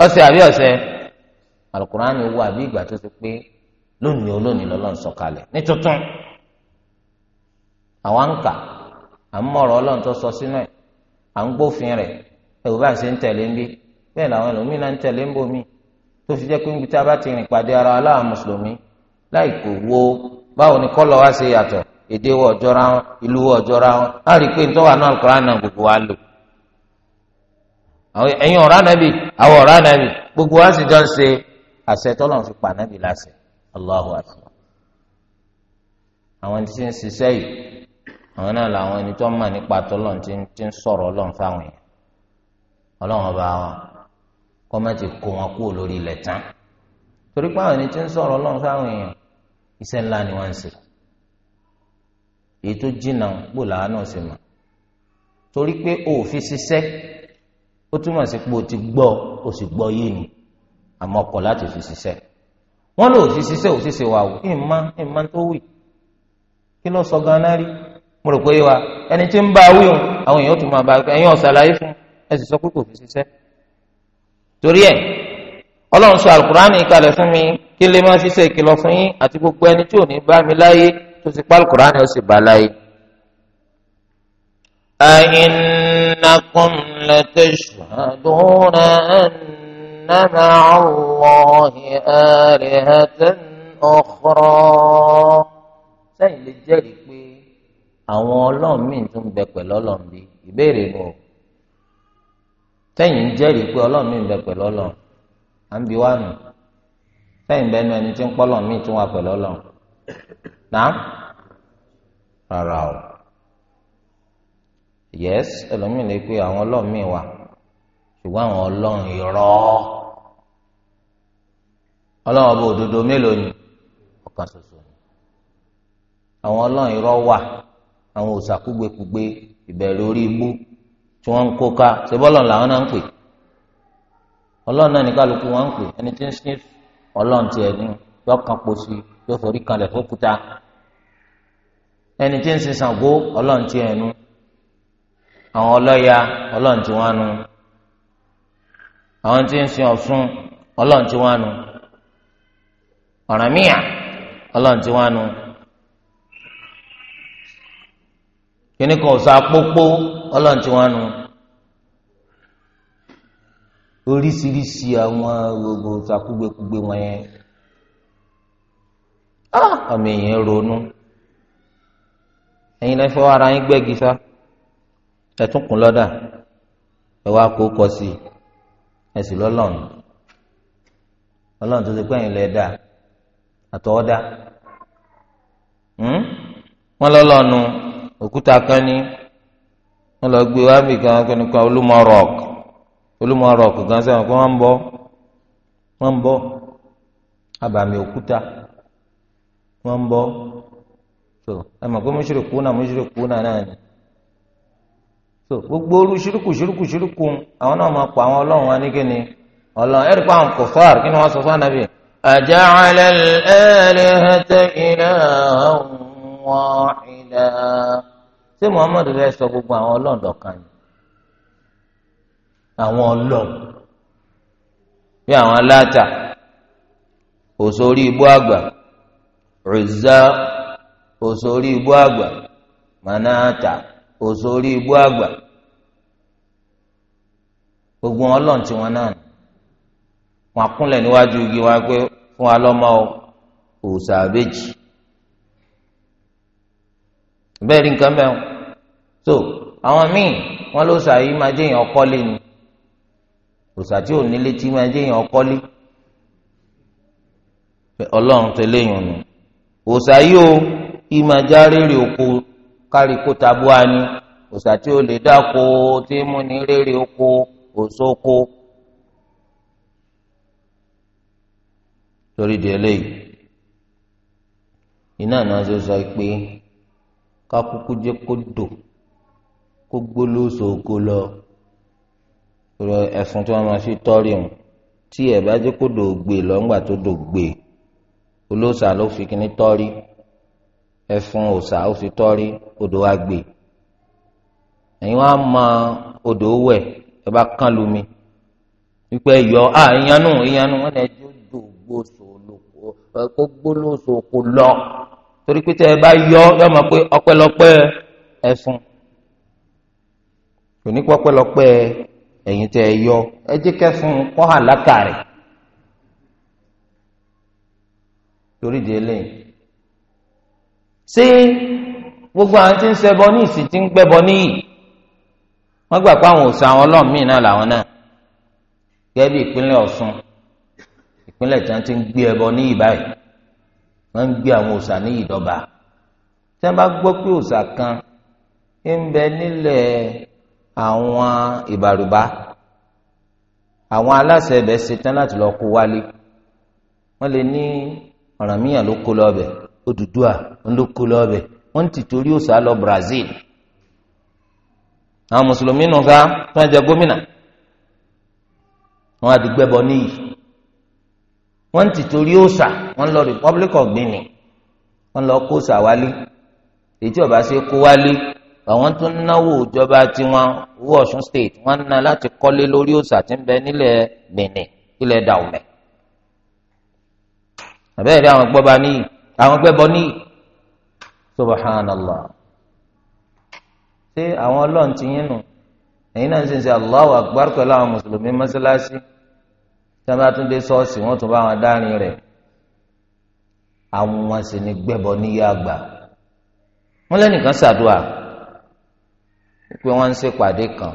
ọ̀sẹ̀ àbí ọ̀sẹ̀
alukur'ani wo àbí ìgbà tó ti pé lónìí olónìí lọ́lọ́run kalẹ̀ ní tuntun àwọn ń kà à ń mọ̀rọ̀ ọlọ́run tó sọ sínú ẹ̀ à ń gbófin rẹ̀ ẹ̀rù bá ń ṣe ń tẹ̀lé ń bí bẹ́ẹ̀ làwọn ẹlòmíín náà ń tẹ̀lé ń bòmí tó fi jẹ́ pé níbi a ti rìn pàdé ara aláwọ̀ mùsùlùmí láì kò wo báwo ni kọ́lọ̀ wá ṣe yàtọ̀ èdè wọ̀ ọ̀jọ́ra wọn ìlú wọ̀ ọ̀jọ́ra wọn á rí i pé nítorí gbogbo wa lò ẹ̀yin ọ̀rá nàbì àwọn gbogbo wa sì jọ pa nàbì láṣẹ Allahu àwọn ń ṣiṣẹ́ yìí àwọn náà làwọn ẹni tó ń mà nípa ti ń sọ̀rọ̀ ọlọ́run ọba wọn kọ́ má ti kó wọn kúrò lórí ilẹ̀ tán torí pé àwọn ẹni tí ń sọ̀rọ̀ ọlọ́run sáwọn èèyàn iṣẹ́ ńlá ni wọ́n ń ṣe èyí tó jìnnà pò làwọn náà sì mọ̀ torí pé òfin ṣiṣẹ́ ó túmọ̀ sí pé o ti gbọ́ o sì gbọ́ yìí ni àmọ́ kọ̀ láti fi ṣiṣẹ́ wọ́n lò fi ṣiṣẹ́ ò ṣiṣẹ́ wà wò ìmọ̀ ìmọ̀ tó wì kí ló sọ ganan rí mo rò pé wa ẹni tí ń bá wí o àwọn èèyàn tún máa bá ẹ̀yin ọ̀sàlàyé fún un ẹ sì sọ pé kò fi ṣiṣẹ́ torí ẹ ọlọ́run sọ alukur'ani kalẹ̀ fún mi kí lè má ṣiṣẹ́ ìkìlọ̀ fún yín àti gbogbo ẹni tí ò ní bá mi láyé tó ti pa alukur'ani ó sì bá láyé. أئنكم لتشهدون أن مع الله آلهة أخرى sẹ́yìn lè jẹ́rìí pé àwọn ọlọ́run míì tún bẹ tẹ́yìn jẹ́rìí pé ọlọ́run mi ń bẹ pẹ̀lú ọlọ́run à ń bi nù tẹ́yìn bẹ́ẹ̀ nu ẹni tí ń pọ́lọ̀ mí tún wà pẹ̀lú ọlọrun náà rárá o yẹs ẹlòmíì lè pe àwọn ọlọ́run mi wà ṣùgbọ́n àwọn ọlọ́run irọ́ ọlọ́run ọba òdodo mélòó ni ṣoṣo àwọn ọlọ́run irọ́ wà àwọn òṣàkúgbèkúgbè tí wọ́n ń kó ká ṣe bọ́lọ̀ làwọn náà ń pè ọlọ́run náà ní kálukú wọn ń pè ẹni tí ń sìn ọlọ́run tiẹ̀ ní yọ kan sí forí kanlẹ̀ ẹni tí ń ọlọ́run àwọn ọlọ́ya ọlọ́run tí àwọn tí ń ọlọ́run tí wọ́n nu oríṣiríṣi àwọn gbogbo sakúgbèkúgbè wọn yẹn ọmọ ah! èèyàn ronú ẹ̀yin lẹ́fọ́ ara yín gbẹ́gi sá lọ́dà ẹ wá kó kọ sí i ẹ sì lọ́lọ́run ọlọ́run tó ti pẹ́yìn wọn lọ gbé wá bì kan kọ́ni kan Olúmọ rock Olúmọ rock kan sẹ́wọ̀n kí wọ́n ń bọ́ wọ́n ń so ẹ mọ̀ pé mọ́ṣúrùkú náà mọ́ṣúrùkú náà náà ni so gbogbo orú ṣírùkù ṣírùkù awọn àwọn náà máa pa àwọn ọlọ́run wa ní kíni ọlọ́run ẹ̀rí pa àwọn kí ni wọ́n sọ fún ṣé muhammadu rẹ sọ gbogbo àwọn ọlọ́ọ̀dọ̀ kan ni àwọn ọlọ́ọ̀ bí àwọn aláta òsòrí ibú àgbà Uzza ibú àgbà manata òsòrí ibú àgbà gbogbo ọlọ́ọ̀ tí náà wọn kúnlẹ̀ níwájú igi wa pé fún wa so àwọn míì wọn ló sàyí máa jẹ èèyàn ọkọlé ni òòsà tí ò nílé máa jẹ ọkọlé ọlọ́run tó léyìn nù òòsà yìí o ìmàjà rèrè oko kárí kó tabua ni òòsà tí ò lè dáko tí mú ni rèrè oko òòsà oko torí di eléyìí iná náà ṣe sọ pé kákúkú jẹ́ kó dò kó gbólóso oko lọ ẹ̀sùn tí wọ́n máa fi tọ́rì hùn tí ẹ̀ bá jẹ́ kó dò gbé lọ́ngbà tó dò gbé olóòsà ló fi kíní tọ́rí ẹ̀fun òòsà ó fi tọ́rí odò wa gbé ẹ̀yin wá mọ odò wẹ̀ ẹ bá kán lumi wípé yọ à ìyanu ìyanu wọn lè jó dò gbóso olóko kó gbólóso oko lọ torí pé tẹ ẹ bá yọ yọ mọ pé ọpẹ́lọpẹ́ ẹ̀fun. kò ní pọpẹlọpẹ ẹ̀yin tẹ́ ẹ yọ ẹ jẹ́ kẹfún kọ hàn látàrí torí di eléyìí ṣé gbogbo àwọn tí ń ṣẹbọ ní ìsìn tí ń gbẹbọ níyì wọ́n gbà pé àwọn òòṣà àwọn ọlọ́run míì náà làwọn náà gẹ́gẹ́ bí ìpínlẹ̀ Ọ̀ṣun ìpínlẹ̀ tí wọ́n ti ń gbé ẹbọ níyì báyìí wọ́n ń gbé àwọn òòṣà níyì dọ́ba tí wọ́n bá gbọ́ pé òòṣà kan ń bẹ nílẹ̀ àwọn ìbàrùbá àwọn aláṣẹ ibẹ̀ ṣetán láti lọ kó wálé wọ́n lè ní ọ̀rànmíyàn ló kó ló kó lọ́bẹ̀ wọ́n ti torí lọ Brazil àwọn mùsùlùmí nù ká tó ń jẹ gómìnà wọ́n adigbẹ́bọ níyì wọn ti torí òòṣà wọn lọ Republic of ọba ṣe kó àwọn tó ń náwó ìjọba tiwọn owó Ọ̀ṣun state wọ́n ná láti kọ́lé lórí òòṣà tí ń bẹ nílẹ̀ Benin nílẹ̀ Dàùmẹ̀. àbẹ́rẹ́ àwọn gbọ́ba níyì àwọn gbẹ́bọ níyì subhanallah. ṣé àwọn ọlọ́run ti yín nù ẹ̀yin náà ń sìn sí Allahu akbar pẹ̀lú àwọn mùsùlùmí mọ́ṣáláṣí tí wọ́n bá tún dé ṣọ́ọ̀ṣì wọ́n tún bá wọn dárin rẹ̀ àwọn wọn sì ní gbẹ́bọ níyì àgbà. wọ́n lẹ́nìkan ṣàdúrà pé wọ́n ń ṣèpàdé kan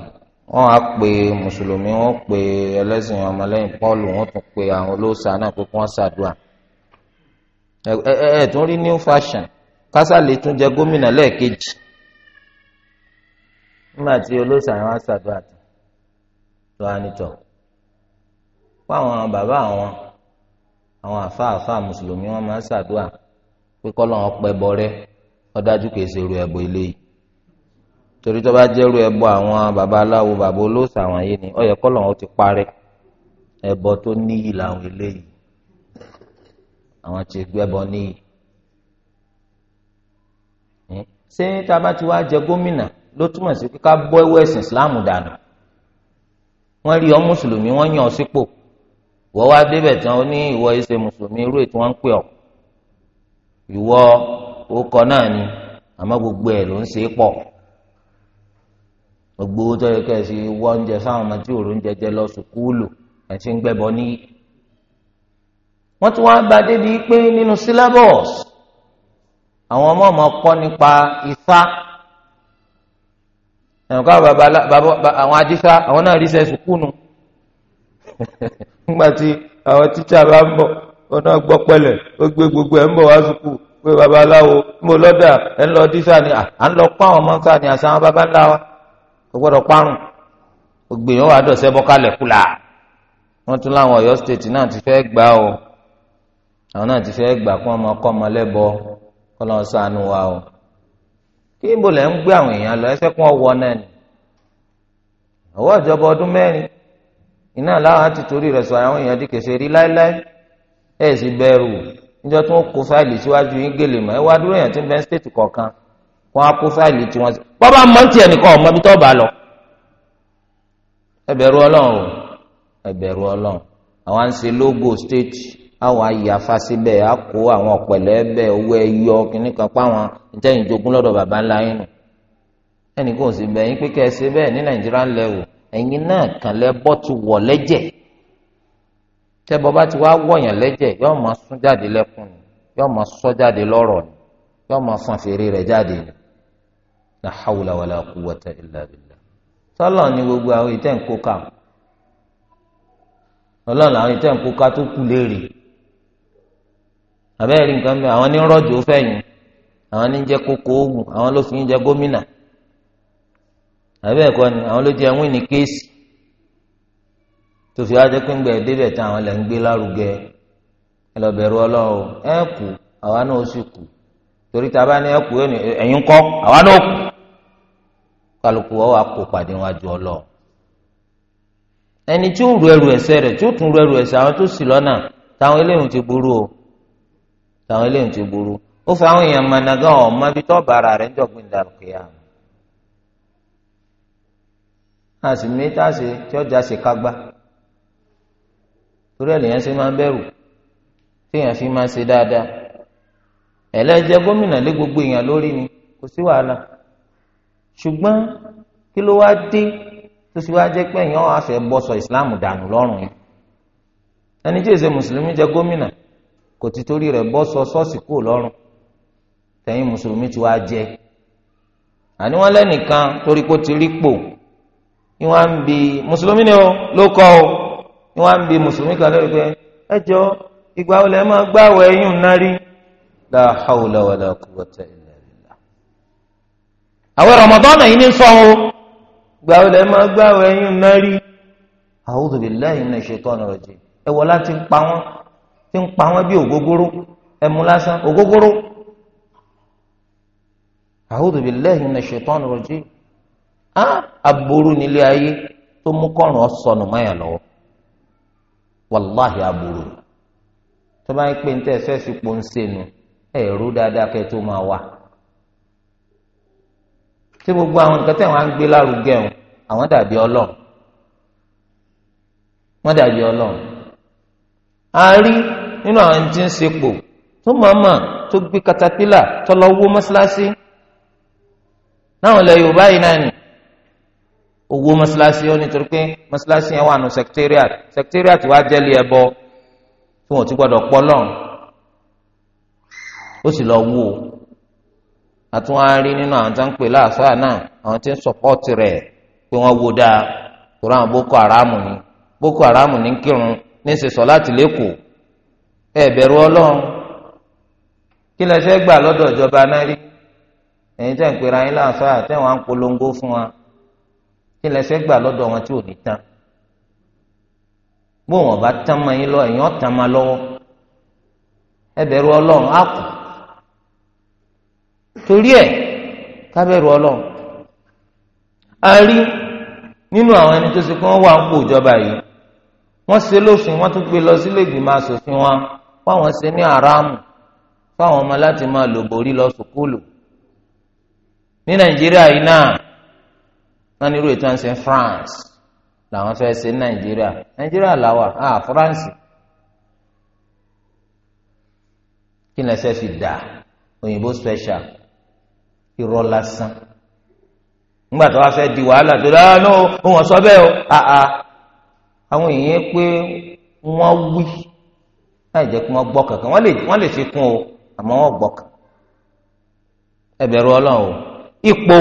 wọ́n á pe mùsùlùmí wọ́n pe ẹlẹ́sìn ọmọlẹ́yìn pọ́ọ̀lù wọ́n tún pe àwọn olóòṣà náà pé kí wọ́n ṣàdúrà ẹ ẹ ẹ tún rí new fashion kásálẹ̀ tún jẹ gómìnà lẹ́ẹ̀kejì nígbà tí olóòṣà yẹn wá ṣàdúrà tán ló wá nítọ̀ fáwọn bàbá àwọn àwọn àfáàfá mùsùlùmí wọ́n máa ń ṣàdúrà pé kọ́lọ́n ọpẹ bọ́rẹ́ ọdájú kìí ṣerú ẹbọ eléyìí torí tó bá jẹ́rú ẹbọ àwọn babaláwo bàbá olóòṣà àwọn yìí ni ọyẹ kọ́ lọ́wọ́ ti parẹ́ ẹbọ tó níyì làwọn eléyìí àwọn ti gbẹ́bọ níyì. ṣé tá a bá ti wá jẹ gómìnà ló túmọ̀ sí pé ká bọ́ ẹwọ́ ẹ̀sìn ìsìláàmù dànù wọ́n rí ọ mùsùlùmí wọ́n yàn ọ sípò wọ́n wá débẹ̀ tán ó ní ìwọ ìṣe mùsùlùmí irú ètò wọn ń pè ọ́ ìwọ ó náà ni àmọ́ gbogbo ẹ̀ ló ń ṣe é pọ̀ gbogbo owó tó yẹ kẹ́ ẹ sì wọ́ oúnjẹ sáwọn ọmọ tí òòrùn jẹjẹ lọ sùkúlù ẹ̀ sì ń gbẹ́bọ níyì. wọ́n tún wáá bá débi pé nínú syllabus àwọn ọmọ ọmọ kọ́ nípa ifá ẹ̀ka àwọn adífá àwọn náà ríṣẹ́ sùkúlù nígbà tí àwọn tíṣà bá ń bọ̀ wọn náà gbọ́ pẹ́lẹ̀ ó gbé gbogbo ẹ̀ ń bọ̀ wá sùkúlù pé babaláwo ń bọ̀ lọ́dà ẹ̀ ń lọ díṣà ni à ń lọ kó àwọn ọmọ sáà ni àṣà àwọn babaláwa. gbọ́dọ̀ parun gbogbo èèyàn wà dọ̀sẹ́ bọ́kálẹ̀ kúlà wọ́n tún láwọn Ọ̀yọ́ stéètì náà ti fẹ́ gbà o àwọn náà ti fẹ́ gbà kó wọn máa kọ́ ọmọ lẹ́bọ kó lọ́n sànù wa o kí ń gbé àwọn èèyàn lọ ẹsẹ̀ kó náà ni ìjọba ọdún mẹ́rin iná láwọn torí rẹ̀ wọn á kó fáìlì tí wọn bọ́bá mọ́ nìkan ọmọ ibi tó bá lọ. ẹ ọlọrun. ọlọ́run ẹ àwọn à ń ṣe logo stage àwọn àyàfa síbẹ̀ á kó àwọn ọ̀pẹ̀lẹ̀ bẹ̀ owó ẹyọ kìnnì kan pa àwọn ìtẹ̀yìn jogún lọ́dọ̀ bàbá ńlá yín bẹ̀ yín pé bẹ́ẹ̀ ní nàìjíríà ń la hawla wala quwwata illa billah sọlọ ni gbogbo àwọn ìtẹ̀ ń kóka ọlọ́run làwọn ìtẹ̀ ń kóka tó kú léèrè àbẹ́rẹ́ nǹkan bẹ́ẹ̀ àwọn ní rọ́jò fẹ̀yìn àwọn ní jẹ́ kókó oògùn àwọn ló fi ń jẹ gómìnà àbẹ́ẹ̀kọ́ ni àwọn ló jẹ wíìnì kéésì tó fi pé ń gbẹ débẹ̀ tí àwọn lẹ́ ń gbé lárugẹ ẹ lọ bẹ̀rù ọlọ́run ẹ kú àwa náà ó sì kú torí tá a bá ní ẹkú ẹ̀yin kọ́ àwa náà kù kálukú ọ wa kó pàdé wájú ọlọ ẹni tí ó ru ẹrù ẹ̀ṣẹ̀ rẹ̀ tí ó tún ru ẹrù ẹ̀ṣẹ̀ àwọn tó sì lọ́nà táwọn eléyìí ti burú o táwọn eléyìí ti burú ó fa àwọn èèyàn mànàgán ọmọ bíi tọ́ba ara rẹ̀ ń jọ̀gbìn dàrúkìá àsìmí táàsì tí ọjà sì kágbá torí ẹ̀ lèyàn ṣe máa bẹ̀rù téèyàn fi máa ṣe dáadáa. ẹlẹ́jẹ̀ gómìnà lé gbogbo èèyàn lórí ni kò sí wàhálà ṣùgbọ́n kí ló wá dé tó sì wá jẹ́ pé èèyàn á fẹ́ ìsìláàmù dànù lọ́rùn yìí ẹni tí èsè mùsùlùmí jẹ́ gómìnà kò ti torí rẹ̀ bọ́sọ̀ ṣọ́ọ̀ṣì kúrò lọ́rùn tẹ̀yìn mùsùlùmí ti wá jẹ́ àní wọ́n lẹ́nìkan torí kó ti rí pò ni bi mùsùlùmí ni ó ló ni bi mùsùlùmí kan lórí pé ẹ jọ ìgbà wo lẹ la hawla wa la quwwata illa billah. àwọn Ramadan yìí ní sọ o gbàwé lẹ máa gbàwé a'udhu billahi minash shaitani rajim ti pa ogogoro a'udhu billahi minash shaitani rajim ẹ̀rú dáadáa kẹ́ tó máa wà tí gbogbo àwọn nǹkan tẹ̀wọ̀n á ń gbé lárugẹ ọ̀hún àwọn dàbí ọlọ́run wọ́n dàbí ọlọ́run a rí nínú àwọn tí ń sepò tó mọ̀ọ́mọ̀ tó gbé katapila tó lọ wó mọ́ṣáláṣí náà lẹ Yorùbá yìí náà nì owó mọ́ṣáláṣí ó nítorí pé mọ́ṣáláṣí yẹn wà nù secretariat secretariat wá jẹ́lé ẹbọ tí wọ́n ti gbọ́dọ̀ pọ́ lọ́run ó sì lọ wò a àtúnwárí nínú àwọn tó ń pè láàṣà náà àwọn tí ń sọpọ́ọ̀tì rẹ̀ pé wọ́n wo dáa torí àwọn boko haram ni boko haram ní kírun ní ṣe sọ láti lẹ́kọ̀ọ́ ẹ bẹ̀rù ọlọ́run kí lẹ fẹ́ gbà lọ́dọ̀ ìjọba náà rí ẹ̀yin tẹ̀ ń pera yín láàṣà tẹ̀wọ̀n a ń polongo fún wa kí lẹ fẹ́ gbà lọ́dọ̀ wọn tí ò ní tán bó wọn bá tán mọ́ yín lọ ẹ̀yin ọ̀ tán máa lọ́wọ́ ẹ bẹ̀rù ọlọ́run á torí ẹ̀ kábẹ̀rù ọlọ́run a rí nínú àwọn ẹni tó ṣe kí wọ́n wà ń kó ìjọba yìí wọ́n ṣe lófin wọ́n tún gbé lọ sílé ìgbìmọ̀ asòfin wọn fáwọn ṣe ní àràmù fáwọn ọmọ láti máa lò borí lọ sùkúlù ní nàìjíríà yìí náà wọ́n nírú ètò àǹsẹ̀ France làwọn fẹ́ ṣe ní nàìjíríà nàìjíríà làwà á France kí ni ẹsẹ̀ fi dà òyìnbó special irọ́ lásán ńgbà tó wá fẹ́ di wàhálà tó dáa ló wọn sọ bẹ́ẹ̀ o àà ah, ah. àwọn èèyàn pé wọ́n wí láì jẹ́ kí wọ́n gbọ́ kankan wọ́n lè wọ́n lè fi kún o àmọ́ wọ́n gbọ́ kan ẹ bẹ̀rù Ọlọ́run o ipò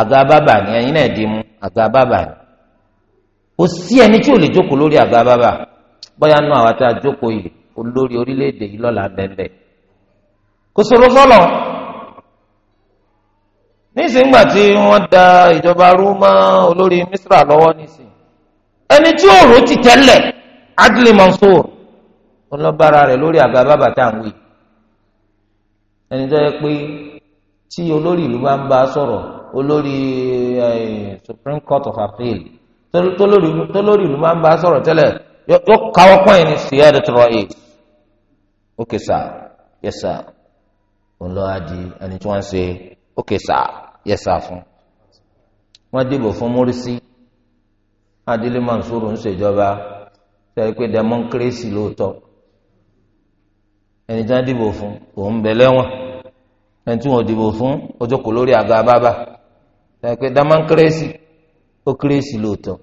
àga ni náà di mu àga ni kò sí ẹni tí ò lè jókòó lórí àga bóyá nù àwọn nísìnyìngbà tí wọ́n da ìjọba rú mọ́ olórí Misra lọ́wọ́ nísìn
ẹni tí òòrò ti tẹ́lẹ̀
Adli Mansour ọlọ́bàrà rẹ̀ lórí àga bàbà tá à ń wí ẹni tó yẹ pé tí olórí ìlú bá ń bá sọ̀rọ̀ olórí Supreme Court of Appeal tólórí ìlú bá ń bá sọ̀rọ̀ tẹ́lẹ̀ yóò káwọ́ pọ́n yìí ní sierra tọrọ èyí ókè sà yẹ sà òun ẹni tí wọ́n ń ṣe ókè sà yẹsà fún wọn dìbò fún Mùrísí adílé Mansur ń ṣèjọba sọ pé democracy lóòótọ́ ẹni tí wọn dìbò fún òun bẹ lẹ́wọ̀n ẹni tí wọn dìbò fún ó jókòó lórí àga bábà sọ pé democracy ó kérésì lóòótọ́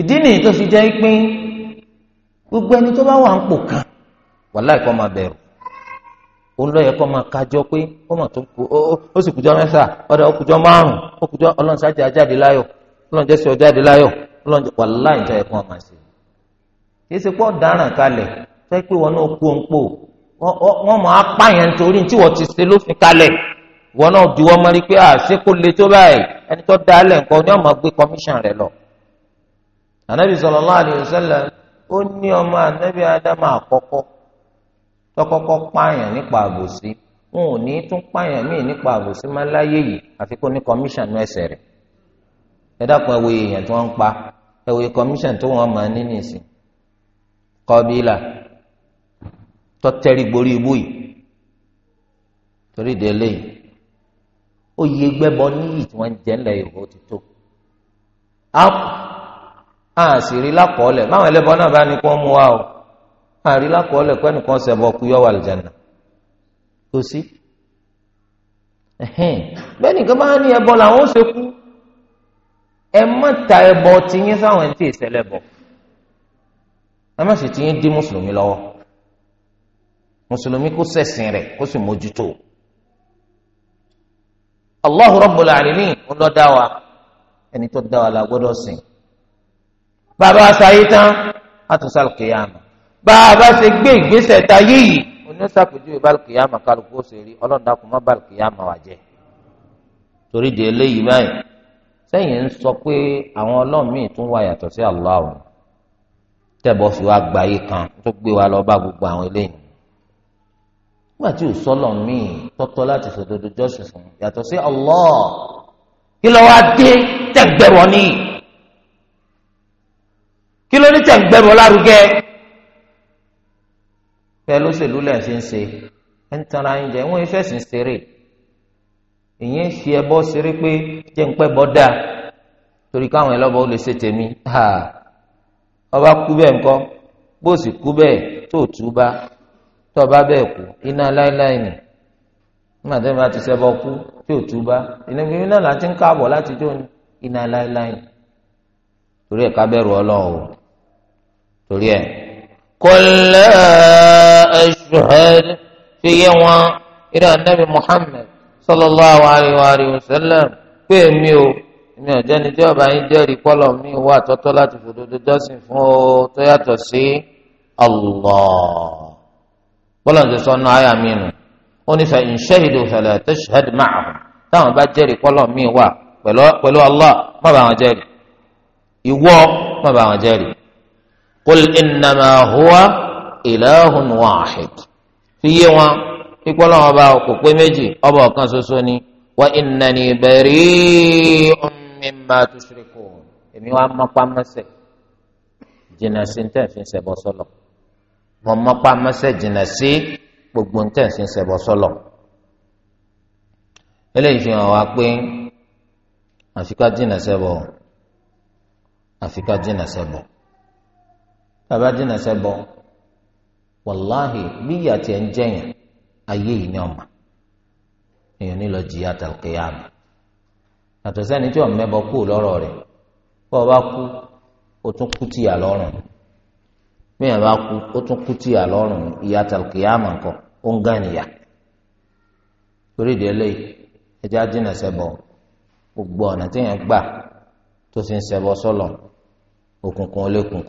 ìdí nìyí tó fi jẹ́ pín gbogbo ẹni tó bá wà ń pò kan wàláì kó máa bẹ̀rù O lọ yẹ kó máa kájọ pé ó ma tó kú ó sì kújọ mẹ́fà ọdọ òkújọ márùn òkújọ Ọlọ́run sáà jẹ ajáde láyọ̀ Ọlọ́run jẹ sí ọjọ àdé láyọ̀ Ọlọ́run jẹ wàláì jẹ ẹkún ọmọ àṣẹ kì í ṣe pọ dáràn kalẹ̀ fẹ pé wọn náà kú òǹpo wọn máa pààyàn nítorí tí wọn ti ṣe lófin kalẹ̀ wọn náà ju wọn mọrí pé àṣẹ kò le tó báyìí ẹni tó dá alẹ nǹkan ni wọn máa gbé kọmíṣàn rẹ lọ. ànábì sallallahu alaihi wasallam ó ní ọmọ ànábì ádámù àkọ́kọ́ tọkọkọ pààyàn nípa àbòsí wọn ò ní tún pààyàn míì nípa àbòsí máa láyé yìí àfi kó ní commission nú ẹsẹ̀ rẹ̀ ẹ dákun ẹ wo èèyàn tí wọ́n ń pa ẹ wo commission tó wọ́n máa ní nìsín kọbílà tọ́tẹ́rì gborí ibú yìí torí délé yìí ó yẹ gbẹ́bọ níyì tí wọ́n ń jẹ́ ńlẹ̀ Yorùbá ó ti tó á sì rí lákọọ́lẹ̀ báwọn ẹlẹ́bọ náà bá ní kó mú wa o. àrí lákọọ́lẹ̀ pé ẹnìkan ṣẹbọ kú yọ wà lìjànà kò sí. bẹ́ẹ̀ nìkan bá ní ẹbọ làwọn ó ẹ má ta ẹbọ tiyín sáwọn ẹni tí ìṣẹ̀lẹ̀ bọ ẹ má sì tiyín dí mùsùlùmí lọ́wọ́ mùsùlùmí kó ṣẹ̀sìn rẹ̀ kó sì mójútó. Allahu Rabbul ń lọ dá wa ẹni tó dá wa la sìn bàbá tán bá a bá ṣe gbé ìgbésẹ̀ ta yé yìí oníṣàpèjúwe bálùkìyàmà kálukú ó ṣe rí ọlọ́run dákun má bálùkìyàmà wà jẹ́ torí de eléyìí báyìí sẹ́yìn ń sọ pé àwọn ọlọ́run tún wà yàtọ̀ sí Allah tẹ̀bọ̀ fi wá gba ayé kan tó gbé wa lọ bá gbogbo àwọn eléyìí nígbà tí ò sọ́lọ̀ míì tọ́tọ́ láti ṣòdodo jọ́sìn fún yàtọ̀ sí Allah kí ló wá dé tẹ̀gbẹ̀rọ níyì kí ló ní tẹ̀gbẹ̀rọ lárugẹ bẹ́ẹ̀ lóṣèlú lẹ̀ ṣe ń ṣe ẹ̀ ń tanra ń ń ṣeré ìyẹn fi ẹbọ ṣeré pé jẹ́ ń pẹ́ bọ́ dáa torí káwọn ó ọba kú bẹ́ẹ̀ ńkọ́ bó sì kú bẹ́ẹ̀ tó tú bá tó kú iná nì nígbà bá ti ṣẹbọ kú tó tú bá láti ń kọ́lá ashhad fi yé wọn ìrẹ́ anabi muhammed sallallahu alayhi wa sallam pé èmi o èmi ọ̀jẹ́ ni jọba yín jẹ́rìí kọ́lọ̀ mi wà tọ́tọ́ láti fòdodo jọ́sìn fún o tó yàtọ̀ sí allah bọ́lá ń sọ ọ́nà àyà mi nù ó ní fa in shahidu fala táwọn bá jẹ́rìí kọ́lọ̀ mi wà pẹ̀lú allah má bàa wọn jẹ́rìí ìwọ má bàa wọn jẹ́rìí qul innama huwa ilahun wahid fi yé wọn pípọ́ lọ́wọ́ bá kò pé méjì ọba ọ̀kan ṣoṣo ni wa innani bari'un mimma tushrikun èmi wàá mọ́pá mọ́sẹ̀ jìnnà sí ní tẹ̀sí ń ṣẹbọ sọ́lọ̀ mọ́ mọ́pá mọ́sẹ̀ jìnnà sí gbogbo ní tẹ̀sí ń ṣẹbọ sọ́lọ̀ eléyìí fi hàn wá pé àfikà jìnnà ṣẹbọ àfikà jìnnà ṣẹbọ. bàbá dínà bọ wàláhì bí tiẹ̀ ń jẹ̀yàn ayé yìí ni ọ̀ma èèyàn nílò jìyà tàlùkìyàmù yàtọ̀ sẹ́ni tí ọ̀mọ ẹbọ kú lọ́rọ̀ rẹ̀ bọ́ ọ bá kú ó tún kú tìyà lọ́rùn bí bá kú ó tún kú tìyà lọ́rùn ìyá tàlùkìyàmù nǹkan ó ń gàn torí ìdí ẹjẹ́ á dínà gbogbo òkùnkùn olókùn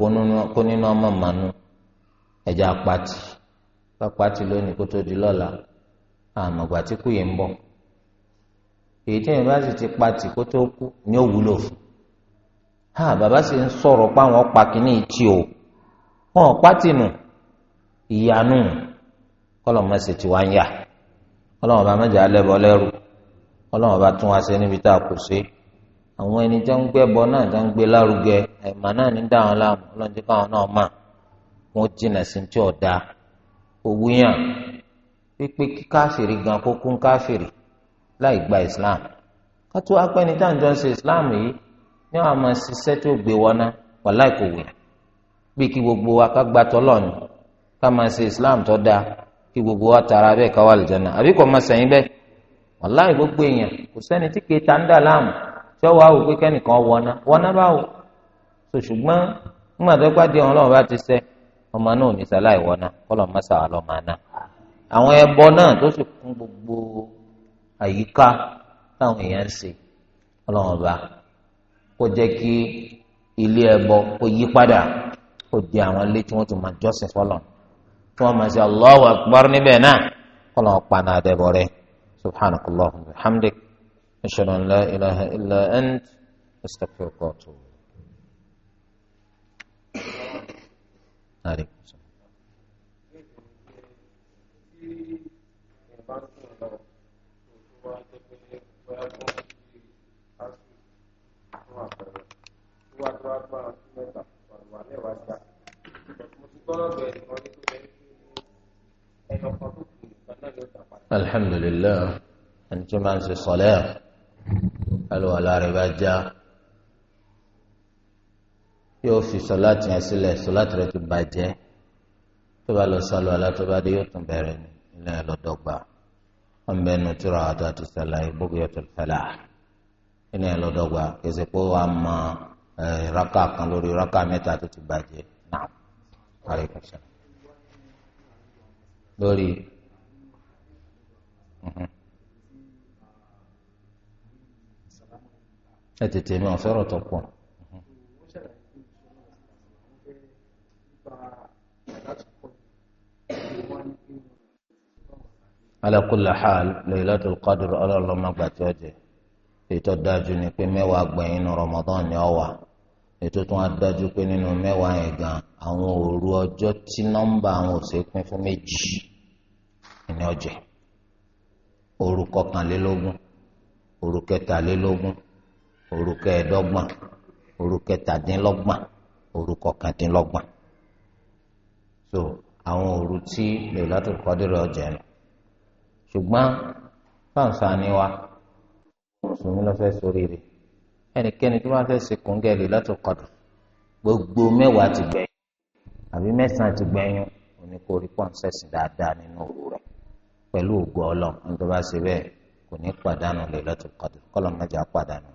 kó nínú ọmọ mànú ẹja apati pápátì lónìí kó tó di lọ́la àmọ̀gbà tí kú yìí ń bọ̀ èyí tí yorùbá sì ti pati kó tó kú ní òwúlò fún ha bàbá sì ń sọ̀rọ̀ páwọn pa kínní ìtì o wọn pati nù ìyanu kọlọmọ sì ti wá ń yà kọlọmọ bá mẹjọ alẹ bọ lẹrù kọlọmọ bá tún wá sí níbi tá a kù sí àwọn ẹni tó ń gbé ẹbọ náà tó ń gbé lárugẹ àìmọ̀ náà ní dá wọn láàmú ọlọ́njẹ́ káwọn náà mà wọ́n jìnà sí tí ò owó yàn pípé kí káfìrí gan kó kún káfìrí láì gba Islam kátó apẹ́ni táǹjọ́ ń ṣe Islam yìí ní àwọn àmọ́ ṣiṣẹ́ tó gbé wọn ná wà láì kò wẹ̀ bí kí gbogbo wa ká gba tọ́lọ̀ ni ká máa ṣe Islam tó dáa kí gbogbo wa tara bẹ́ẹ̀ ká wà lìjọ́nà àbí kò máa sẹ́yìn bẹ́ẹ̀ wà láì gbogbo èèyàn kò sẹ́ni tí kìí ta ń dà láàmú tọ́wọ́ àwò pé kẹ́nìkan wọná wọná báwo so ṣùgbọ́n nígbà tó gbádìí ọ̀hún lọ́wọ́ bá ti sẹ́ ọmọ náà ò ní sáláì wọná kọ́lọ̀ má sàwà lọ́ máa ná àwọn ẹbọ náà tó sì kún gbogbo àyíká táwọn èèyàn ń ṣe ọlọ́run ọba kó jẹ́ kí ilé ẹbọ kó yí padà kó di àwọn ilé tí wọ́n tún máa jọ́sìn fọlọ́n tí wọ́n máa ṣe Allahu akbar níbẹ̀ náà kọ́lọ̀ ọ̀pá náà dẹ́bọ̀ rẹ̀ subhanakallahumma hamdik. أشهد أن لا إله إلا أنت أستغفرك وأتوب السلام الحمد لله أنت ما الصلاة alùwàlá rẹ̀ bá já yóò fi sọláàtì yẹn sílẹ̀ sọláàtì rẹ̀ ti bàjẹ́ tó bá lọ sálùwàlá tó bá dé yóò tún bẹ̀rẹ̀ nílẹ lọdọgba wọn bẹ nu tura àtà tó sàlàyé Bugyatul Falah nílẹ lọdọgba kèsì pé wà á mọ ẹ raka kan lórí raka mẹ́ta tó ti bàjẹ́ náà kárí kàṣà lórí. Mm-hmm. ẹ tètè ní ọ̀fẹ́rọ̀ tó pọ̀. ala kulli hal Laylatul Qadr ọlọ́ọ̀lọ́mọgbà tí ó jẹ ètò dájú ni pé mẹ́wàá gbẹ̀yìn ní Ramadan ni ó wà ètò tó wá dájú pé nínú mẹ́wàá yẹn gan àwọn òru ọjọ́ tí nọ́mbà àwọn òsè pín fún méjì ní òru kẹẹ̀ẹ́dọ́gbọ̀n òru kẹtàdínlọ́gbọ̀n òru kọkàndínlọ́gbọ̀n so àwọn òru tí Lailatul Qadr ọjà ni ṣùgbọ́n fáǹfààní wa mùsùlùmí ló fẹ́ sórí rẹ̀ ẹnikẹ́ni fẹ́ gbogbo mẹ́wàá ti gbẹ̀yìn àbí mẹ́sàn-án ti dáadáa nínú òru pẹ̀lú Ọlọ́run bá bẹ́ẹ̀ kò ní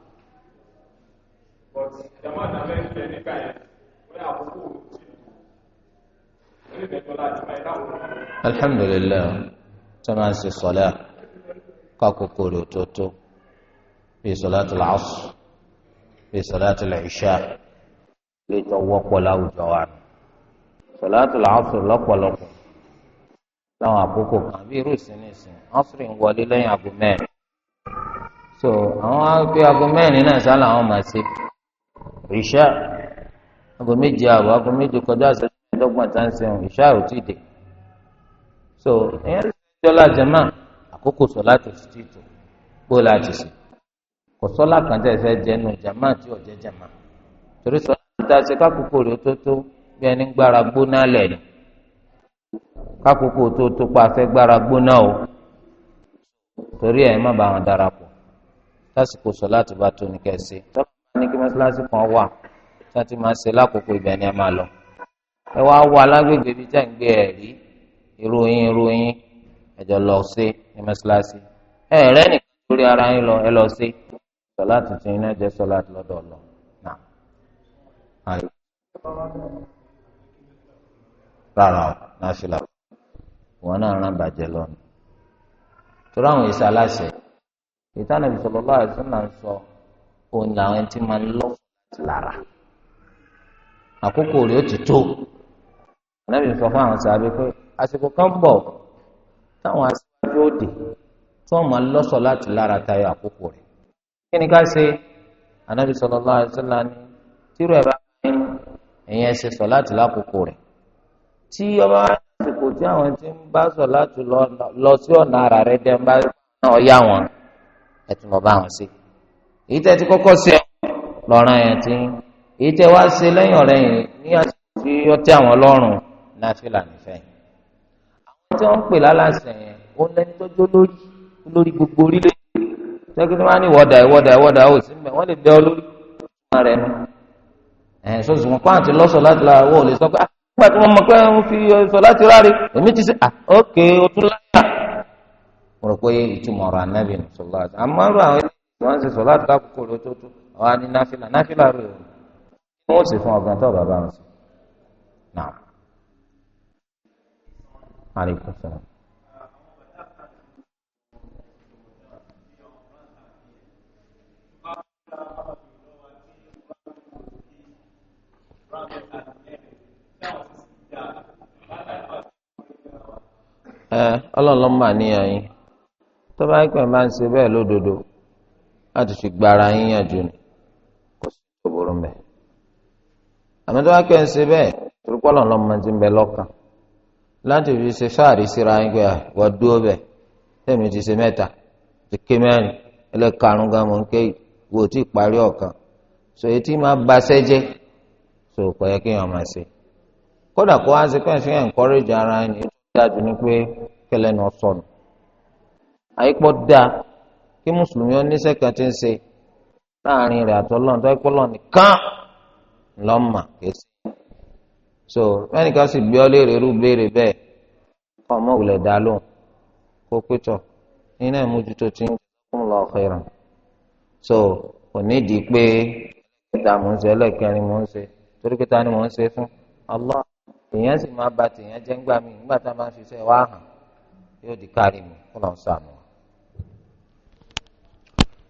but ìjàmbá àdàbẹ́ ìfẹ́ nígbà yẹn wọ́n yà àkókò alhamdulilayi tó máa ń ṣe sọlá kákòókò rẹ̀ tó tó bíi sọláàtì làásù bíi sọláàtì làìṣá lè tó wọ́pọ̀ láwùjọ wa sọláàtì làásù lọ́pọ̀lọpọ̀ láwọn àkókò kan bí irú ìsinmi ìsìn ọ́sìrì ń wọlé lẹ́yìn aago so àwọn á gbé aago mẹ́rin náà sálà àwọn máa ṣe ìṣá aago méje àbọ̀ aago méje kọjá àṣẹjú ẹ̀ẹ́dọ́gbọ̀n tá sẹ́wọ̀n ìṣá so ìyẹn ló ń jọlá jẹmọ́ àkókò sọ láti ti tò kó láti sè kò sọ́lá kan tẹ̀ fẹ́ jẹnu jẹmọ́ àti ọ̀jẹ̀ jẹmọ́ torí sọ láti ta ṣe kákòókò rẹ̀ tó tó bí ẹni gbára gbóná lẹ̀ ni kákòókò tó tó pa fẹ́ gbára gbóná ní kí mọ́ṣáláṣí kan wà tí wọ́n ti máa ṣe lákòókò ibẹ̀ ni ẹ máa lọ. ẹ wá wá lágbègbè ibi tẹ́ ń gbé ẹ̀ rí ìròyìn ìròyìn ẹ̀jọ̀ lọ sí ní mọ́ṣáláṣí. ẹ rẹ́ nìkan lórí ara yín lọ ẹ lọ sí sọlá tuntun iná jẹ́ sọlá lọ́dọ̀ lọ. rárá o náà fi là wọn náà rán bàjẹ́ lọ́nà. torí àwọn ìsàlàsẹ̀ ìtànàbìsọ̀lọ́lá àìsàn náà ń sọ. òun làwọn ẹni tí máa ń lọ lára àkókò rẹ̀ ó ti tó ànábì sọ fún àwọn sàbẹ pé àsìkò kan bọ̀ táwọn aṣáájú òde tí wọ́n máa lọ́sọ̀ láti lára tayọ àkókò rẹ̀ kí ni ká ṣe ànábì sọ láti lákòókò tí ọba àsìkò tí àwọn ti ń bá sọ láti lọ sí ọ̀nà ara náà èyí tẹ́ ti kọ́kọ́ ṣe lọ́ràn yẹn ti èyí tẹ́ wá ṣe lẹ́yìn ọ̀rẹ́ yìí ní àsìkò tí ó tẹ́ àwọn lọ́rùn náfìlà nífẹ̀ àwọn tí wọ́n ń pè lálàsẹ̀ yẹn ó lẹ́ni tó jó lórí lórí gbogbo orílẹ̀ tẹ́kí tí wọ́n á ní ìwọ́dà ìwọ́dà ìwọ́dà ó sì ń bẹ̀ wọ́n lè bẹ́ ọ lórí ọmọ rẹ̀ nù ẹ̀ sọ́sùn wọn pàǹtí lọ́sọ̀ láti la wọ́ọ̀ lè sọ pé ah, nígbà tí wọ́n mọ̀ pé wọ́n fi eh, sọ láti ráre èmi ti sẹ́ ókè ah, o tún láyà. mo rò pé ìtumọ̀ ọ̀rọ̀ anábì sọ̀rọ̀ wọ́n ń ṣe sọ láti lákòókò rẹ tó tó ní náfìlà náfìlà o wọ́n sì fún ọ̀gá tó bàbá wọn sí. Naam. Alaikum salaam. ẹ ọlọ́run ló máa níyàn yín tó bá ń pè máa láti fi gbára yín yànjú ni kò sí ìṣòro mẹ àmọ́ tó wá kẹ́ ń ṣe bẹ́ẹ̀ torípọ lọ lọ máa ti ń bẹ lọ́kàn láti fi ṣe fáàrí síra yín pé wọ́n dúró bẹ̀ tẹ̀mí ti ṣe mẹ́ta ti ké mẹ́rin ẹlẹ́karùn gan mọ̀ ń ké wò tí ì parí ọ̀kan so etí máa ba sẹ́jẹ́ so kò yẹ kéèyàn máa ṣe kódà kó wá sí pé fi hàn encourage ara yín ní ìtọ́jú ni pé kẹlẹ́ ni sọnù àyípọ̀ dáa kí mùsùlùmí ó níṣẹ́ kan ti ń ṣe láàrin rẹ̀ àti Ọlọ́run tó ẹ pọlọ nìkan lọmọ kẹsì so mẹnìkan sì gbé ọ léèrè irú béèrè bẹ́ẹ̀ kọ ọmọ òwúlẹ dá lóhùn kó pétọ nínú ìmójútó tí ń fún lọ khairan so kò nídìí pé ẹ̀ta mò ń ṣe ẹlẹ́kẹrin mò ń ṣe torí pé ta ni mò ń ṣe fún Allah èèyàn sì máa ba tèèyàn jẹ́ ńgbà mí nígbà tá a máa ń ṣiṣẹ́ wá hàn yóò di kárí mi kó lọ́n sàmù.